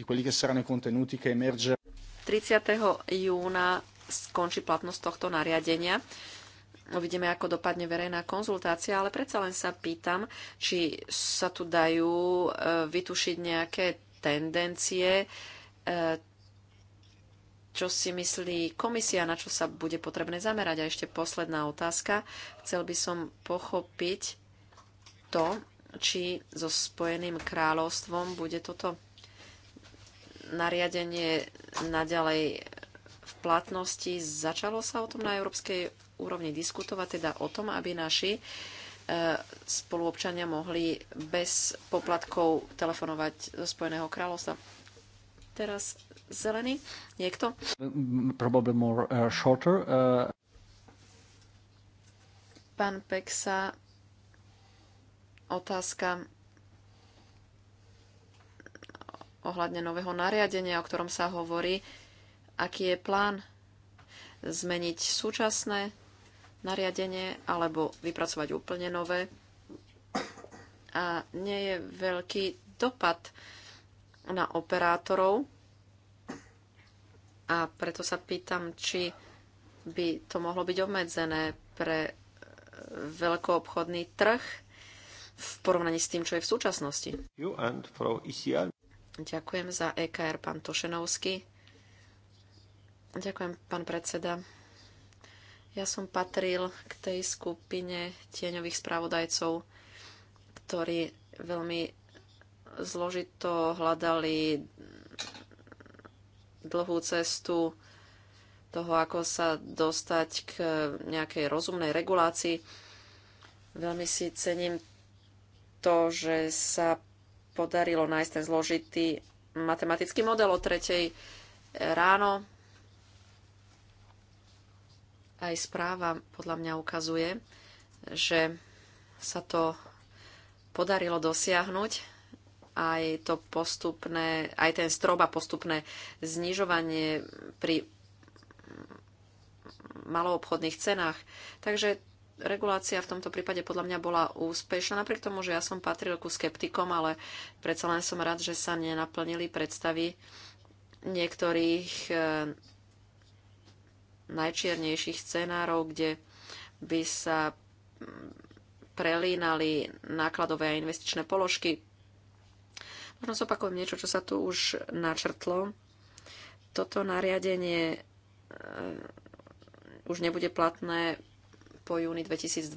D: júna skončí platnosť tohto nariadenia Uvidíme, ako dopadne verejná konzultácia, ale predsa len sa pýtam, či sa tu dajú e, vytušiť nejaké tendencie, e, čo si myslí komisia, na čo sa bude potrebné zamerať. A ešte posledná otázka. Chcel by som pochopiť to, či so Spojeným kráľovstvom bude toto nariadenie naďalej v platnosti. Začalo sa o tom na európskej úrovni diskutovať teda o tom, aby naši e, spoluobčania mohli bez poplatkov telefonovať zo Spojeného kráľovstva. Teraz zelený. Niekto?
A: Probably more uh, shorter. Uh...
D: Pán Peksa, otázka ohľadne nového nariadenia, o ktorom sa hovorí. Aký je plán zmeniť súčasné nariadenie alebo vypracovať úplne nové. A nie je veľký dopad na operátorov. A preto sa pýtam, či by to mohlo byť obmedzené pre e, veľkoobchodný trh v porovnaní s tým, čo je v súčasnosti. Ďakujem za EKR, pán Tošenovský. Ďakujem, pán predseda. Ja som patril k tej skupine tieňových spravodajcov, ktorí veľmi zložito hľadali dlhú cestu toho, ako sa dostať k nejakej rozumnej regulácii. Veľmi si cením to, že sa podarilo nájsť ten zložitý matematický model o tretej ráno aj správa podľa mňa ukazuje, že sa to podarilo dosiahnuť aj to postupné, aj ten strop a postupné znižovanie pri maloobchodných cenách. Takže regulácia v tomto prípade podľa mňa bola úspešná, napriek tomu, že ja som patril ku skeptikom, ale predsa len som rád, že sa nenaplnili predstavy niektorých eh, najčiernejších scenárov, kde by sa mm, prelínali nákladové a investičné položky. Možno zopakujem niečo, čo sa tu už načrtlo. Toto nariadenie mm, už nebude platné po júni 2020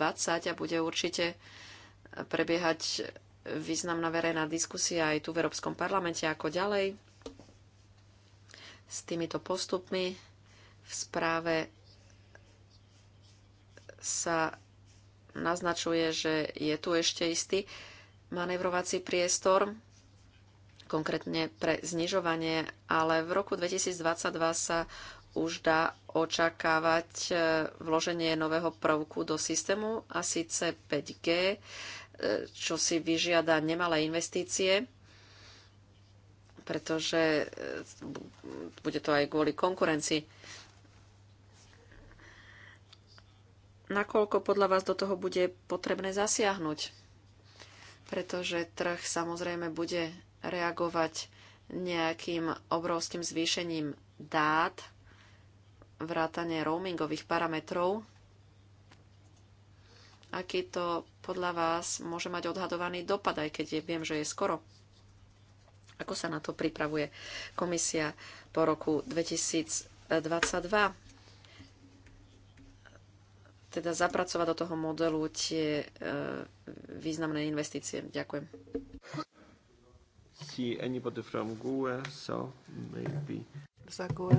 D: a bude určite prebiehať významná verejná diskusia aj tu v Európskom parlamente, ako ďalej s týmito postupmi v správe sa naznačuje, že je tu ešte istý manevrovací priestor, konkrétne pre znižovanie, ale v roku 2022 sa už dá očakávať e, vloženie nového prvku do systému, a síce 5G, e, čo si vyžiada nemalé investície, pretože e, bude to aj kvôli konkurencii. nakoľko podľa vás do toho bude potrebné zasiahnuť. Pretože trh samozrejme bude reagovať nejakým obrovským zvýšením dát, vrátane roamingových parametrov. Aký to podľa vás môže mať odhadovaný dopad, aj keď je, viem, že je skoro? Ako sa na to pripravuje komisia po roku 2022? teda zapracovať do toho modelu tie e, významné investície. Ďakujem.
A: See anybody from e? so maybe...
D: Za e.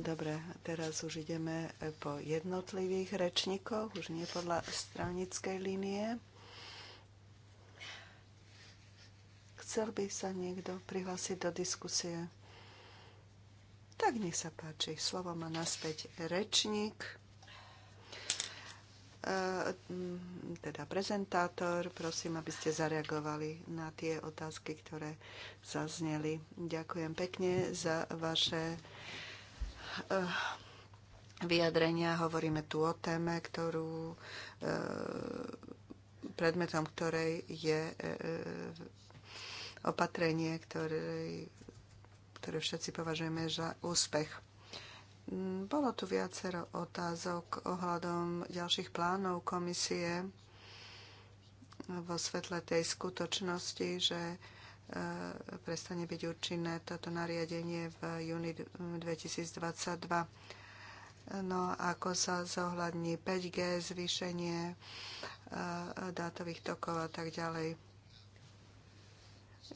B: Dobre, teraz už ideme po jednotlivých rečníkoch, už nie podľa stranickej línie. Chcel by sa niekto prihlásiť do diskusie? Tak nech sa páči, slovo má naspäť rečník, e, teda prezentátor. Prosím, aby ste zareagovali na tie otázky, ktoré zazneli. Ďakujem pekne za vaše e, vyjadrenia. Hovoríme tu o téme, ktorú e, predmetom ktorej je opatrenie, ktorej ktoré všetci považujeme za úspech. Bolo tu viacero otázok ohľadom ďalších plánov komisie vo svetle tej skutočnosti, že e, prestane byť účinné toto nariadenie v júni 2022. No, ako sa zohľadní 5G, zvýšenie e, dátových tokov a tak ďalej.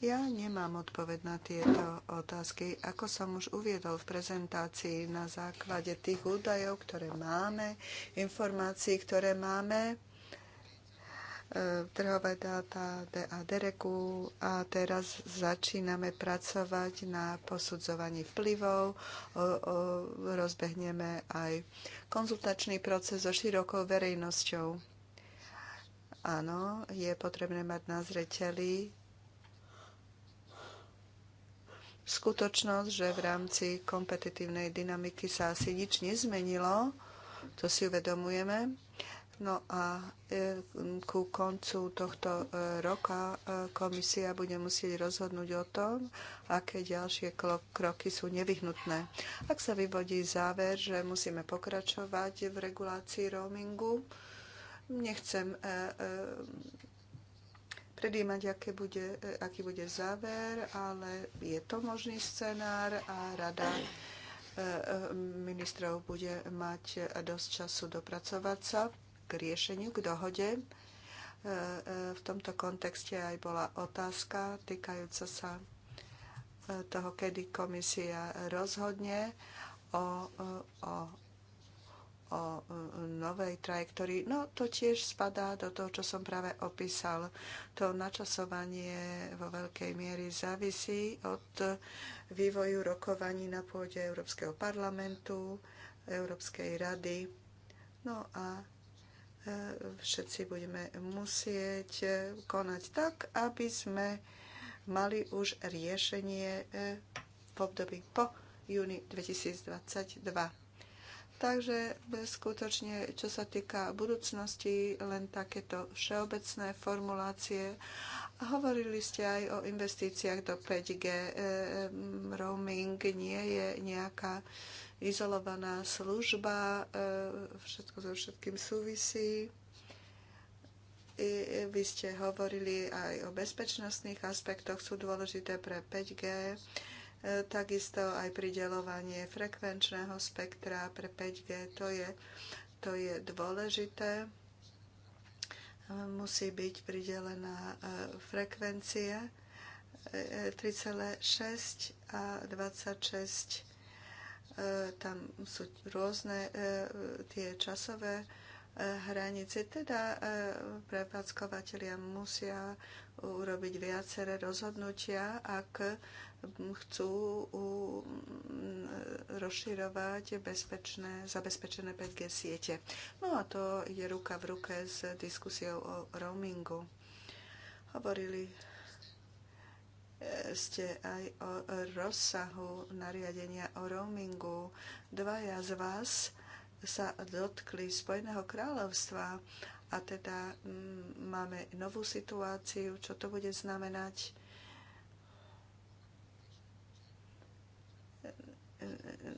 B: Ja nemám odpoveď na tieto otázky. Ako som už uviedol v prezentácii na základe tých údajov, ktoré máme, informácií, ktoré máme, e, trhové dáta DA Dereku a teraz začíname pracovať na posudzovaní vplyvov. O, o, rozbehneme aj konzultačný proces so širokou verejnosťou. Áno, je potrebné mať na zreteli skutočnosť, že v rámci kompetitívnej dynamiky sa asi nič nezmenilo, to si uvedomujeme. No a e, ku koncu tohto e, roka e, komisia bude musieť rozhodnúť o tom, aké ďalšie kroky sú nevyhnutné. Ak sa vyvodí záver, že musíme pokračovať v regulácii roamingu, nechcem predjímať, aké bude, e, aký bude záver, ale je to možný scenár a rada e, e, ministrov bude mať dosť času dopracovať sa k riešeniu, k dohode. V tomto kontexte aj bola otázka týkajúca sa toho, kedy komisia rozhodne o, o, o o novej trajektórii. No to tiež spadá do toho, čo som práve opísal. To načasovanie vo veľkej miery závisí od vývoju rokovaní na pôde Európskeho parlamentu, Európskej rady. No a e, všetci budeme musieť e, konať tak, aby sme mali už riešenie e, v období po júni 2022. Takže skutočne, čo sa týka budúcnosti, len takéto všeobecné formulácie. Hovorili ste aj o investíciách do 5G. E, e, roaming nie je nejaká izolovaná služba, e, všetko so všetkým súvisí. vy ste hovorili aj o bezpečnostných aspektoch, sú dôležité pre 5G takisto aj pridelovanie frekvenčného spektra pre 5G, to je, to je dôležité. Musí byť pridelená e, frekvencia 3,6 e, a 26. E, tam sú rôzne tie časové E, hranice. Teda e, prevádzkovateľia musia urobiť viaceré rozhodnutia, ak chcú rozširovať bezpečné, zabezpečené 5G siete. No a to je ruka v ruke s diskusiou o roamingu. Hovorili e, ste aj o rozsahu nariadenia o roamingu. Dvaja z vás sa dotkli Spojeného kráľovstva a teda mm, máme novú situáciu, čo to bude znamenať.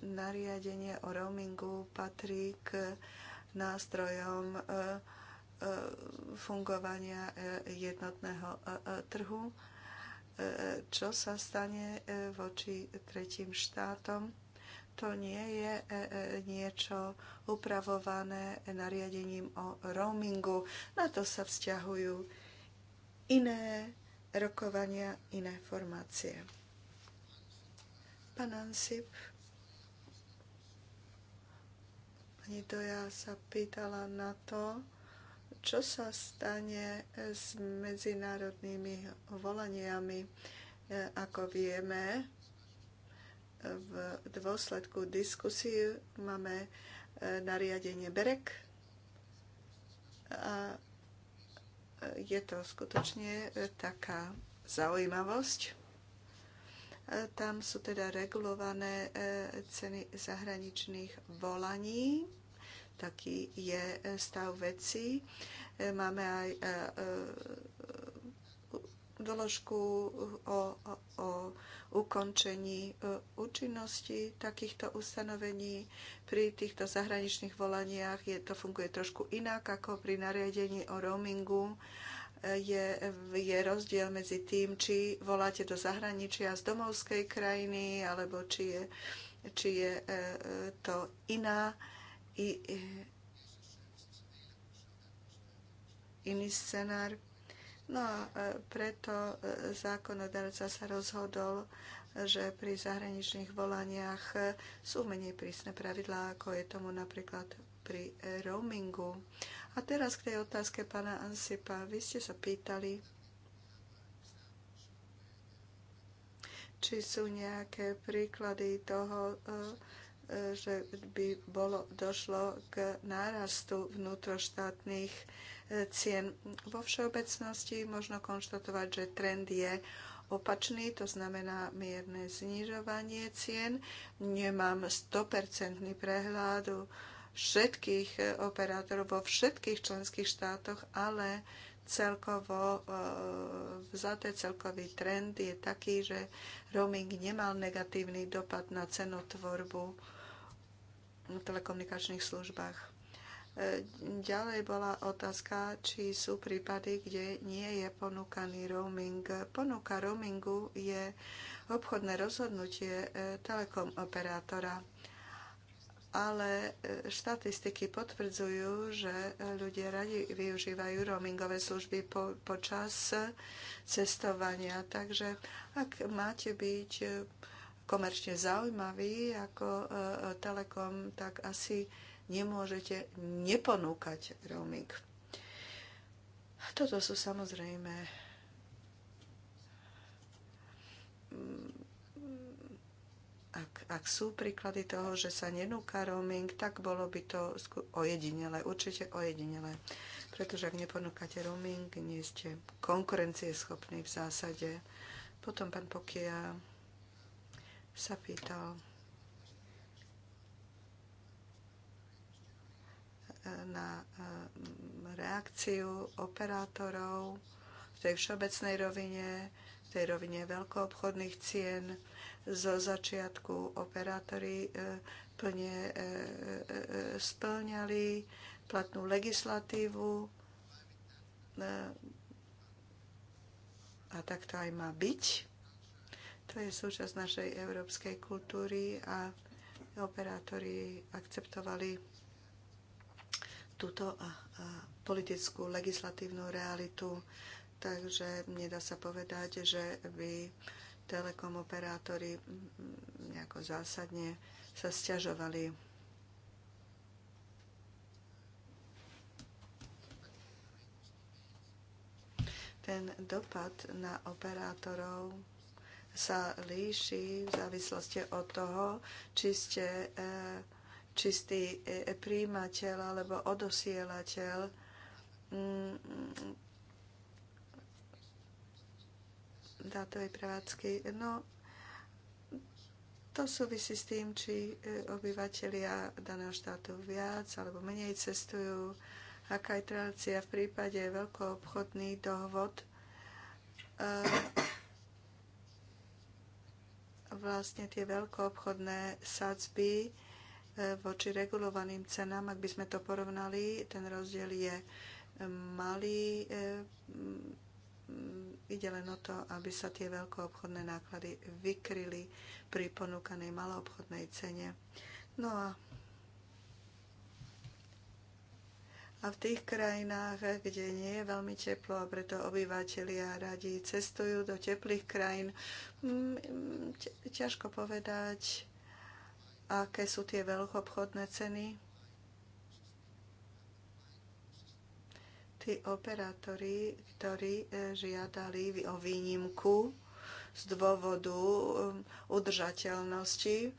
B: Nariadenie o roamingu patrí k nástrojom e, e, fungovania e, jednotného trhu. Čo sa stane voči tretím štátom? to nie je e, e, niečo upravované nariadením o roamingu. Na to sa vzťahujú iné rokovania, iné formácie. Pán Ansip, pani Doja sa pýtala na to, čo sa stane s medzinárodnými volaniami. E, ako vieme, v dôsledku diskusie máme e, nariadenie BEREK a e, je to skutočne e, taká zaujímavosť. Tam sú teda regulované ceny zahraničných volaní. Taký je stav vecí. Máme aj doložku uh, o, o, o ukončení uh, účinnosti takýchto ustanovení. Pri týchto zahraničných volaniach je, to funguje trošku inak ako pri nariadení o roamingu uh, je, je rozdiel medzi tým, či voláte do zahraničia z domovskej krajiny, alebo či je, či je to iná, i, iný scenár. No a e, preto e, zákonodarca sa rozhodol, že pri zahraničných volaniach e, sú menej prísne pravidlá, ako je tomu napríklad pri roamingu. A teraz k tej otázke pána Ansipa. Vy ste sa pýtali, či sú nejaké príklady toho, že by bolo, došlo k nárastu vnútroštátnych cien. Vo všeobecnosti možno konštatovať, že trend je opačný, to znamená mierne znižovanie cien. Nemám 100% prehľad všetkých operátorov vo všetkých členských štátoch, ale celkovo e, vzaté celkový trend je taký, že roaming nemal negatívny dopad na cenotvorbu v telekomunikačných službách. Ďalej bola otázka, či sú prípady, kde nie je ponúkaný roaming. Ponuka roamingu je obchodné rozhodnutie e, telekom operátora. Ale e, štatistiky potvrdzujú, že e, ľudia radi využívajú roamingové služby po, počas cestovania. Takže ak máte byť komerčne zaujímaví ako Telekom, tak asi nemôžete neponúkať roaming. Toto sú samozrejme mm, ak, ak sú príklady toho, že sa nenúka roaming, tak bolo by to ojedinele, určite ojedinele. Pretože ak neponúkate roaming, nie ste konkurencieschopní v zásade. Potom pán Pokia sa pýtal, na eh, reakciu operátorov v tej všeobecnej rovine, v tej rovine veľkoobchodných cien. Zo začiatku operátori eh, plne eh, splňali platnú legislatívu a tak to aj má byť. To je súčasť našej európskej kultúry a operátori akceptovali túto politickú legislatívnu realitu, takže nedá sa povedať, že by telekom operátori nejako zásadne sa stiažovali. Ten dopad na operátorov sa líši v závislosti od toho, či ste e, čistý e, e, príjimateľ alebo odosielateľ mm, dátovej prevádzky. No, to súvisí s tým, či e, obyvateľia daného štátu viac alebo menej cestujú, aká je tradícia v prípade veľkoobchodný dohod. Vlastne tie veľkoobchodné sadzby voči regulovaným cenám, ak by sme to porovnali, ten rozdiel je malý. E, ide len o to, aby sa tie veľkoobchodné náklady vykryli pri ponúkanej maloobchodnej cene. No a A v tých krajinách, kde nie je veľmi teplo a preto obyvateľia radi cestujú do teplých krajín, ťažko povedať, aké sú tie veľkoobchodné ceny. Tí operátori, ktorí e, žiadali o výnimku z dôvodu e, udržateľnosti e,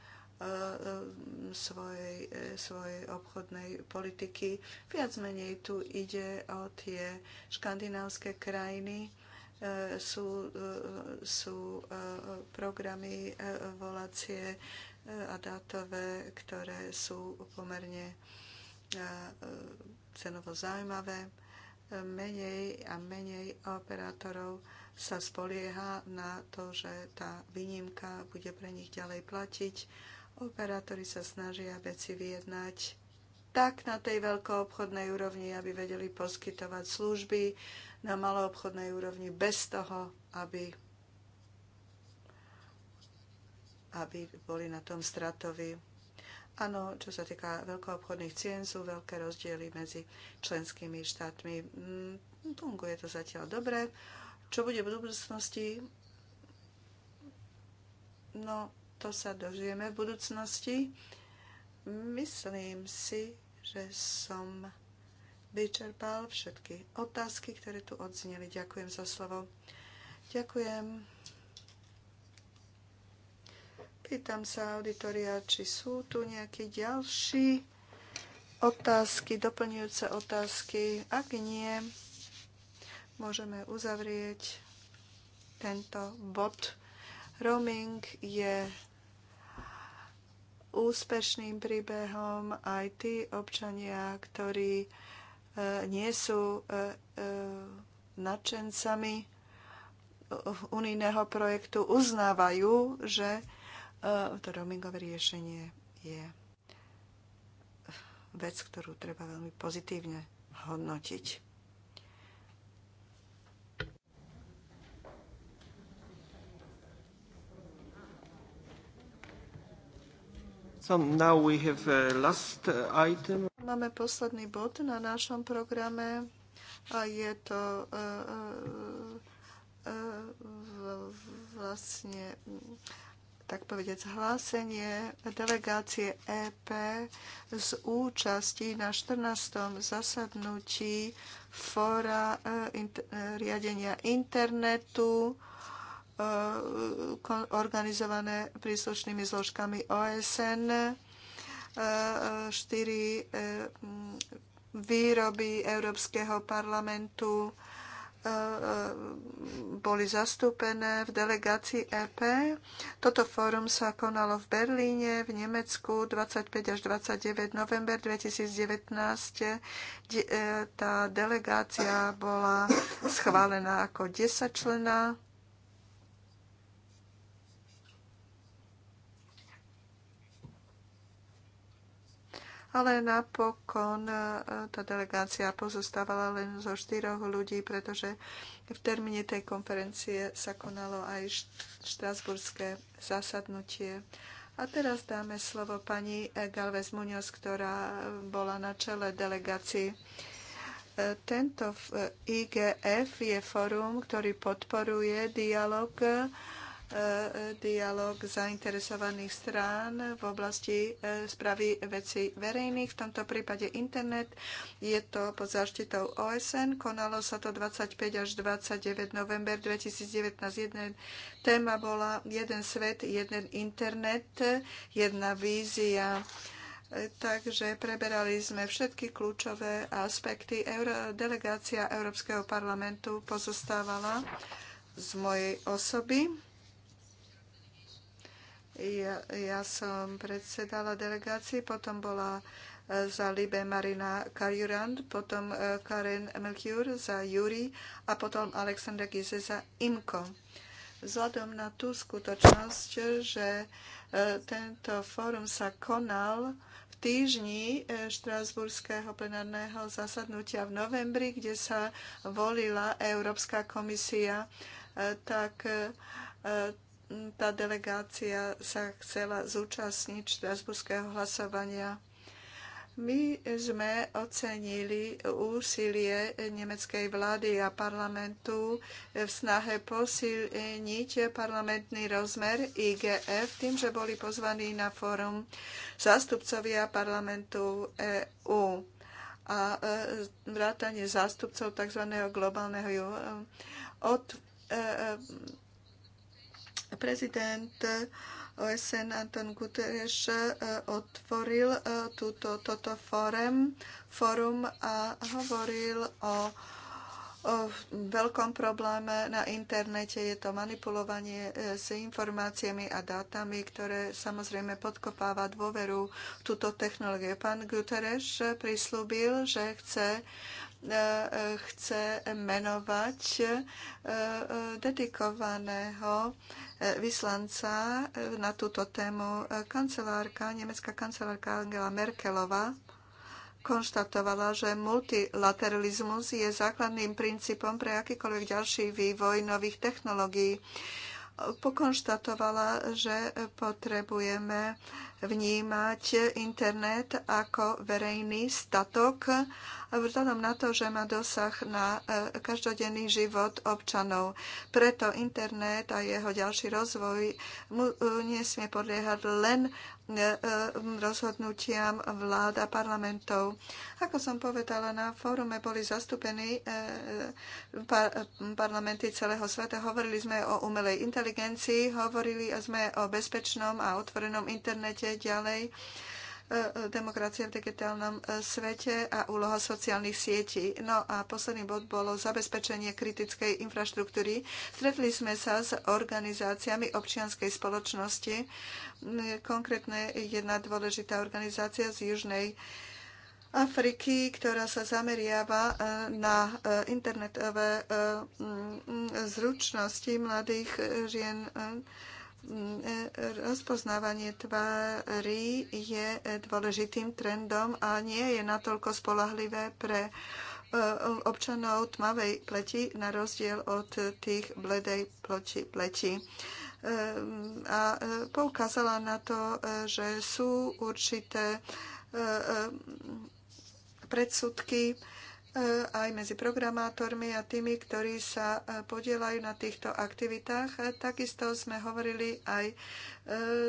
B: svojej, svojej obchodnej politiky. Viac menej tu ide o tie škandinávské krajiny, sú, sú programy volacie a dátové, ktoré sú pomerne e, cenovo zaujímavé. Menej a menej operátorov sa spolieha na to, že tá výnimka bude pre nich ďalej platiť. Operátori sa snažia veci vyjednať tak na tej veľkoobchodnej úrovni, aby vedeli poskytovať služby na maloobchodnej úrovni bez toho, aby aby boli na tom stratovi. Áno, čo sa týka veľkoobchodných cien, sú veľké rozdiely medzi členskými štátmi. Mm, funguje to zatiaľ dobre. Čo bude v budúcnosti? No, to sa dožijeme v budúcnosti. Myslím si, že som vyčerpal všetky otázky, ktoré tu odzneli. Ďakujem za slovo. Ďakujem. Pýtam sa auditoria, či sú tu nejaké ďalší otázky, doplňujúce otázky. Ak nie, môžeme uzavrieť tento bod. Roaming je úspešným príbehom aj tí občania, ktorí e, nie sú e, e, nadšencami unijného projektu, uznávajú, že Eh, to roamingové riešenie je vec, ktorú treba veľmi pozitívne hodnotiť.
A: So now we have eh, last eh, item.
B: Máme posledný bod na našom programe a je to uh, uh, uh, vlastne uh, tak povedať, zhlásenie delegácie EP z účasti na 14. zasadnutí fóra e, e, riadenia internetu e, organizované príslušnými zložkami OSN. Štyri výroby Európskeho parlamentu E, e, boli zastúpené v delegácii EP. Toto fórum sa konalo v Berlíne, v Nemecku 25 až 29 november 2019. E, tá delegácia bola schválená ako 10 člena. ale napokon e, tá delegácia pozostávala len zo štyroch ľudí, pretože v termíne tej konferencie sa konalo aj štrasburské zasadnutie. A teraz dáme slovo pani Galvez Muñoz, ktorá e, bola na čele delegácii. E, tento IGF je fórum, ktorý podporuje dialog E, dialog zainteresovaných strán v oblasti e, správy veci verejných, v tomto prípade internet. Je to pod záštitou OSN. Konalo sa to 25 až 29 november 2019. Jedna téma bola jeden svet, jeden internet, jedna vízia. E, takže preberali sme všetky kľúčové aspekty. Euro, delegácia Európskeho parlamentu pozostávala z mojej osoby ja, ja som predsedala delegácii, potom bola e, za Libe Marina Karjurand, potom e, Karen Melchior za Juri a potom Alexander Gize za Imko. Vzhľadom na tú skutočnosť, že e, tento fórum sa konal v týždni štrasburského plenárneho zasadnutia v novembri, kde sa volila Európska komisia, tak tá delegácia sa chcela zúčastniť štrasburského hlasovania. My sme ocenili úsilie nemeckej vlády a parlamentu v snahe posilniť parlamentný rozmer IGF tým, že boli pozvaní na fórum zástupcovia parlamentu EU a e, vrátanie zástupcov tzv. globálneho od e, e, Prezident OSN Anton Guterres eh, otvoril eh, túto, toto fórum, fórum a hovoril o, o veľkom probléme na internete. Je to manipulovanie eh, s informáciami a dátami, ktoré samozrejme podkopáva dôveru túto technológie. Pán Guterres prislúbil, že chce E, e, chce menovať e, dedikovaného vyslanca na túto tému. Kancelárka, nemecká kancelárka Angela Merkelová konštatovala, že multilateralizmus je základným princípom pre akýkoľvek ďalší vývoj nových technológií pokonštatovala, že potrebujeme vnímať internet ako verejný statok vzhľadom na to, že má dosah na e, každodenný život občanov. Preto internet a jeho ďalší rozvoj e, nesmie podliehať len e, rozhodnutiam vlád a parlamentov. Ako som povedala, na fórume boli zastúpení parlamenty celého sveta. Hovorili sme o umelej inteligencii, hovorili sme o bezpečnom a otvorenom internete ďalej demokracie v digitálnom e, svete a úloha sociálnych sietí. No a posledný bod bolo zabezpečenie kritickej infraštruktúry. Stretli sme sa s organizáciami občianskej spoločnosti. Mm, konkrétne jedna dôležitá organizácia z Južnej Afriky, ktorá sa zameriava e, na e, internetové mm, zručnosti mladých žien rozpoznávanie tvári je dôležitým trendom a nie je natoľko spolahlivé pre e, občanov tmavej pleti na rozdiel od tých bledej pleti. E, a e, poukázala na to, že sú určité predsudky, E, aj medzi programátormi a tými, ktorí sa e, podielajú na týchto aktivitách. E, takisto sme hovorili aj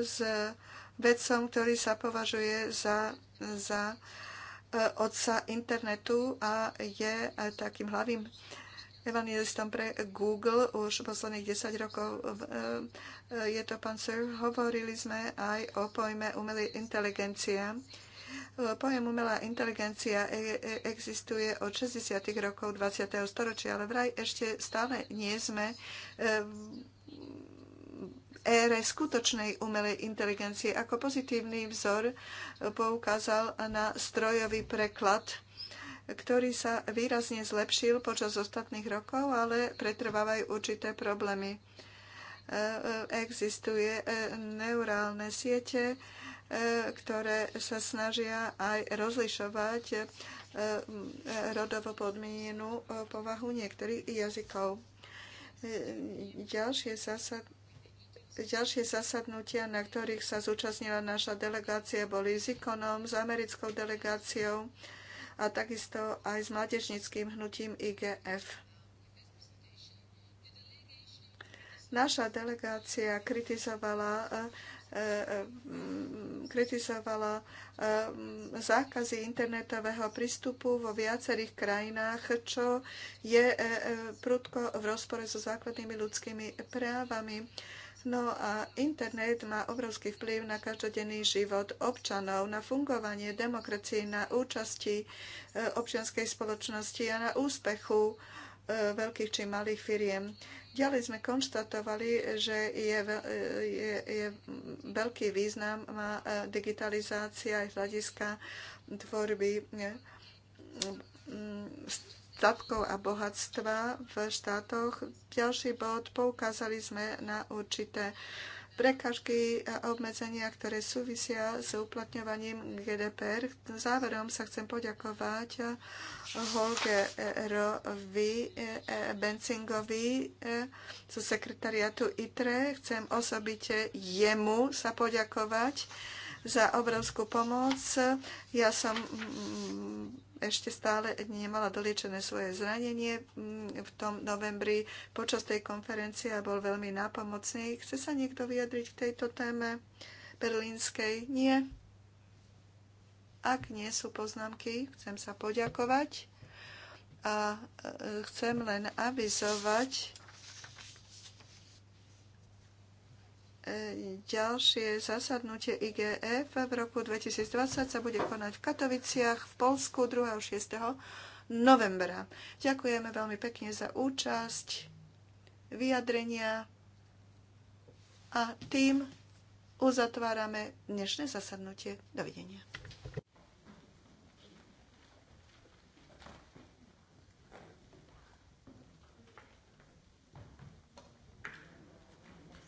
B: s vedcom, ktorý sa považuje za, za otca internetu a je takým hlavným evangelistom pre Google už posledných 10 rokov. Je to pán Sir. Hovorili sme aj o pojme umelej inteligencie. Pojem umelá inteligencia e, e, existuje od 60. rokov 20. storočia, ale vraj ešte stále nie sme e, ére skutočnej umelej inteligencie. Ako pozitívny vzor poukázal na strojový preklad, ktorý sa výrazne zlepšil počas ostatných rokov, ale pretrvávajú určité problémy. Existuje neurálne siete, E, ktoré sa snažia aj rozlišovať e, rodovo podmienenú e, povahu niektorých jazykov. Ďalšie zasadnutie ďalšie zasadnutia, na ktorých sa zúčastnila naša delegácia, boli s ikonom, s americkou delegáciou a takisto aj s mládežnickým hnutím IGF. Naša delegácia kritizovala E, e, kritizovala e, zákazy internetového prístupu vo viacerých krajinách, čo je prudko v rozpore so základnými ľudskými právami. No a internet má obrovský vplyv na každodenný život občanov, na fungovanie demokracie, na účasti občianskej spoločnosti a na úspechu veľkých či malých firiem. Ďalej sme konštatovali, že je, je, je veľký význam má e, digitalizácia aj z hľadiska tvorby e, statkov a bohatstva v štátoch. Ďalší bod, poukázali sme na určité uh, prekažky a obmedzenia, ktoré súvisia s uplatňovaním GDPR. Záverom sa chcem poďakovať Holgerovi eh, Bencingovi eh, zo sekretariatu ITRE. Chcem osobite jemu sa poďakovať za obrovskú pomoc. Ja som mm, mm, ešte stále nemala doliečené svoje zranenie mm, v tom novembri počas tej konferencie a bol veľmi nápomocný. Chce sa niekto vyjadriť k tejto téme berlínskej? Nie. Ak nie sú poznámky, chcem sa poďakovať a e, chcem len avizovať, E, ďalšie zasadnutie IGF v roku 2020 sa bude konať v Katoviciach v Polsku 2. 6. novembra. Ďakujeme veľmi pekne za účasť, vyjadrenia a tým uzatvárame dnešné zasadnutie. Dovidenia.